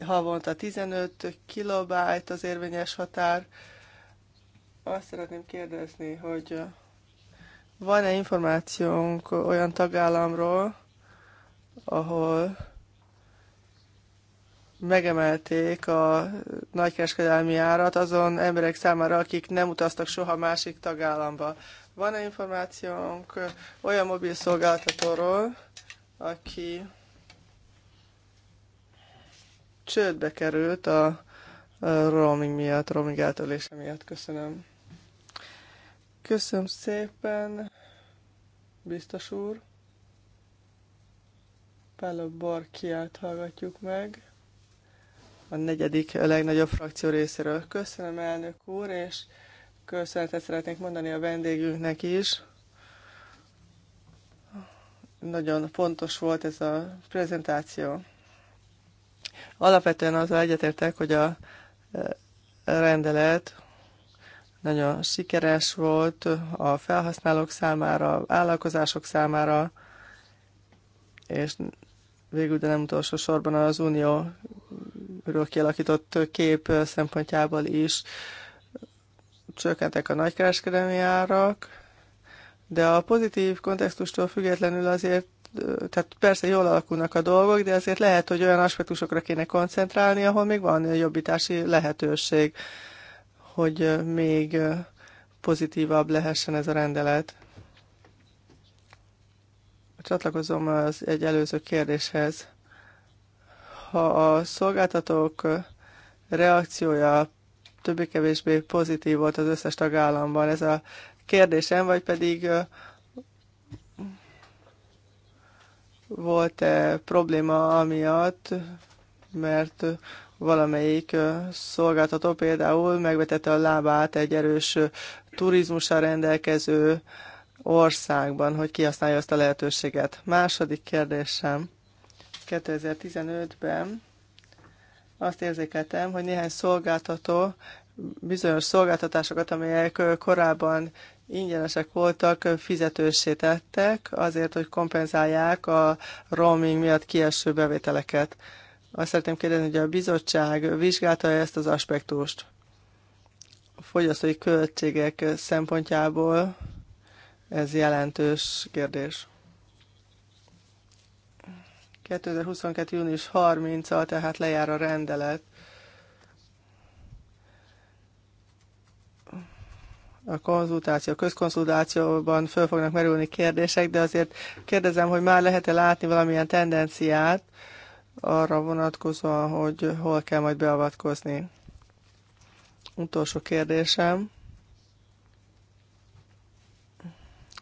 havonta 15 kilobájt az érvényes határ, azt szeretném kérdezni, hogy van-e információnk olyan tagállamról, ahol megemelték a nagykereskedelmi árat azon emberek számára, akik nem utaztak soha másik tagállamba. Van-e információnk olyan mobil szolgáltatóról, aki csődbe került a roaming miatt, roaming eltörlése miatt? Köszönöm. Köszönöm szépen, biztos úr. Pálo Barkiát hallgatjuk meg a negyedik legnagyobb frakció részéről. Köszönöm, elnök úr, és köszönetet szeretnék mondani a vendégünknek is. Nagyon fontos volt ez a prezentáció. Alapvetően azzal egyetértek, hogy a eh, rendelet nagyon sikeres volt a felhasználók számára, vállalkozások számára, és végül, de nem utolsó sorban az unióról kialakított kép szempontjából is csökkentek a nagykereskedelmi árak, de a pozitív kontextustól függetlenül azért, tehát persze jól alakulnak a dolgok, de azért lehet, hogy olyan aspektusokra kéne koncentrálni, ahol még van jobbítási lehetőség hogy még pozitívabb lehessen ez a rendelet. Csatlakozom az egy előző kérdéshez. Ha a szolgáltatók reakciója többé-kevésbé pozitív volt az összes tagállamban, ez a kérdésem, vagy pedig volt-e probléma amiatt, mert valamelyik szolgáltató például megvetette a lábát egy erős turizmussal rendelkező országban, hogy kihasználja azt a lehetőséget. Második kérdésem. 2015-ben azt érzékeltem, hogy néhány szolgáltató bizonyos szolgáltatásokat, amelyek korábban ingyenesek voltak, fizetőssé tettek azért, hogy kompenzálják a roaming miatt kieső bevételeket. Azt szeretném kérdezni, hogy a bizottság vizsgálta e ezt az aspektust a fogyasztói költségek szempontjából ez jelentős kérdés. 2022. június 30 a tehát lejár a rendelet. A konzultáció, a közkonzultációban föl fognak merülni kérdések, de azért kérdezem, hogy már lehet-e látni valamilyen tendenciát, arra vonatkozóan, hogy hol kell majd beavatkozni. Utolsó kérdésem.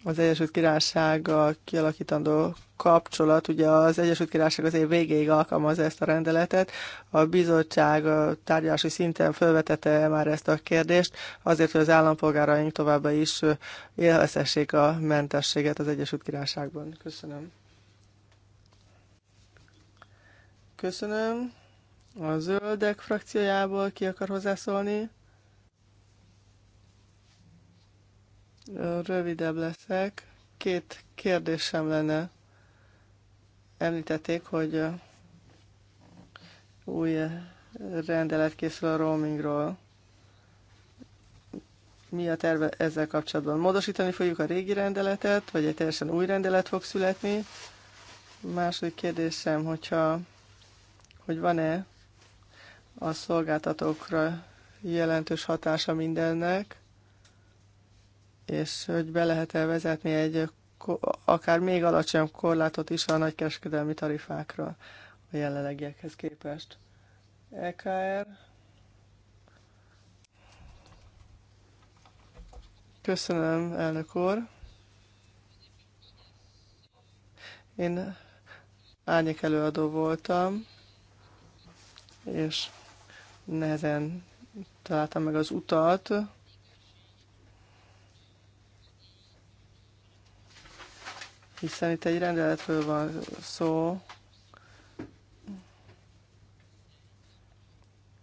Az Egyesült Királysággal kialakítandó kapcsolat, ugye az Egyesült Királyság az év végéig alkalmaz ezt a rendeletet. A bizottság tárgyalási szinten felvetette már ezt a kérdést, azért, hogy az állampolgáraink továbbá is élvezhessék a mentességet az Egyesült Királyságban. Köszönöm. Köszönöm. A zöldek frakciójából ki akar hozzászólni? Rövidebb leszek. Két kérdésem lenne. Említették, hogy új rendelet készül a roamingról. Mi a terve ezzel kapcsolatban? Módosítani fogjuk a régi rendeletet, vagy egy teljesen új rendelet fog születni? Második kérdésem, hogyha hogy van-e a szolgáltatókra jelentős hatása mindennek, és hogy be lehet-e vezetni egy akár még alacsonyabb korlátot is a nagykereskedelmi tarifákra a jelenlegiekhez képest. EKR. Köszönöm, elnök úr. Én árnyék előadó voltam és nehezen találtam meg az utat. Hiszen itt egy rendeletről van szó,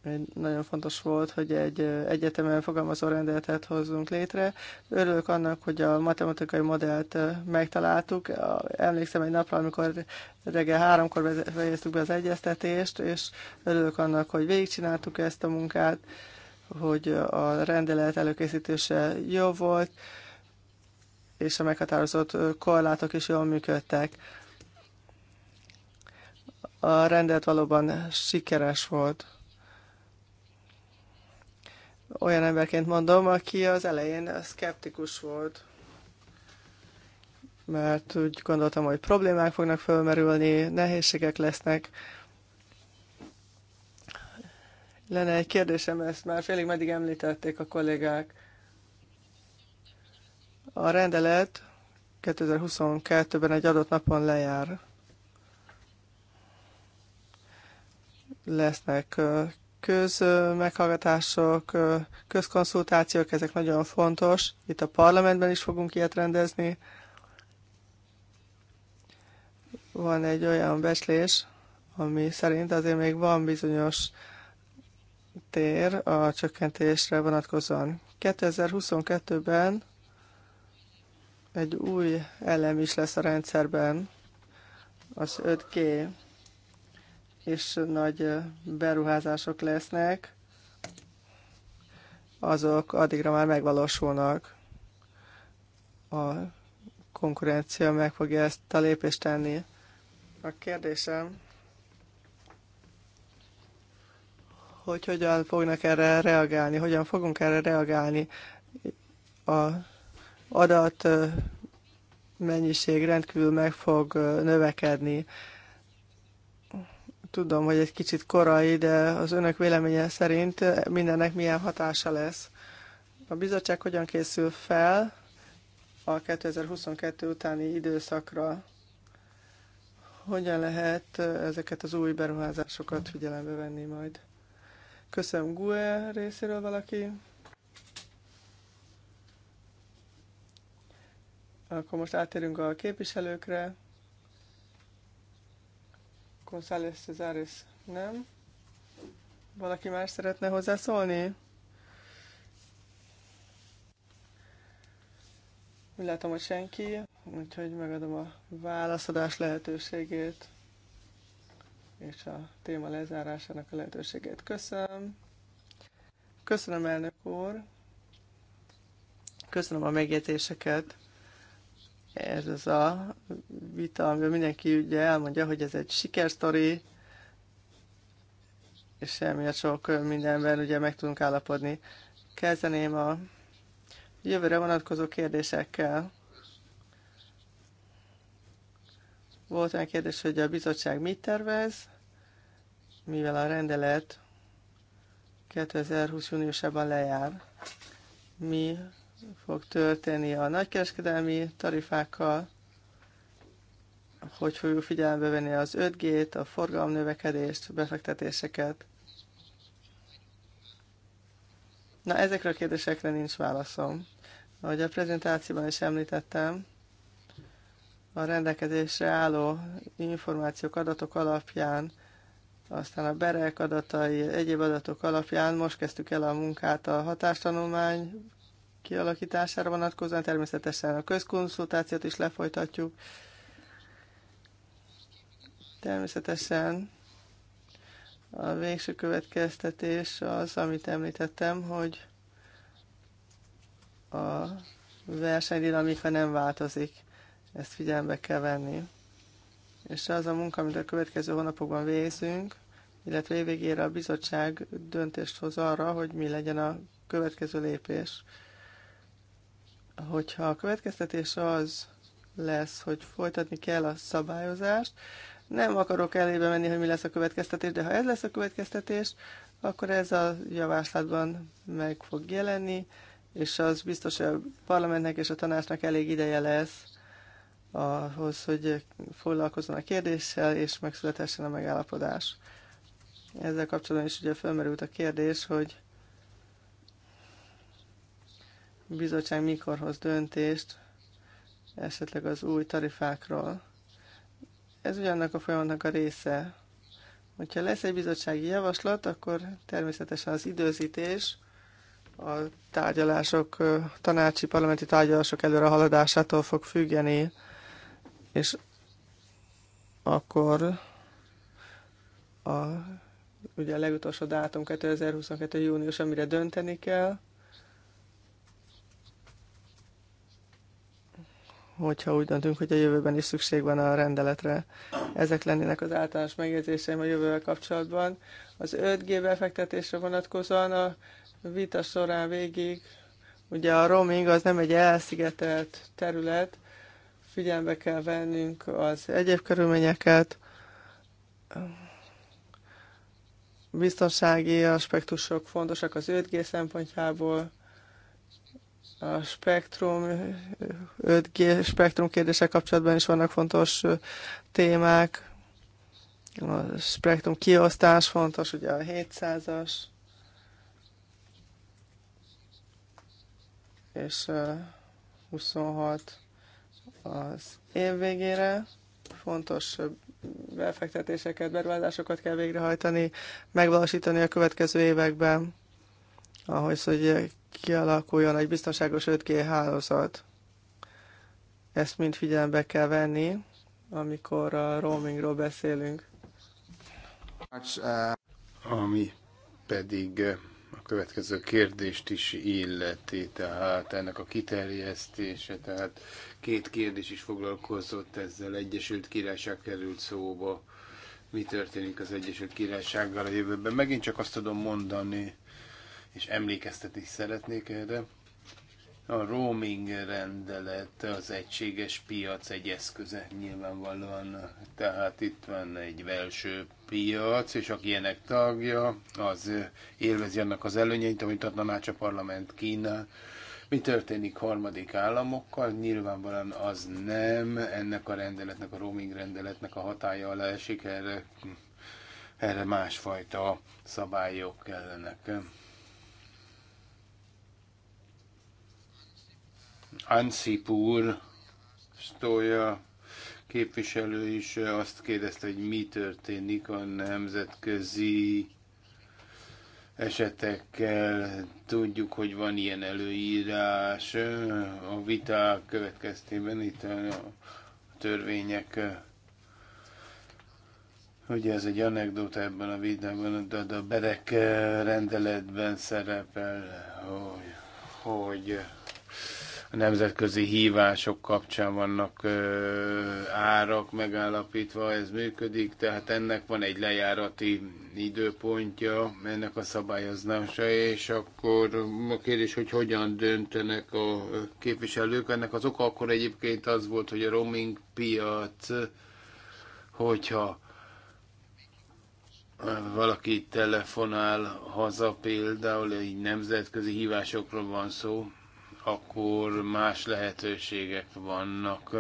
egy nagyon fontos volt, hogy egy egyetemen fogalmazó rendeletet hozzunk létre. Örülök annak, hogy a matematikai modellt megtaláltuk. Emlékszem egy napra, amikor reggel háromkor fejeztük be az egyeztetést, és örülök annak, hogy végigcsináltuk ezt a munkát, hogy a rendelet előkészítése jó volt, és a meghatározott korlátok is jól működtek. A rendelet valóban sikeres volt. Olyan emberként mondom, aki az elején szkeptikus volt, mert úgy gondoltam, hogy problémák fognak fölmerülni, nehézségek lesznek. Lenne egy kérdésem, ezt már félig meddig említették a kollégák. A rendelet 2022-ben egy adott napon lejár. Lesznek közmeghallgatások, közkonszultációk, ezek nagyon fontos. Itt a parlamentben is fogunk ilyet rendezni. Van egy olyan becslés, ami szerint azért még van bizonyos tér a csökkentésre vonatkozóan. 2022-ben egy új elem is lesz a rendszerben, az 5G és nagy beruházások lesznek, azok addigra már megvalósulnak. A konkurencia meg fogja ezt a lépést tenni. A kérdésem, hogy hogyan fognak erre reagálni, hogyan fogunk erre reagálni. A adat mennyiség rendkívül meg fog növekedni. Tudom, hogy egy kicsit korai, de az önök véleménye szerint mindennek milyen hatása lesz. A bizottság hogyan készül fel a 2022 utáni időszakra? Hogyan lehet ezeket az új beruházásokat figyelembe venni majd? Köszönöm GUE részéről valaki. Akkor most átérünk a képviselőkre. González Cezáris nem. Valaki más szeretne hozzászólni? Úgy látom, hogy senki, úgyhogy megadom a válaszadás lehetőségét és a téma lezárásának a lehetőségét. Köszönöm. Köszönöm, elnök úr. Köszönöm a megjegyzéseket. Ez az a vita, amiben mindenki ugye elmondja, hogy ez egy sikersztori, és emiatt sok mindenben ugye meg tudunk állapodni. Kezdeném a jövőre vonatkozó kérdésekkel. Volt olyan kérdés, hogy a bizottság mit tervez, mivel a rendelet 2020 júniusában lejár. Mi fog történni a nagykereskedelmi tarifákkal, hogy fogjuk figyelembe venni az 5G-t, a forgalomnövekedést, befektetéseket. Na, ezekre a kérdésekre nincs válaszom. Ahogy a prezentációban is említettem, a rendelkezésre álló információk, adatok alapján, aztán a berek adatai, egyéb adatok alapján most kezdtük el a munkát a hatástanulmány kialakítására vonatkozóan természetesen a közkonszultációt is lefolytatjuk. Természetesen a végső következtetés az, amit említettem, hogy a versenydinamika nem változik. Ezt figyelembe kell venni. És az a munka, amit a következő hónapokban végzünk, illetve végére a bizottság döntést hoz arra, hogy mi legyen a következő lépés hogyha a következtetés az lesz, hogy folytatni kell a szabályozást, nem akarok elébe menni, hogy mi lesz a következtetés, de ha ez lesz a következtetés, akkor ez a javaslatban meg fog jelenni, és az biztos a parlamentnek és a tanácsnak elég ideje lesz ahhoz, hogy foglalkozzon a kérdéssel, és megszülethessen a megállapodás. Ezzel kapcsolatban is ugye felmerült a kérdés, hogy bizottság mikor hoz döntést esetleg az új tarifákról. Ez ugyanannak a folyamatnak a része. Hogyha lesz egy bizottsági javaslat, akkor természetesen az időzítés a tárgyalások, tanácsi parlamenti tárgyalások előre haladásától fog függeni, és akkor a, ugye a legutolsó dátum 2022. június, amire dönteni kell, hogyha úgy döntünk, hogy a jövőben is szükség van a rendeletre. Ezek lennének az általános megjegyzéseim a jövővel kapcsolatban. Az 5G befektetésre vonatkozóan a vita során végig, ugye a roaming az nem egy elszigetelt terület, figyelembe kell vennünk az egyéb körülményeket, biztonsági aspektusok fontosak az 5G szempontjából, a spektrum, 5G spektrum kérdése kapcsolatban is vannak fontos témák. A spektrum kiosztás fontos, ugye a 700-as, és 26 az év végére. Fontos befektetéseket, beruházásokat kell végrehajtani, megvalósítani a következő években, ahhoz, hogy kialakuljon egy biztonságos 5G hálózat. Ezt mind figyelembe kell venni, amikor a roamingról beszélünk. Ami pedig a következő kérdést is illeti, tehát ennek a kiterjesztése, tehát két kérdés is foglalkozott ezzel, Egyesült Királyság került szóba, mi történik az Egyesült Királysággal a jövőben. Megint csak azt tudom mondani, és emlékeztetni szeretnék erre. A roaming rendelet az egységes piac egy eszköze nyilvánvalóan, tehát itt van egy belső piac, és aki ennek tagja, az élvezi annak az előnyeit, amit a tanács a parlament kínál. Mi történik harmadik államokkal? Nyilvánvalóan az nem ennek a rendeletnek, a roaming rendeletnek a hatája alá esik, erre, erre másfajta szabályok kellenek. Ansip úr, Stoja képviselő is azt kérdezte, hogy mi történik a nemzetközi esetekkel. Tudjuk, hogy van ilyen előírás a viták következtében itt a törvények. Ugye ez egy anekdóta ebben a videóban, de a Berek rendeletben szerepel, hogy, hogy a nemzetközi hívások kapcsán vannak ö, árak megállapítva, ez működik, tehát ennek van egy lejárati időpontja, ennek a szabályozása, és akkor a kérdés, hogy hogyan döntenek a képviselők. Ennek az oka akkor egyébként az volt, hogy a roaming piac, hogyha valaki telefonál haza például, így nemzetközi hívásokról van szó, akkor más lehetőségek vannak.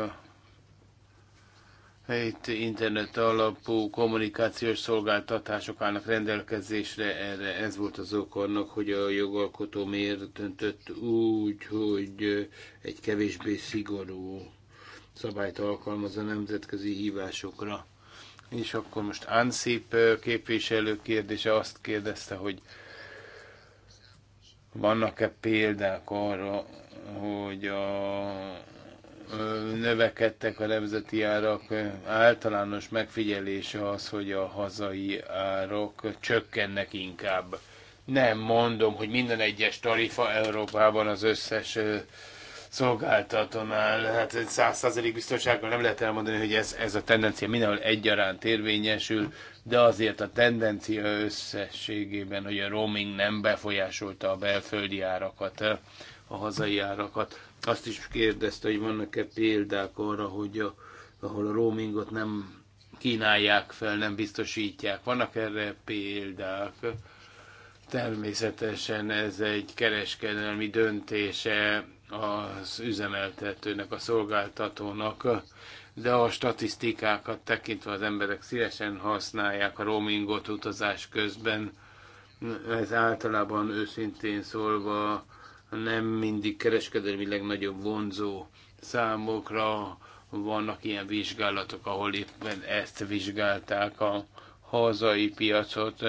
Itt internet alapú kommunikációs szolgáltatások állnak rendelkezésre, erre ez volt az ok annak, hogy a jogalkotó miért döntött úgy, hogy egy kevésbé szigorú szabályt alkalmaz a nemzetközi hívásokra. És akkor most Ansip képviselő kérdése azt kérdezte, hogy vannak-e példák arra, hogy a növekedtek a nemzeti árak, általános megfigyelése az, hogy a hazai árak csökkennek inkább. Nem mondom, hogy minden egyes tarifa Európában az összes szolgáltatónál. Hát egy százalék biztonsággal nem lehet elmondani, hogy ez, ez a tendencia mindenhol egyaránt érvényesül, de azért a tendencia összességében, hogy a roaming nem befolyásolta a belföldi árakat, a hazai árakat. Azt is kérdezte, hogy vannak-e példák arra, hogy a, ahol a roamingot nem kínálják fel, nem biztosítják. Vannak erre példák. Természetesen ez egy kereskedelmi döntése az üzemeltetőnek, a szolgáltatónak, de a statisztikákat tekintve az emberek szívesen használják a roamingot utazás közben. Ez általában őszintén szólva nem mindig kereskedelmi legnagyobb vonzó számokra. Vannak ilyen vizsgálatok, ahol éppen ezt vizsgálták a hazai piacot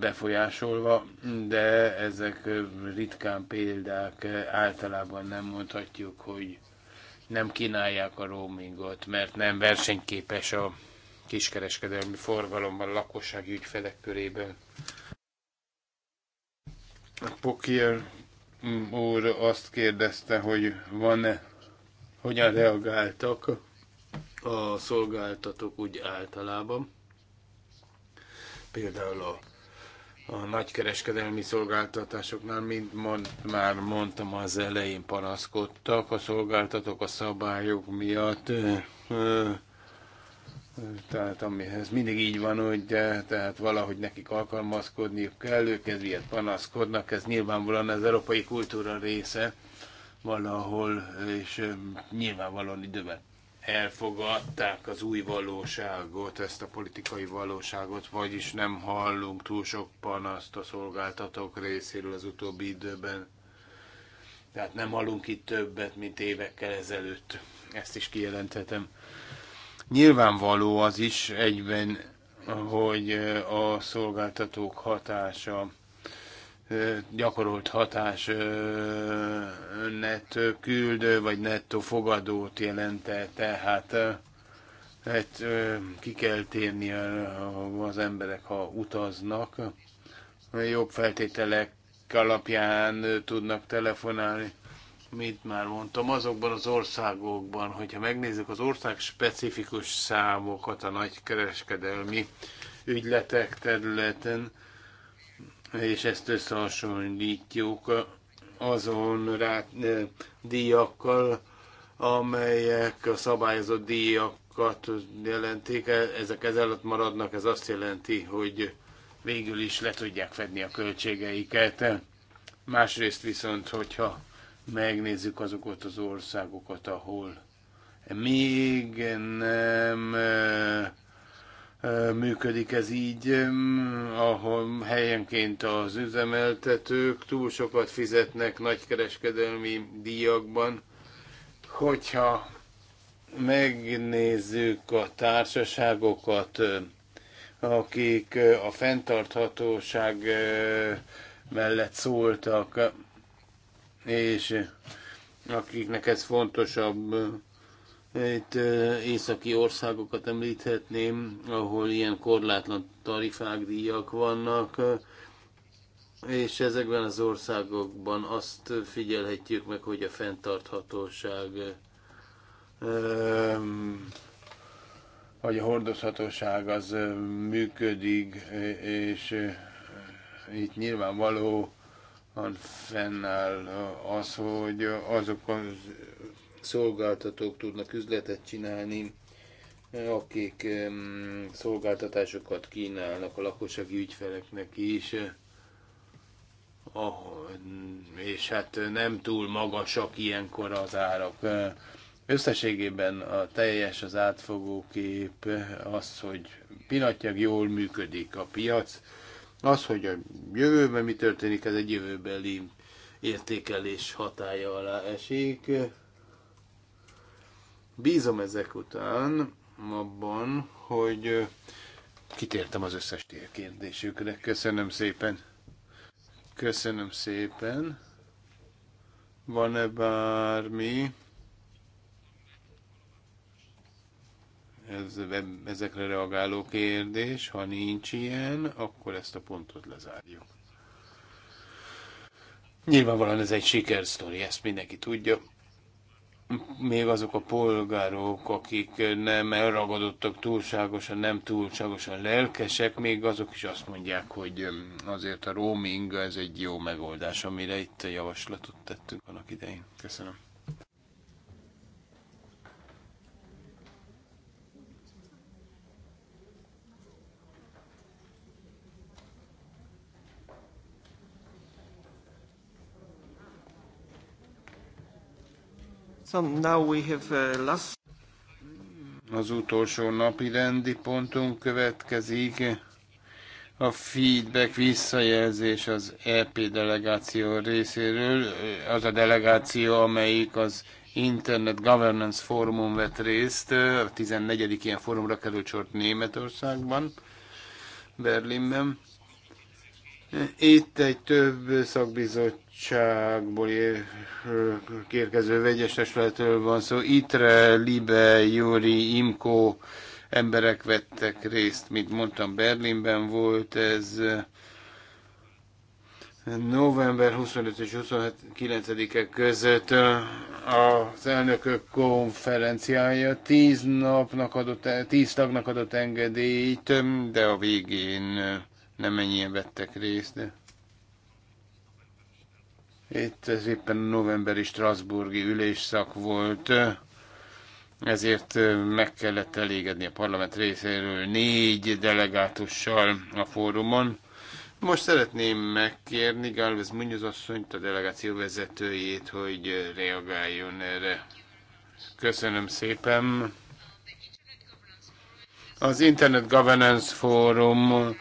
befolyásolva, de ezek ritkán példák, általában nem mondhatjuk, hogy nem kínálják a roamingot, mert nem versenyképes a kiskereskedelmi forgalomban, a lakossági ügyfelek körében. A Pokier úr azt kérdezte, hogy van-e, hogyan reagáltak a szolgáltatók úgy általában például a, a nagykereskedelmi szolgáltatásoknál, mint mond, már mondtam az elején, panaszkodtak a szolgáltatók a szabályok miatt. tehát amihez mindig így van, hogy de, tehát valahogy nekik alkalmazkodniuk kell, ők ez ilyet panaszkodnak, ez nyilvánvalóan az európai kultúra része valahol, és nyilvánvalóan idővel elfogadták az új valóságot, ezt a politikai valóságot, vagyis nem hallunk túl sok panaszt a szolgáltatók részéről az utóbbi időben. Tehát nem hallunk itt többet, mint évekkel ezelőtt. Ezt is kijelenthetem. Nyilvánvaló az is egyben, hogy a szolgáltatók hatása gyakorolt hatás nettő küldő vagy nettó fogadót jelente, tehát hát, ki kell térni az emberek, ha utaznak, jobb feltételek alapján tudnak telefonálni, mint már mondtam, azokban az országokban, hogyha megnézzük az ország specifikus számokat a nagykereskedelmi ügyletek területen, és ezt összehasonlítjuk azon rá, eh, díjakkal, amelyek a szabályozott díjakat jelentik, ezek ez alatt maradnak, ez azt jelenti, hogy végül is le tudják fedni a költségeiket. Másrészt viszont, hogyha megnézzük azokat az országokat, ahol még nem eh, működik ez így, ahol helyenként az üzemeltetők túl sokat fizetnek nagykereskedelmi díjakban. Hogyha megnézzük a társaságokat, akik a fenntarthatóság mellett szóltak, és akiknek ez fontosabb, itt északi országokat említhetném, ahol ilyen korlátlan tarifák, díjak vannak, és ezekben az országokban azt figyelhetjük meg, hogy a fenntarthatóság vagy a hordozhatóság az működik, és itt nyilvánvaló fennáll az, hogy azok az szolgáltatók tudnak üzletet csinálni, akik szolgáltatásokat kínálnak a lakossági ügyfeleknek is, és hát nem túl magasak ilyenkor az árak. Összességében a teljes, az átfogó kép az, hogy pillanatnyilag jól működik a piac, az, hogy a jövőben mi történik, ez egy jövőbeli értékelés hatája alá esik. Bízom ezek után abban, hogy kitértem az összes kérdésükre. Köszönöm szépen. Köszönöm szépen. Van-e bármi? Ez, ezekre reagáló kérdés, ha nincs ilyen, akkor ezt a pontot lezárjuk. Nyilvánvalóan ez egy sikersztori, ezt mindenki tudja még azok a polgárok, akik nem elragadottak túlságosan, nem túlságosan lelkesek, még azok is azt mondják, hogy um, azért a roaming ez egy jó megoldás, amire itt a javaslatot tettünk annak idején. Köszönöm. So now we have uh, last... Az utolsó napi rendi pontunk következik. A feedback visszajelzés az EP delegáció részéről. Az a delegáció, amelyik az Internet Governance Forumon vett részt. A 14. ilyen fórumra került sort Németországban, Berlinben itt egy több szakbizottságból érkező vegyes testületről van szó. Itre, Libe, Júri, Imko emberek vettek részt, mint mondtam, Berlinben volt ez november 25 és 29-e között az elnökök konferenciája tíz napnak adott, tíz tagnak adott engedélyt, de a végén nem ennyien vettek részt, de itt ez éppen novemberi Strasburgi ülésszak volt, ezért meg kellett elégedni a parlament részéről négy delegátussal a fórumon. Most szeretném megkérni Galvez Munoz asszonyt, a delegáció vezetőjét, hogy reagáljon erre. Köszönöm szépen. Az Internet Governance Forum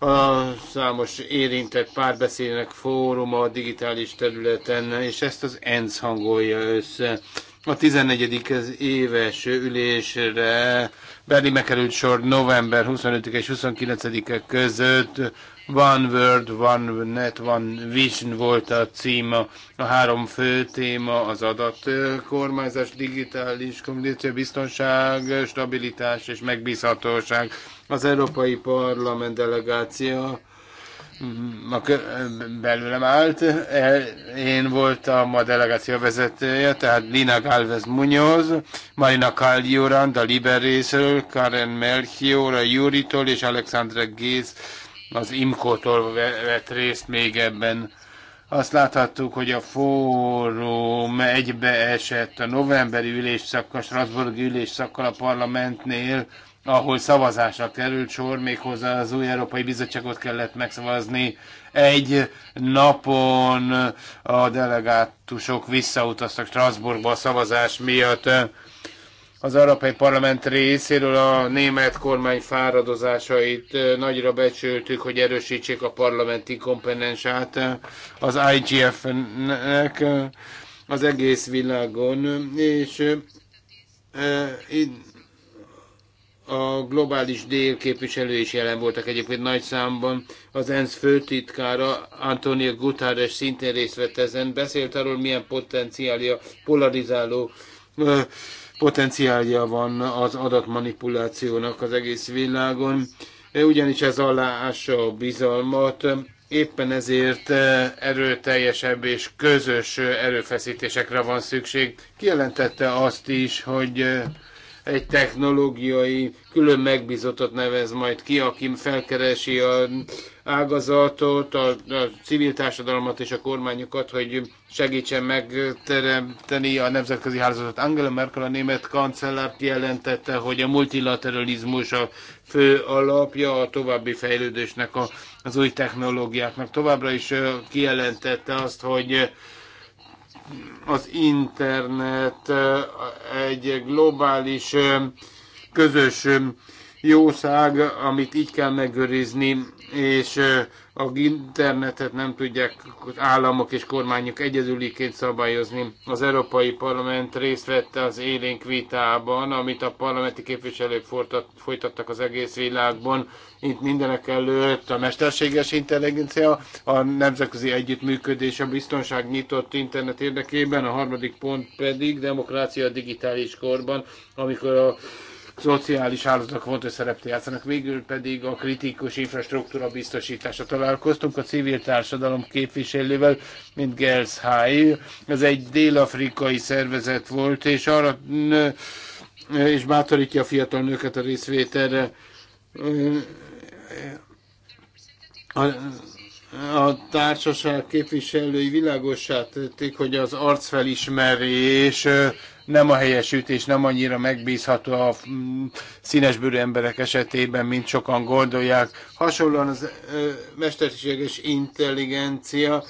a számos érintett párbeszédnek fóruma a digitális területen, és ezt az ENSZ hangolja össze. A 14. éves ülésre Berli megkerült sor november 25 és 29-e között One World, One Net, One Vision volt a címa. A három fő téma az adatkormányzás, digitális kommunikáció, biztonság, stabilitás és megbízhatóság. Az Európai Parlament delegáció mm-hmm, belőlem állt. Én voltam a delegáció vezetője, tehát Lina Galvez Munoz, Marina Kaljurand a Liberészről, Karen Melchior a Juritól és Alexandra Gész az Imkótól tól vett részt még ebben. Azt láthattuk, hogy a fórum egybeesett a novemberi ülésszakkal, Strasburgi ülésszakkal a parlamentnél, ahol szavazásra került sor, méghozzá az új Európai Bizottságot kellett megszavazni. Egy napon a delegátusok visszautaztak Strasbourgba a szavazás miatt az Európai Parlament részéről a német kormány fáradozásait nagyra becsültük, hogy erősítsék a parlamenti komponensát az IGF-nek az egész világon, és a globális dél képviselő is jelen voltak egyébként nagy számban. Az ENSZ főtitkára Antonio Guterres szintén részt vett ezen, beszélt arról, milyen potenciálja polarizáló potenciálja van az adatmanipulációnak az egész világon, e, ugyanis ez aláássa a bizalmat, éppen ezért e, erőteljesebb és közös erőfeszítésekre van szükség. Kijelentette azt is, hogy e, egy technológiai külön megbízottat nevez majd ki, aki felkeresi a ágazatot, a, a civil társadalmat és a kormányokat, hogy segítsen megteremteni a nemzetközi hálózatot. Angela Merkel, a német kancellár kijelentette, hogy a multilateralizmus a fő alapja a további fejlődésnek, a, az új technológiáknak. Továbbra is kijelentette azt, hogy az internet egy globális közös jószág, amit így kell megőrizni, és a internetet nem tudják államok és kormányok egyedüliként szabályozni. Az Európai Parlament részt vette az élénk vitában, amit a parlamenti képviselők folytattak az egész világban. Itt mindenek előtt a mesterséges intelligencia, a nemzetközi együttműködés, a biztonság nyitott internet érdekében, a harmadik pont pedig demokrácia a digitális korban, amikor a szociális áldozatok fontos szerepet játszanak, végül pedig a kritikus infrastruktúra biztosítása. Találkoztunk a civil társadalom képviselővel, mint Gels High. Ez egy dél-afrikai szervezet volt, és arra és bátorítja a fiatal nőket a részvételre. A, a társaság képviselői világossá tették, hogy az arcfelismerés nem a helyesítés, nem annyira megbízható a mm, színesbőrű emberek esetében, mint sokan gondolják. Hasonlóan az mesterséges intelligencia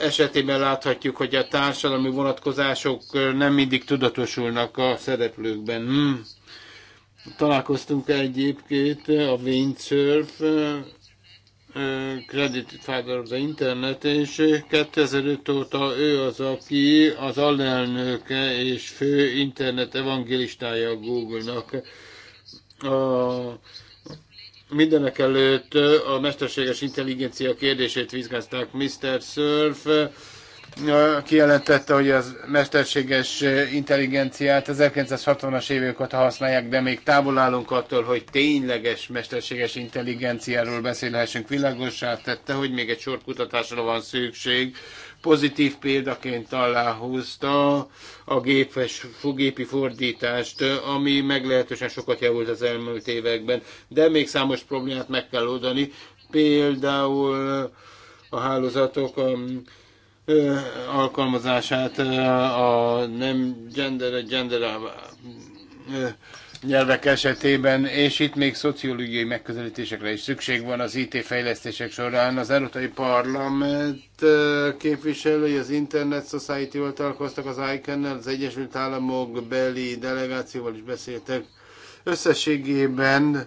esetében láthatjuk, hogy a társadalmi vonatkozások nem mindig tudatosulnak a szereplőkben. Hmm. Találkoztunk egyébként a windsurf Credit Father of the Internet, és 2005 óta ő az, aki az alelnöke és fő internet evangelistája a Google-nak. A, mindenek előtt a mesterséges intelligencia kérdését vizsgázták Mr. Surf, kijelentette, hogy az mesterséges intelligenciát 1960-as évek óta használják, de még távol állunk attól, hogy tényleges mesterséges intelligenciáról beszélhessünk. Világosá tette, hogy még egy sor kutatásra van szükség. Pozitív példaként aláhúzta a gépes, gépi fordítást, ami meglehetősen sokat javult az elmúlt években, de még számos problémát meg kell oldani. Például a hálózatok, a ö, alkalmazását a nem gender, gender ö, nyelvek esetében, és itt még szociológiai megközelítésekre is szükség van az IT fejlesztések során. Az Európai Parlament képviselői az Internet Society-val találkoztak az icann az Egyesült Államok beli delegációval is beszéltek. Összességében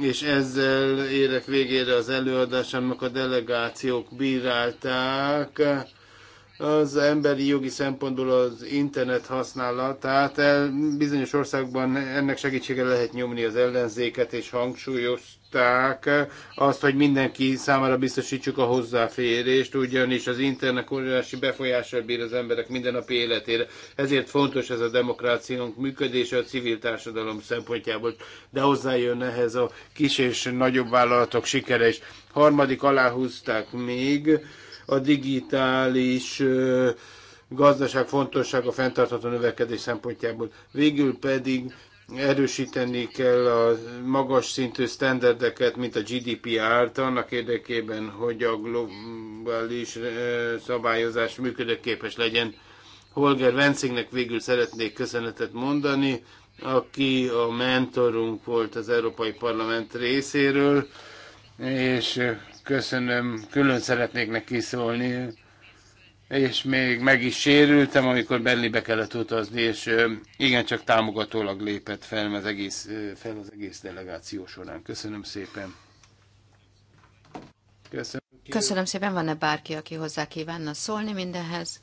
és ezzel érek végére az előadásomnak a delegációk bírálták az emberi jogi szempontból az internet használatát. El, bizonyos országban ennek segítsége lehet nyomni az ellenzéket, és hangsúlyozták azt, hogy mindenki számára biztosítsuk a hozzáférést, ugyanis az internet óriási befolyással bír az emberek mindennapi életére. Ezért fontos ez a demokráciánk működése a civil társadalom szempontjából, de hozzájön ehhez a kis és nagyobb vállalatok sikere is. Harmadik aláhúzták még, a digitális gazdaság fontossága fenntartható növekedés szempontjából. Végül pedig erősíteni kell a magas szintű standardeket, mint a GDPR-t, annak érdekében, hogy a globális szabályozás működőképes legyen. Holger Vencingnek végül szeretnék köszönetet mondani, aki a mentorunk volt az Európai Parlament részéről, és köszönöm, külön szeretnék neki szólni, és még meg is sérültem, amikor Berlinbe kellett utazni, és igen, csak támogatólag lépett fel az egész, fel az egész delegáció során. Köszönöm szépen. Köszönöm. Köszönöm szépen, van-e bárki, aki hozzá kívánna szólni mindenhez?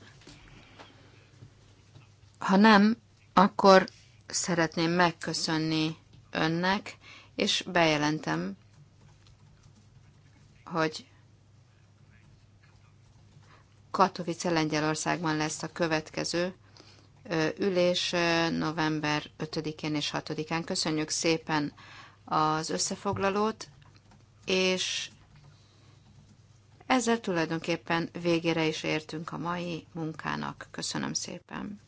Ha nem, akkor szeretném megköszönni önnek, és bejelentem, hogy Katowice Lengyelországban lesz a következő ülés november 5-én és 6-án. Köszönjük szépen az összefoglalót, és ezzel tulajdonképpen végére is értünk a mai munkának. Köszönöm szépen!